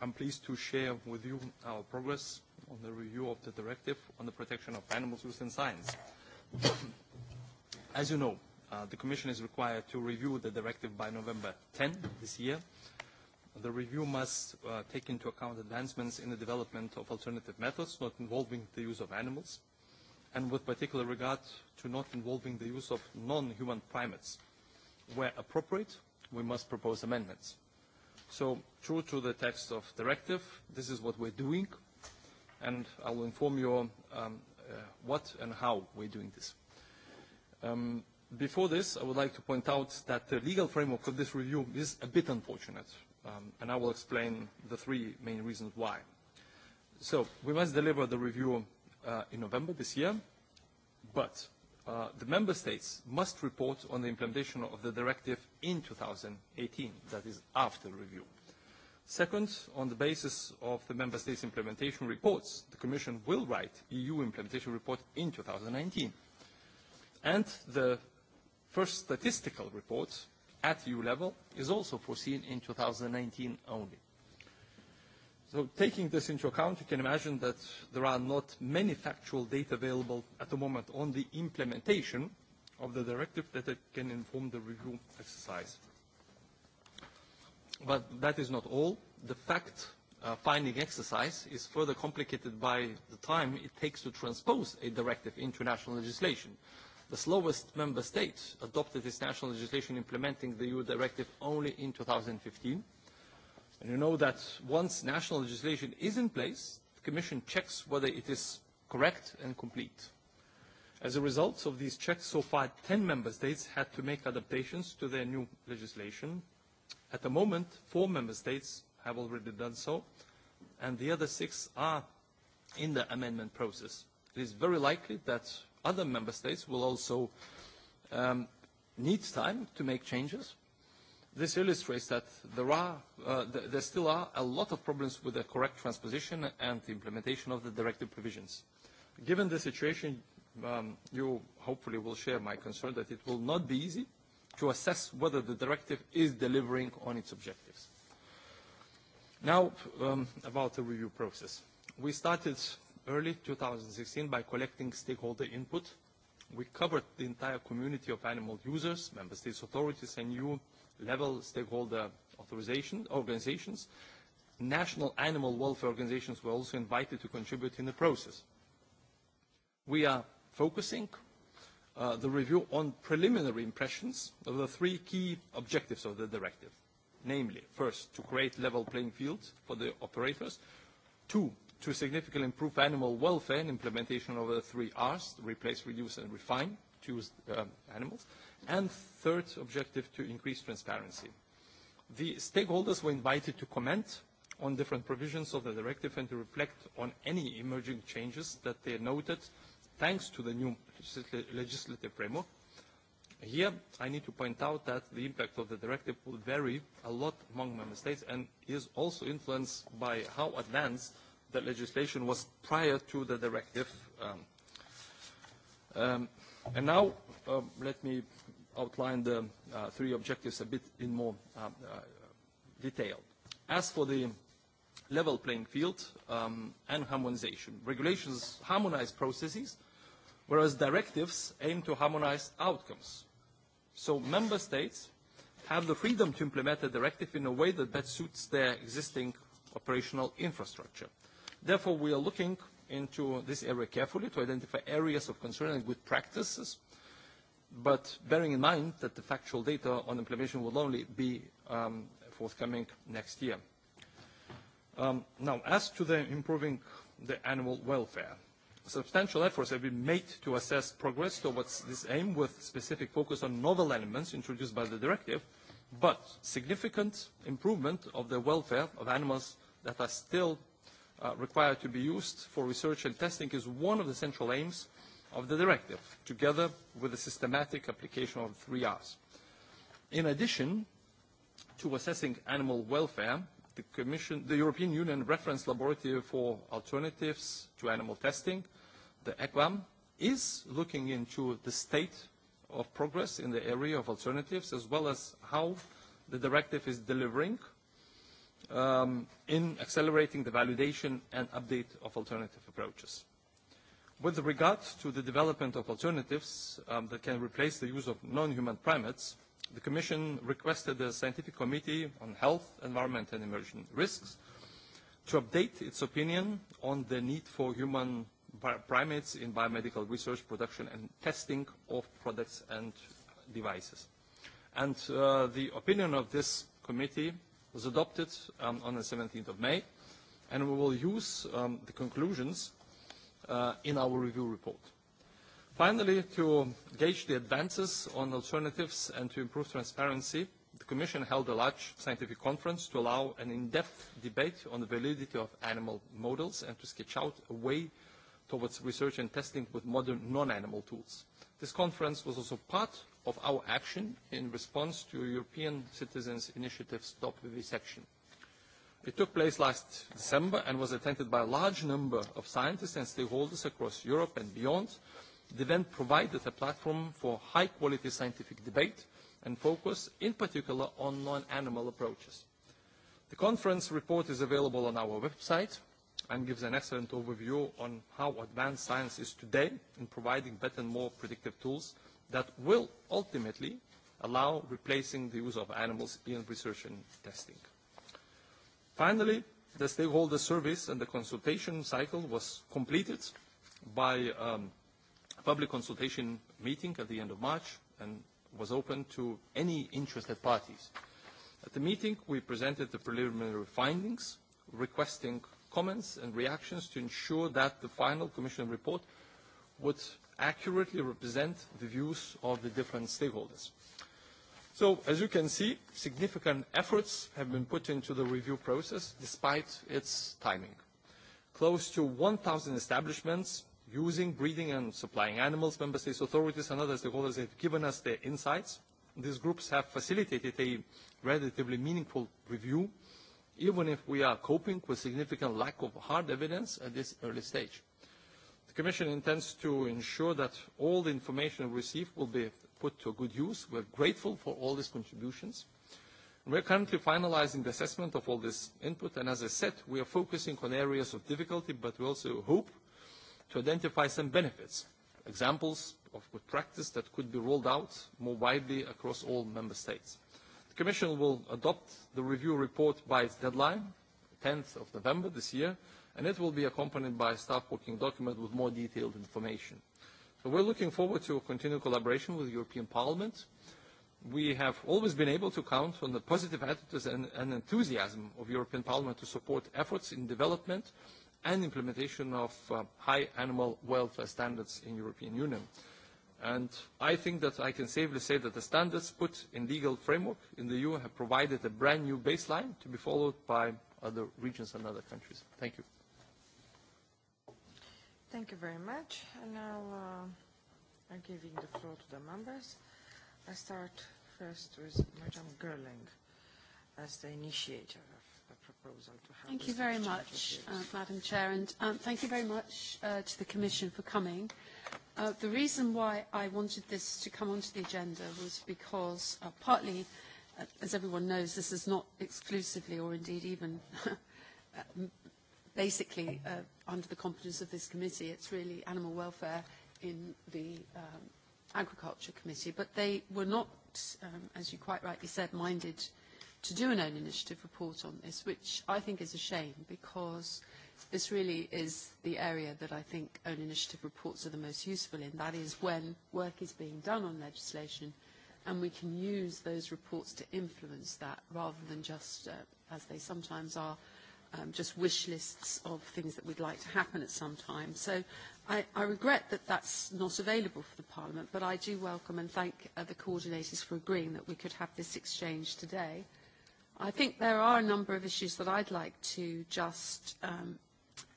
I'm pleased to share with you our progress on the review of the directive on the protection of animals within science. As you know, uh, the Commission is required to review the directive by November 10 this year. The review must uh, take into account advancements in the development of alternative methods not involving the use of animals, and with particular regard to not involving the use of non-human primates – where appropriate, we must propose amendments. So true to the text of directive, this is what we're doing, and I will inform you um, uh, what and how we're doing this. Um, before this, I would like to point out that the legal framework of this review is a bit unfortunate, um, and I will explain the three main reasons why. So we must deliver the review uh, in November this year, but Uh, the member states must report on the implementation of the directive in 2018, that is after review. Second, on the basis of the member states' implementation reports, the Commission will write EU implementation report in 2019. And the first statistical report at EU level is also foreseen in 2019 only. So taking this into account, you can imagine that there are not many factual data available at the moment on the implementation of the directive that it can inform the review exercise. But that is not all. The fact uh, finding exercise is further complicated by the time it takes to transpose a directive into national legislation. The slowest member state adopted this national legislation implementing the EU directive only in 2015, And you know that once national legislation is in place, the Commission checks whether it is correct and complete. As a result of these checks, so far 10 member states had to make adaptations to their new legislation. At the moment, four member states have already done so, and the other six are in the amendment process. It is very likely that other member states will also um, need time to make changes, This illustrates that there, are, uh, th there still are a lot of problems with the correct transposition and the implementation of the directive provisions. Given the situation, um, you hopefully will share my concern that it will not be easy to assess whether the directive is delivering on its objectives. Now, um, about the review process. We started early 2016 by collecting stakeholder input. We covered the entire community of animal users, member states authorities, and EU level stakeholder authorization organizations. National animal welfare organizations were also invited to contribute in the process. We are focusing uh, the review on preliminary impressions of the three key objectives of the directive, namely, first, to create level playing fields for the operators, two, to significantly improve animal welfare and implementation of the three Rs, replace, reduce, and refine, to use uh, animals, And third objective, to increase transparency. The stakeholders were invited to comment on different provisions of the directive and to reflect on any emerging changes that they noted thanks to the new legislative framework. Here, I need to point out that the impact of the directive will vary a lot among member states and is also influenced by how advanced the legislation was prior to the directive. Um, um, and now, um, let me outline the uh, three objectives a bit in more uh, uh, detail. As for the level playing field um, and harmonization, regulations harmonize processes, whereas directives aim to harmonize outcomes. So member states have the freedom to implement a directive in a way that best suits their existing operational infrastructure. Therefore, we are looking into this area carefully to identify areas of concern and good practices but bearing in mind that the factual data on implementation will only be um, forthcoming next year. Um, now, as to the improving the animal welfare, substantial efforts have been made to assess progress towards this aim with specific focus on novel elements introduced by the directive, but significant improvement of the welfare of animals that are still uh, required to be used for research and testing is one of the central aims of the directive, together with the systematic application of three Rs. In addition to assessing animal welfare, the, Commission, the European Union Reference Laboratory for Alternatives to Animal Testing, the ECWAM, is looking into the state of progress in the area of alternatives, as well as how the directive is delivering um, in accelerating the validation and update of alternative approaches. With regard to the development of alternatives um, that can replace the use of non-human primates, the Commission requested the Scientific Committee on Health, Environment and Emerging Risks to update its opinion on the need for human primates in biomedical research, production and testing of products and devices. And uh, the opinion of this committee was adopted um, on the 17th of May, and we will use um, the conclusions Uh, in our review report. Finally, to gauge the advances on alternatives and to improve transparency, the Commission held a large scientific conference to allow an in-depth debate on the validity of animal models and to sketch out a way towards research and testing with modern non-animal tools. This conference was also part of our action in response to European Citizens Initiative Stop Vivisection. It took place last December and was attended by a large number of scientists and stakeholders across Europe and beyond. The event provided a platform for high-quality scientific debate and focus, in particular, on non-animal approaches. The conference report is available on our website and gives an excellent overview on how advanced science is today in providing better and more predictive tools that will ultimately allow replacing the use of animals in research and testing. Finally, the stakeholder service and the consultation cycle was completed by um, public consultation meeting at the end of March and was open to any interested parties. At the meeting, we presented the preliminary findings, requesting comments and reactions to ensure that the final Commission report would accurately represent the views of the different stakeholders. So as you can see, significant efforts have been put into the review process despite its timing. Close to 1,000 establishments using, breeding, and supplying animals, member states authorities and other stakeholders have given us their insights. These groups have facilitated a relatively meaningful review, even if we are coping with significant lack of hard evidence at this early stage. The Commission intends to ensure that all the information received will be put to good use. We're grateful for all these contributions. We're currently finalizing the assessment of all this input, and as I said, we are focusing on areas of difficulty, but we also hope to identify some benefits, examples of good practice that could be rolled out more widely across all member states. The Commission will adopt the review report by its deadline, 10th of November this year, and it will be accompanied by a staff working document with more detailed information. So we're looking forward to continued collaboration with the European Parliament. We have always been able to count on the positive attitudes and, and enthusiasm of European Parliament to support efforts in development and implementation of uh, high animal welfare standards in European Union. And I think that I can safely say that the standards put in legal framework in the EU have provided a brand new baseline to be followed by other regions and other countries. Thank you. Thank you very much. And now uh, I'm giving the floor to the members. I start first with Madame Gerling as the initiator of the proposal to have Thank you very much, uh, Madam Chair, and um, thank you very much uh, to the Commission for coming. Uh, the reason why I wanted this to come onto the agenda was because uh, partly, uh, as everyone knows, this is not exclusively or indeed even uh, basically uh, under the competence of this committee. It's really animal welfare in the um, Agriculture Committee. But they were not, um, as you quite rightly said, minded to do an own initiative report on this, which I think is a shame because this really is the area that I think own initiative reports are the most useful in. That is when work is being done on legislation and we can use those reports to influence that rather than just, uh, as they sometimes are, um, just wish lists of things that we'd like to happen at some time. So I, I regret that that's not available for the Parliament, but I do welcome and thank uh, the coordinators for agreeing that we could have this exchange today. I think there are a number of issues that I'd like to just um,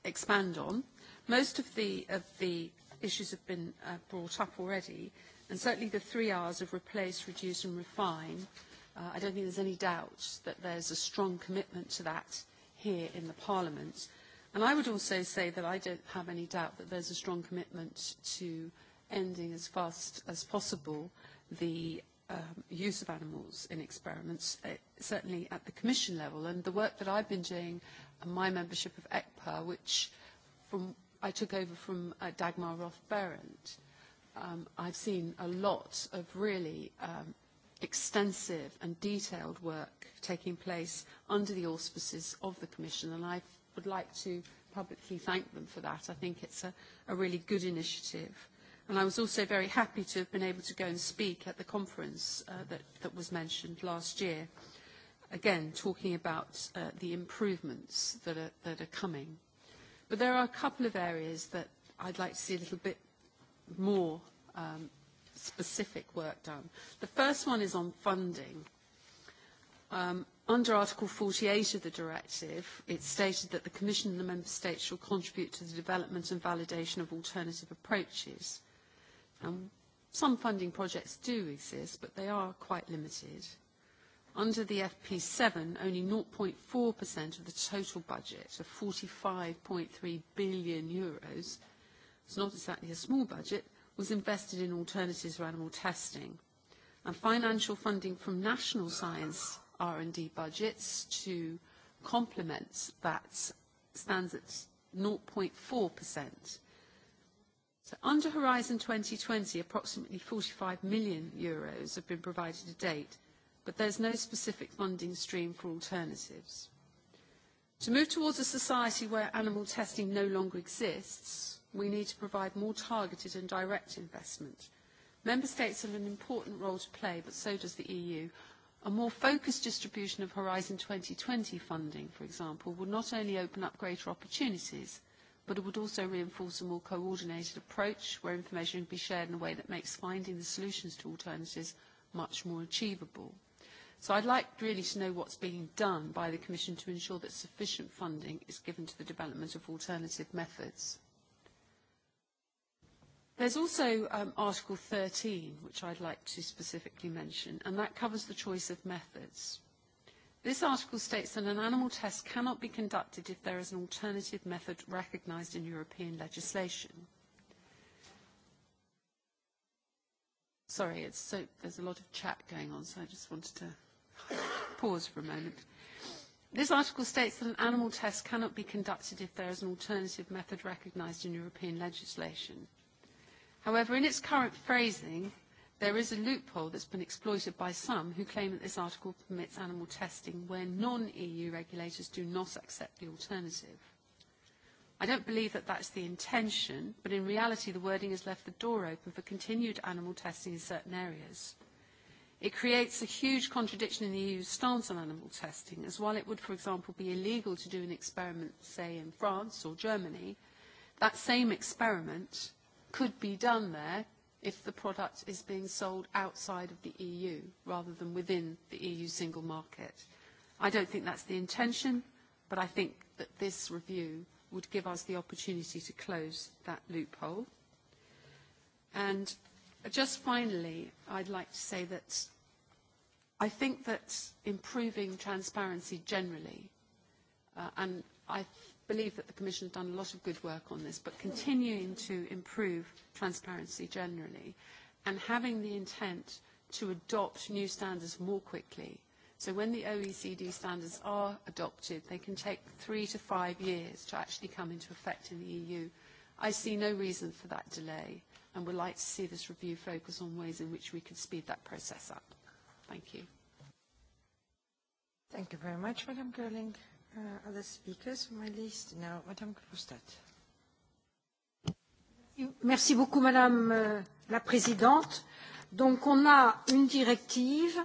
expand on. Most of the, of the issues have been uh, brought up already, and certainly the three R's of replace, reduce and refine. Uh, I don't think there's any doubt that there's a strong commitment to that here in the Parliament. And I would also say that I don't have any doubt that there's a strong commitment to ending as fast as possible the um, use of animals in experiments, uh, certainly at the Commission level. And the work that I've been doing and my membership of ECPA, which from, I took over from uh, Dagmar Roth-Berendt, um, I've seen a lot of really um, extensive and detailed work taking place under the auspices of the Commission, and I would like to publicly thank them for that. I think it's a, a really good initiative. And I was also very happy to have been able to go and speak at the conference uh, that, that was mentioned last year, again, talking about uh, the improvements that are, that are coming. But there are a couple of areas that I'd like to see a little bit more um, specific work done. The first one is on funding. Um, under Article 48 of the directive, it stated that the Commission and the Member States shall contribute to the development and validation of alternative approaches. Um, some funding projects do exist, but they are quite limited. Under the FP7, only 0.4% of the total budget of 45.3 billion euros, it's not exactly a small budget, was invested in alternatives for animal testing. And financial funding from national science R&D budgets to complement that stands at 0.4%. So under Horizon 2020, approximately 45 million euros have been provided to date, but there's no specific funding stream for alternatives. To move towards a society where animal testing no longer exists, we need to provide more targeted and direct investment. Member States have an important role to play, but so does the EU. A more focused distribution of Horizon 2020 funding, for example, would not only open up greater opportunities, but it would also reinforce a more coordinated approach where information can be shared in a way that makes finding the solutions to alternatives much more achievable. So I'd like really to know what's being done by the Commission to ensure that sufficient funding is given to the development of alternative methods. There's also um, Article 13, which I'd like to specifically mention, and that covers the choice of methods. This article states that an animal test cannot be conducted if there is an alternative method recognised in European legislation. Sorry, it's so, there's a lot of chat going on, so I just wanted to pause for a moment. This article states that an animal test cannot be conducted if there is an alternative method recognised in European legislation. However, in its current phrasing, there is a loophole that's been exploited by some who claim that this article permits animal testing where non-EU regulators do not accept the alternative. I don't believe that that's the intention, but in reality the wording has left the door open for continued animal testing in certain areas. It creates a huge contradiction in the EU's stance on animal testing, as while it would, for example, be illegal to do an experiment, say, in France or Germany, that same experiment could be done there if the product is being sold outside of the EU rather than within the EU single market. I don't think that's the intention, but I think that this review would give us the opportunity to close that loophole. And just finally, I'd like to say that I think that improving transparency generally, uh, and I believe that the Commission has done a lot of good work on this, but continuing to improve transparency generally and having the intent to adopt new standards more quickly. So when the OECD standards are adopted, they can take three to five years to actually come into effect in the EU. I see no reason for that delay and would like to see this review focus on ways in which we could speed that process up. Thank you. Thank you very much, Madam Gerling uh, other speakers on my list now. Madame Grostat. Merci beaucoup, Madame euh, la Présidente. Donc, on a une directive.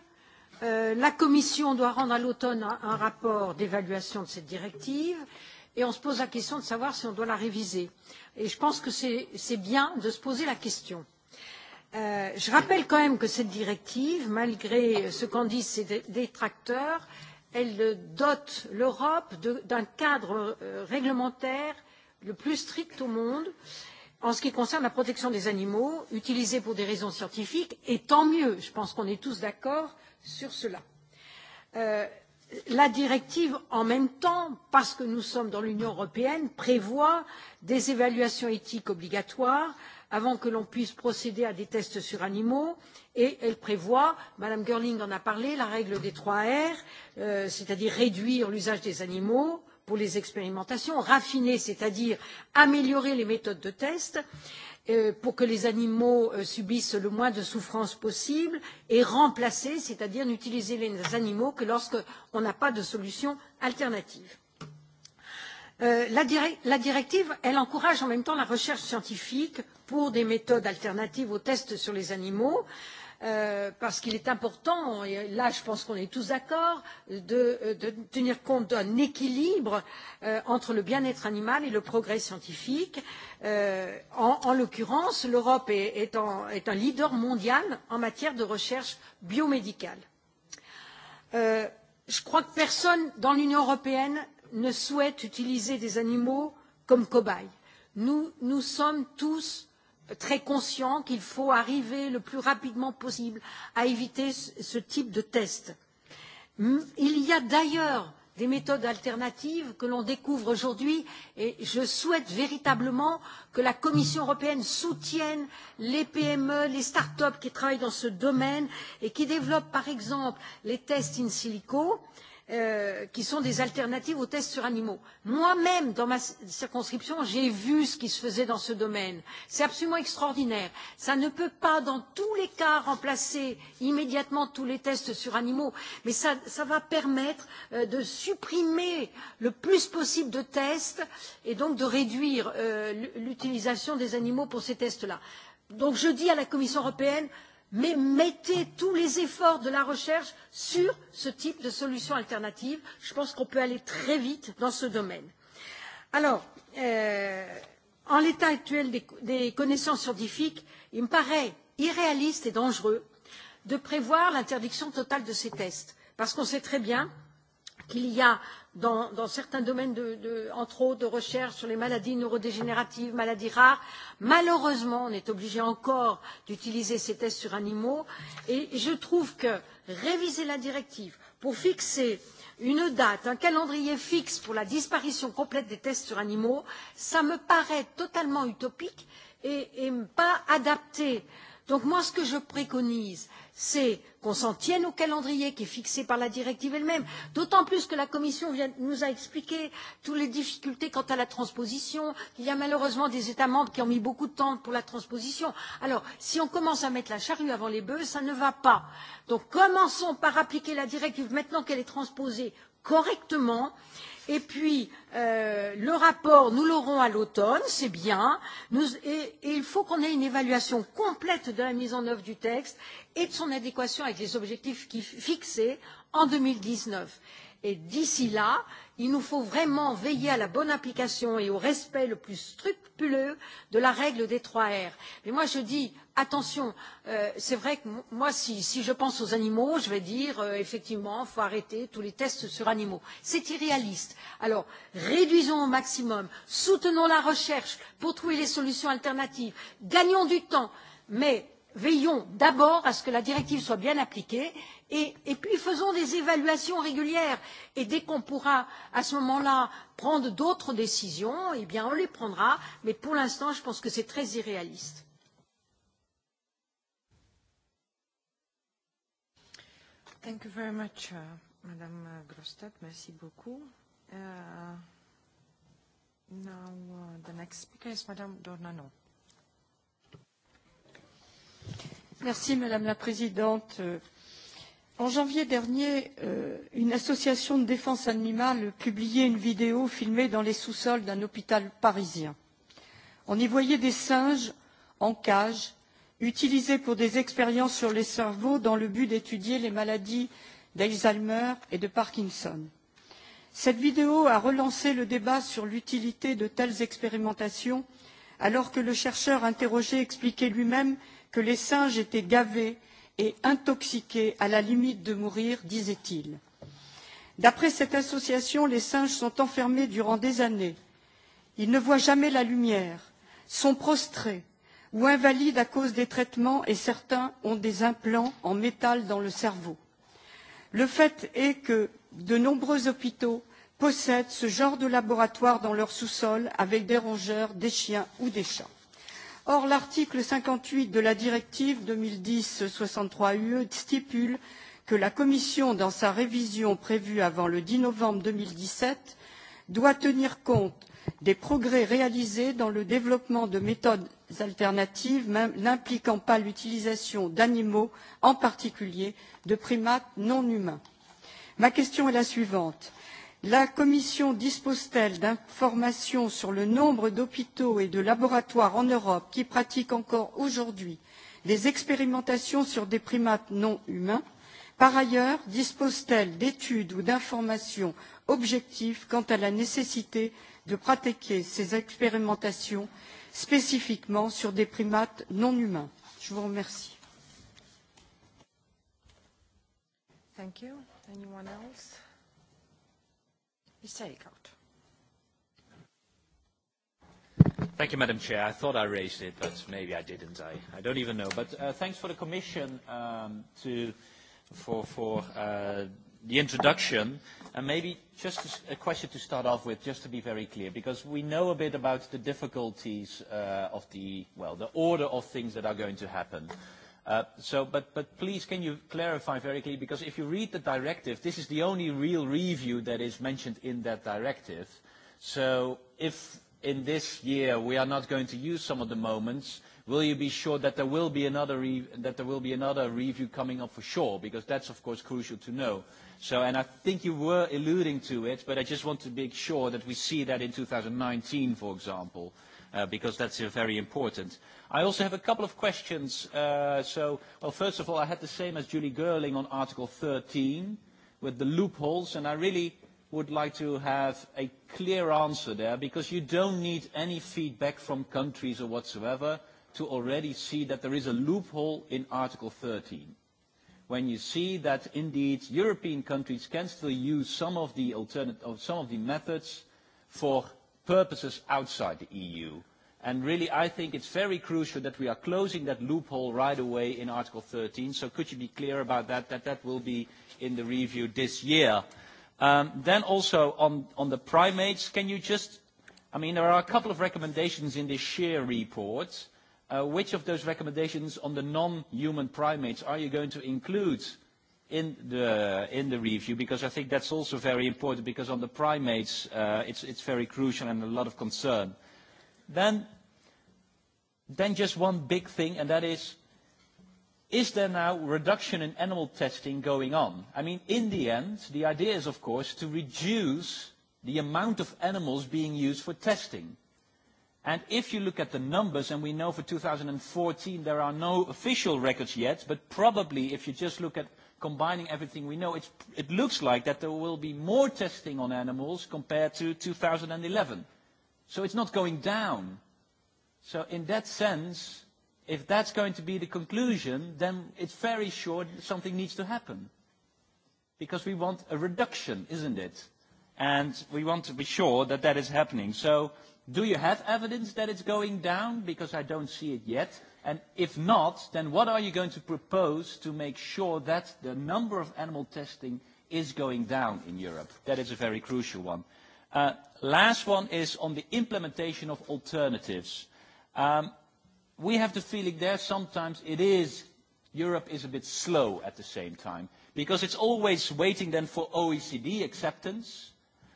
Euh, la Commission doit rendre à l'automne un, un rapport d'évaluation de cette directive et on se pose la question de savoir si on doit la réviser. Et je pense que c'est bien de se poser la question. Euh, je rappelle quand même que cette directive, malgré ce qu'en disent ses détracteurs, elle dote l'Europe d'un cadre euh, réglementaire le plus strict au monde en ce qui concerne la protection des animaux utilisés pour des raisons scientifiques et tant mieux je pense qu'on est tous d'accord sur cela. Euh, la directive en même temps parce que nous sommes dans l'union européenne prévoit des évaluations éthiques obligatoires avant que l'on puisse procéder à des tests sur animaux et elle prévoit mme girling en a parlé la règle des trois r euh, c'est à dire réduire l'usage des animaux pour les expérimentations raffiner c'est à dire améliorer les méthodes de test euh, pour que les animaux euh, subissent le moins de souffrances possible et remplacer c'est à dire n'utiliser les animaux que lorsqu'on n'a pas de solution alternative Euh, la, directive elle encourage en même temps la recherche scientifique pour des méthodes alternatives aux tests sur les animaux euh, parce qu'il est important et là je pense qu'on est tous d'accord de, euh, de tenir compte d'un équilibre euh, entre le bien être animal et le progrès scientifique. Euh, en, en l'occurrence l'europe est, est, est un leader mondial en matière de recherche biomédicale. Euh, je crois que personne dans l'union européenne ne souhaitent utiliser des animaux comme cobayes. Nous, nous sommes tous très conscients qu'il faut arriver le plus rapidement possible à éviter ce type de test. Mm, il y a d'ailleurs des méthodes alternatives que l'on découvre aujourd'hui et je souhaite véritablement que la Commission européenne soutienne les PME, les start-up qui travaillent dans ce domaine et qui développent par exemple les tests in silico. Euh, Euh, qui sont des alternatives aux tests sur animaux. Moi-même, dans ma circonscription, j'ai vu ce qui se faisait dans ce domaine. C'est absolument extraordinaire. Ça ne peut pas, dans tous les cas, remplacer immédiatement tous les tests sur animaux, mais ça, ça va permettre euh, de supprimer le plus possible de tests et donc de réduire euh, l'utilisation des animaux pour ces tests-là. Donc je dis à la Commission européenne, mais mettez tous les efforts de la recherche sur ce type de solutions alternatives. Je pense qu'on peut aller très vite dans ce domaine. Alors, euh, en l'état actuel des, des connaissances scientifiques, il me paraît irréaliste et dangereux de prévoir l'interdiction totale de ces tests, parce qu'on sait très bien qu'il y a dans, dans certains domaines, de, de, entre autres de recherche sur les maladies neurodégénératives, maladies rares. Malheureusement, on est obligé encore d'utiliser ces tests sur animaux et je trouve que réviser la directive pour fixer une date, un calendrier fixe pour la disparition complète des tests sur animaux, ça me paraît totalement utopique et, et pas adapté. Donc moi, ce que je préconise, c'est qu'on s'en tienne au calendrier qui est fixé par la directive elle-même, d'autant plus que la Commission vient, nous a expliqué toutes les difficultés quant à la transposition. Il y a malheureusement des États membres qui ont mis beaucoup de temps pour la transposition. Alors, si on commence à mettre la charrue avant les bœufs, ça ne va pas. Donc, commençons par appliquer la directive maintenant qu'elle est transposée correctement. et et puis euh, le rapport nous l'aurons à l'automne c'est bien et, il faut qu'on ait une évaluation complète de la mise en œuvre du texte et de son adéquation avec les objectifs fixés en deux mille dix neuf Et d'ici là, il nous faut vraiment veiller à la bonne application et au respect le plus scrupuleux de la règle des trois R. Mais moi, je dis attention. Euh, c'est vrai que moi, si, si je pense aux animaux, je vais dire euh, effectivement, il faut arrêter tous les tests sur animaux. C'est irréaliste. Alors, réduisons au maximum, soutenons la recherche pour trouver les solutions alternatives, gagnons du temps, mais veillons d'abord à ce que la directive soit bien appliquée Et, et puis faisons des évaluations régulières et dès qu'on pourra à ce moment là prendre d'autres décisions eh bien on les prendra mais pour l'instant je pense que c'est très irréaliste. Thank you very much, uh, Madame Grostet. Merci beaucoup. Uh, now, uh, the next speaker is Madame Dornano. Merci, Madame la Présidente. Uh, En janvier dernier, euh, une association de défense animale publiait une vidéo filmée dans les sous-sols d'un hôpital parisien. On y voyait des singes en cage, utilisés pour des expériences sur les cerveaux dans le but d'étudier les maladies d'Alzheimer et de Parkinson. Cette vidéo a relancé le débat sur l'utilité de telles expérimentations alors que le chercheur interrogé expliquait lui-même que les singes étaient gavés et intoxiqués à la limite de mourir disait il. d'après cette association les singes sont enfermés durant des années ils ne voient jamais la lumière sont prostrés ou invalides à cause des traitements et certains ont des implants en métal dans le cerveau. le fait est que de nombreux hôpitaux possèdent ce genre de laboratoire dans leur sous sol avec des rongeurs des chiens ou des chats. Or, l'article cinquante huit de la directive deux mille dix soixante trois ue stipule que la Commission, dans sa révision prévue avant le dix novembre deux mille dix sept, doit tenir compte des progrès réalisés dans le développement de méthodes alternatives n'impliquant pas l'utilisation d'animaux, en particulier de primates non humains. Ma question est la suivante la commission dispose t elle d'informations sur le nombre d'hôpitaux et de laboratoires en europe qui pratiquent encore aujourd'hui des expérimentations sur des primates non humains? par ailleurs dispose t elle d'études ou d'informations objectives quant à la nécessité de pratiquer ces expérimentations spécifiquement sur des primates non humains? je vous remercie. Thank you, Madam Chair. I thought I raised it, but maybe I didn't. I, I don't even know. But uh, thanks for the Commission um, to, for, for uh, the introduction. And maybe just a question to start off with, just to be very clear, because we know a bit about the difficulties uh, of the, well, the order of things that are going to happen. Uh, Uh, so, but, but please, can you clarify very clearly, because if you read the directive, this is the only real review that is mentioned in that directive. So if in this year we are not going to use some of the moments, will you be sure that there will be another, re that there will be another review coming up for sure? Because that's, of course, crucial to know. So, and I think you were alluding to it, but I just want to make sure that we see that in 2019, for example, uh, because that's uh, very important. I also have a couple of questions. Uh, so, well, first of all, I had the same as Julie Gerling on Article 13 with the loopholes, and I really would like to have a clear answer there because you don't need any feedback from countries or whatsoever to already see that there is a loophole in Article 13 when you see that indeed European countries can still use some of the, alternative, some of the methods for purposes outside the EU. And really, I think it's very crucial that we are closing that loophole right away in Article 13. So could you be clear about that, that that will be in the review this year? Um, then also on, on the primates, can you just, I mean, there are a couple of recommendations in this SHEAR report. Uh, which of those recommendations on the non-human primates are you going to include? in the, in the review because I think that's also very important because on the primates, uh, it's, it's very crucial and a lot of concern. Then, then just one big thing, and that is, is there now reduction in animal testing going on? I mean, in the end, the idea is, of course, to reduce the amount of animals being used for testing. And if you look at the numbers, and we know for 2014 there are no official records yet, but probably if you just look at combining everything we know, it's, it looks like that there will be more testing on animals compared to 2011. So it's not going down. So in that sense, if that's going to be the conclusion, then it's very sure that something needs to happen. Because we want a reduction, isn't it? And we want to be sure that that is happening. So do you have evidence that it's going down? Because I don't see it yet. And if not, then what are you going to propose to make sure that the number of animal testing is going down in Europe? That is a very crucial one. Uh, last one is on the implementation of alternatives. Um, we have the feeling there sometimes it is, Europe is a bit slow at the same time, because it's always waiting then for OECD acceptance,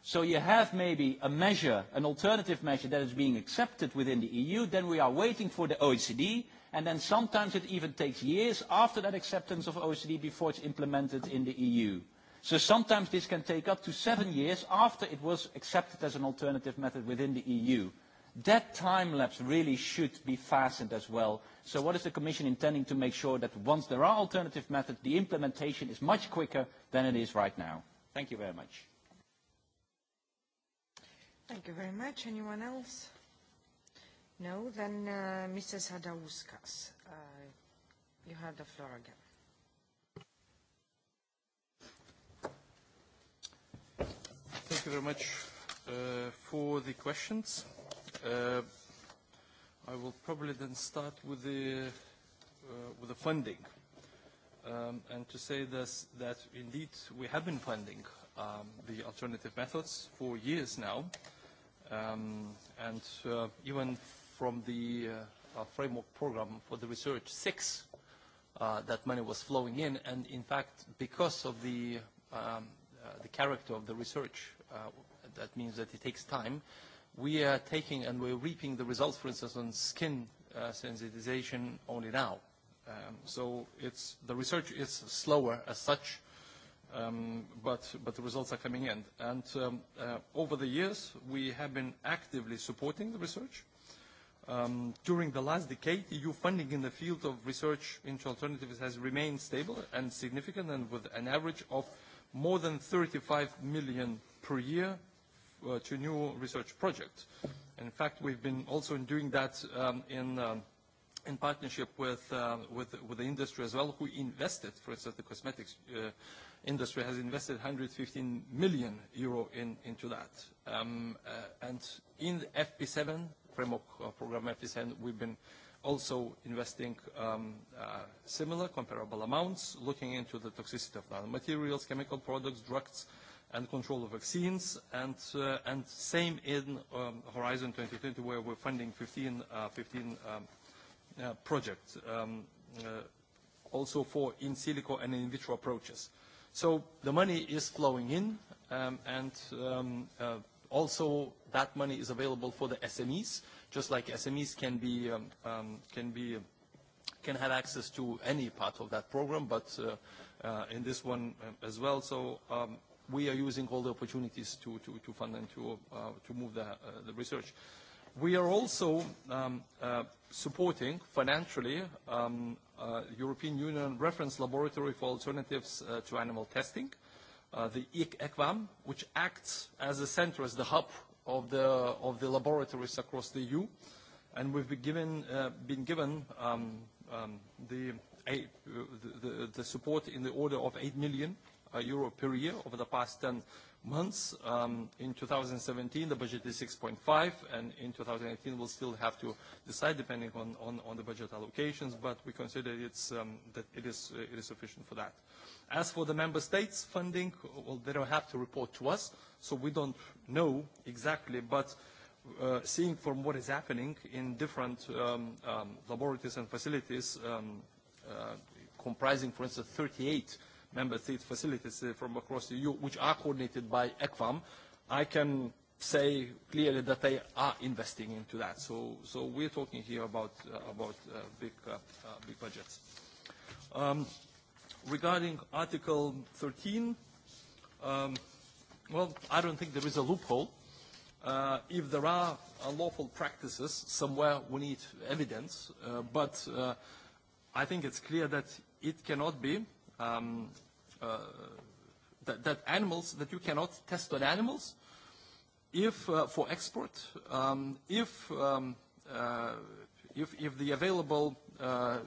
so you have maybe a measure, an alternative measure that is being accepted within the EU, then we are waiting for the OECD, and then sometimes it even takes years after that acceptance of OECD before it's implemented in the EU. So sometimes this can take up to seven years after it was accepted as an alternative method within the EU. That time lapse really should be fastened as well. So what is the Commission intending to make sure that once there are alternative methods, the implementation is much quicker than it is right now? Thank you very much. Thank you very much. Anyone else? No? Then uh, Mrs. Hadauskas, uh, you have the floor again. Thank you very much uh, for the questions. Uh, I will probably then start with the, uh, with the funding. Um, and to say this, that indeed we have been funding um, the alternative methods for years now. Um, and uh, even from the uh, uh, framework program for the research six, uh, that money was flowing in. And in fact, because of the, um, uh, the character of the research, uh, that means that it takes time, we are taking and we're reaping the results, for instance, on skin uh, sensitization only now. Um, so it's, the research is slower as such, um, but, but the results are coming in. And um, uh, over the years, we have been actively supporting the research. Um, during the last decade, EU funding in the field of research into alternatives has remained stable and significant, and with an average of more than 35 million per year uh, to new research projects. In fact, we've been also doing that um, in um, in partnership with, uh, with, with the industry as well, who invested, for instance, the cosmetics uh, industry has invested 115 million euro in, into that. Um, uh, and in FP7, framework uh, program FP7, we've been also investing um, uh, similar comparable amounts, looking into the toxicity of nanomaterials, chemical products, drugs, and control of vaccines, and, uh, and same in um, Horizon 2020, where we're funding 15, uh, 15 um, uh, projects, um, uh, also for in silico and in vitro approaches. Uh, so the money is flowing in, um, and um, uh, also that money is available for the SMEs, just like SMEs can be um, um, can be can have access to any part of that program, but uh, uh, in this one uh, as well. So um, we are using all the opportunities to to, to fund and to uh, to move the, uh, the research. Uh, We are also um, uh, supporting financially um, uh, European Union Reference Laboratory for Alternatives uh, to Animal Testing, uh, the ECVAM, which acts as a center, as the hub of the, of the laboratories across the EU. And we've been given, uh, been given um, um, the, eight, uh, the, the, the support in the order of 8 million uh, euro per year over the past 10 months. Um, in 2017, the budget is 6.5, and in 2018, we'll still have to decide depending on, on, on the budget allocations, but we consider it's, um, that it is, uh, it is sufficient for that. As for the member states funding, well, they don't have to report to us, so we don't know exactly, but uh, seeing from what is happening in different um, um, laboratories and facilities um, uh, comprising, for instance, 38 member state facilities uh, from across the EU, which are coordinated by ECFAM, I can say clearly that they are investing into that. So, so we're talking here about, uh, about uh, big, uh, uh, big budgets. Um, regarding Article 13, um, well, I don't think there is a loophole. Uh, if there are unlawful practices somewhere, we need evidence. Uh, but uh, I think it's clear that it cannot be um, uh, that, that animals, that you cannot test on animals if uh, for export, um, if, um, uh, if, if the available uh,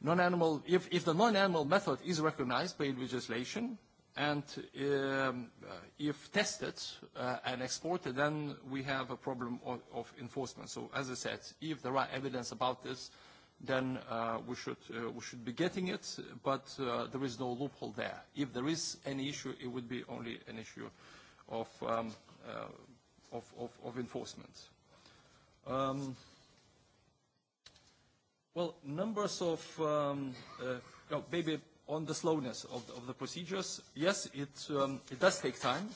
non-animal, if, if the non-animal method is recognized by legislation, and um, uh, if tested uh, and exported, then we have a problem of, of enforcement. So as I said, if there are evidence about this, uh, then uh, we, should, uh, we should be getting it, but uh, there is no loophole there. If there is any issue, it would be only an issue of, um, uh, of, of, of enforcement. Um, well, numbers of, um, uh, oh, maybe on the slowness of the, of the procedures, yes, it, um, it does take time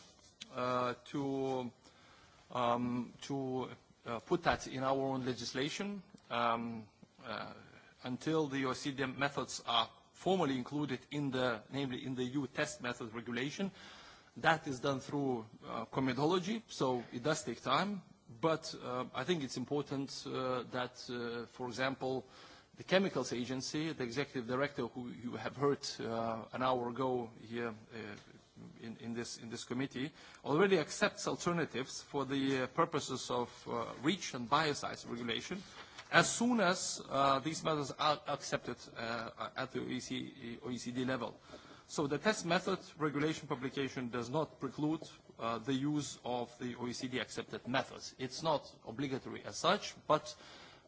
uh, to, um, to uh, put that in our own legislation. Um, Uh, until the OCD methods are formally included in the, namely in the EU test method regulation, That is done through uh, comedology, so it does take time, but uh, I think it's important uh, that, uh, for example, the Chemicals Agency, the executive director who you have heard uh, an hour ago here uh, in, in, this, in this committee, already accepts alternatives for the uh, purposes of uh, REACH and biocides regulation, uh, As soon as uh, these methods are accepted uh, at the OECD, e OECD level. So the test method regulation publication does not preclude uh, the use of the OECD accepted methods. It's not obligatory as such, but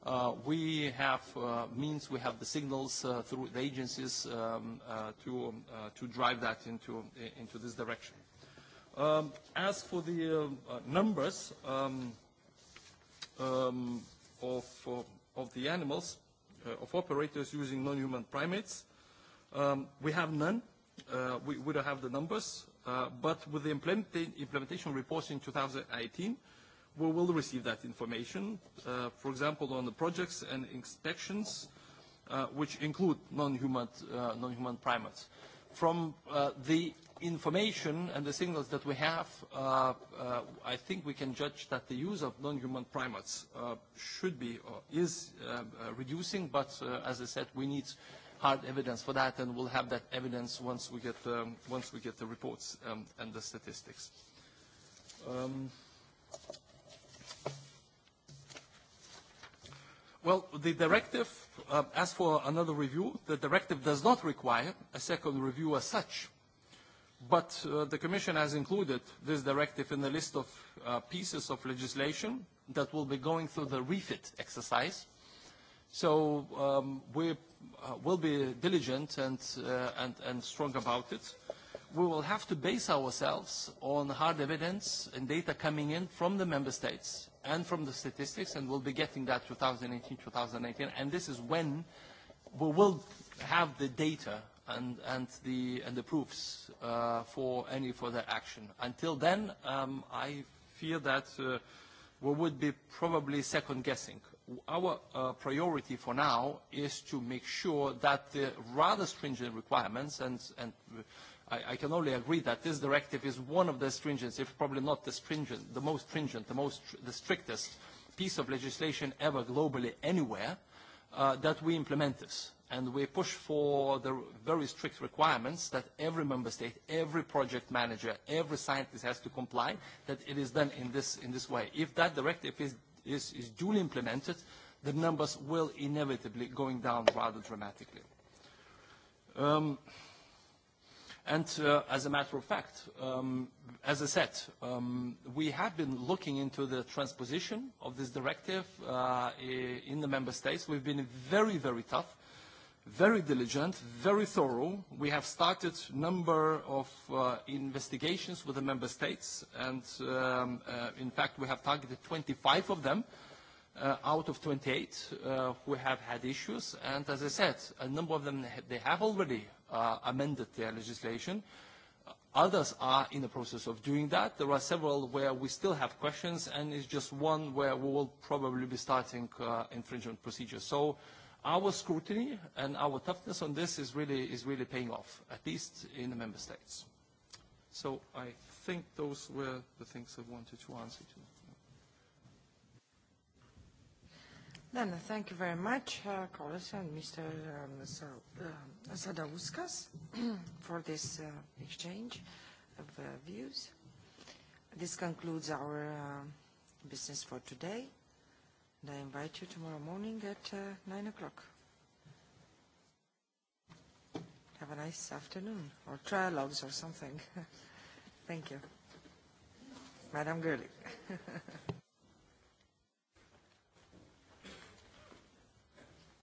uh, we have uh, means, we have the signals uh, through the agencies um, uh, to, um, uh, to drive that into, into this direction. Um, as for the um, uh, numbers um, um, of, of uh, of the animals uh, of operators using non-human primates. Um, we have none. Uh, we, we don't have the numbers. Uh, but with the implementa implementation reports in 2018, we will receive that information, uh, for example, on the projects and inspections, uh, which include non-human uh, non primates. From uh, the information and the signals that we have, uh, uh, I think we can judge that the use of non-human primates uh, should be or is uh, uh, reducing, but uh, as I said, we need hard evidence for that, and we'll have that evidence once we get, um, once we get the reports um, and the statistics. Um, Well, the directive, uh, as for another review, the directive does not require a second review as such. But uh, the Commission has included this directive in the list of uh, pieces of legislation that will be going through the refit exercise. So um, we uh, will be diligent and, uh, and, and strong about it. We will have to base ourselves on hard evidence and data coming in from the member states and from the statistics, and we'll be getting that 2018, 2019, and this is when we will have the data and, and, the, and the proofs uh, for any further action. Until then, um, I fear that uh, we would be probably second-guessing. Our uh, priority for now is to make sure that the rather stringent requirements, and, and I, I can only agree that this directive is one of the stringent, if probably not the stringent, the most stringent, the, most, the strictest piece of legislation ever globally anywhere, uh, that we implement this and we push for the very strict requirements that every member state, every project manager, every scientist has to comply, that it is done in this, in this way. If that directive is, is, is duly implemented, the numbers will inevitably going down rather dramatically. Um, and uh, as a matter of fact, um, as I said, um, we have been looking into the transposition of this directive uh, in the member states. We've been very, very tough very diligent, very thorough. We have started a number of uh, investigations with the member states, and um, uh, in fact, we have targeted 25 of them uh, out of 28 uh, who have had issues. And as I said, a number of them, they have already uh, amended their legislation. Others are in the process of doing that. There are several where we still have questions, and it's just one where we will probably be starting uh, infringement procedures. So our scrutiny and our toughness on this is really, is really paying off, at least in the member states. So I think those were the things I wanted to answer to. Then uh, thank you very much, uh, Carlos and Mr. Um, so, uh, Sadauskas for this uh, exchange of uh, views. This concludes our uh, business for today. And I invite you tomorrow morning at uh, A.M. o'clock. Have a nice afternoon, or trialogues or something. Thank you. Madam Gerlich.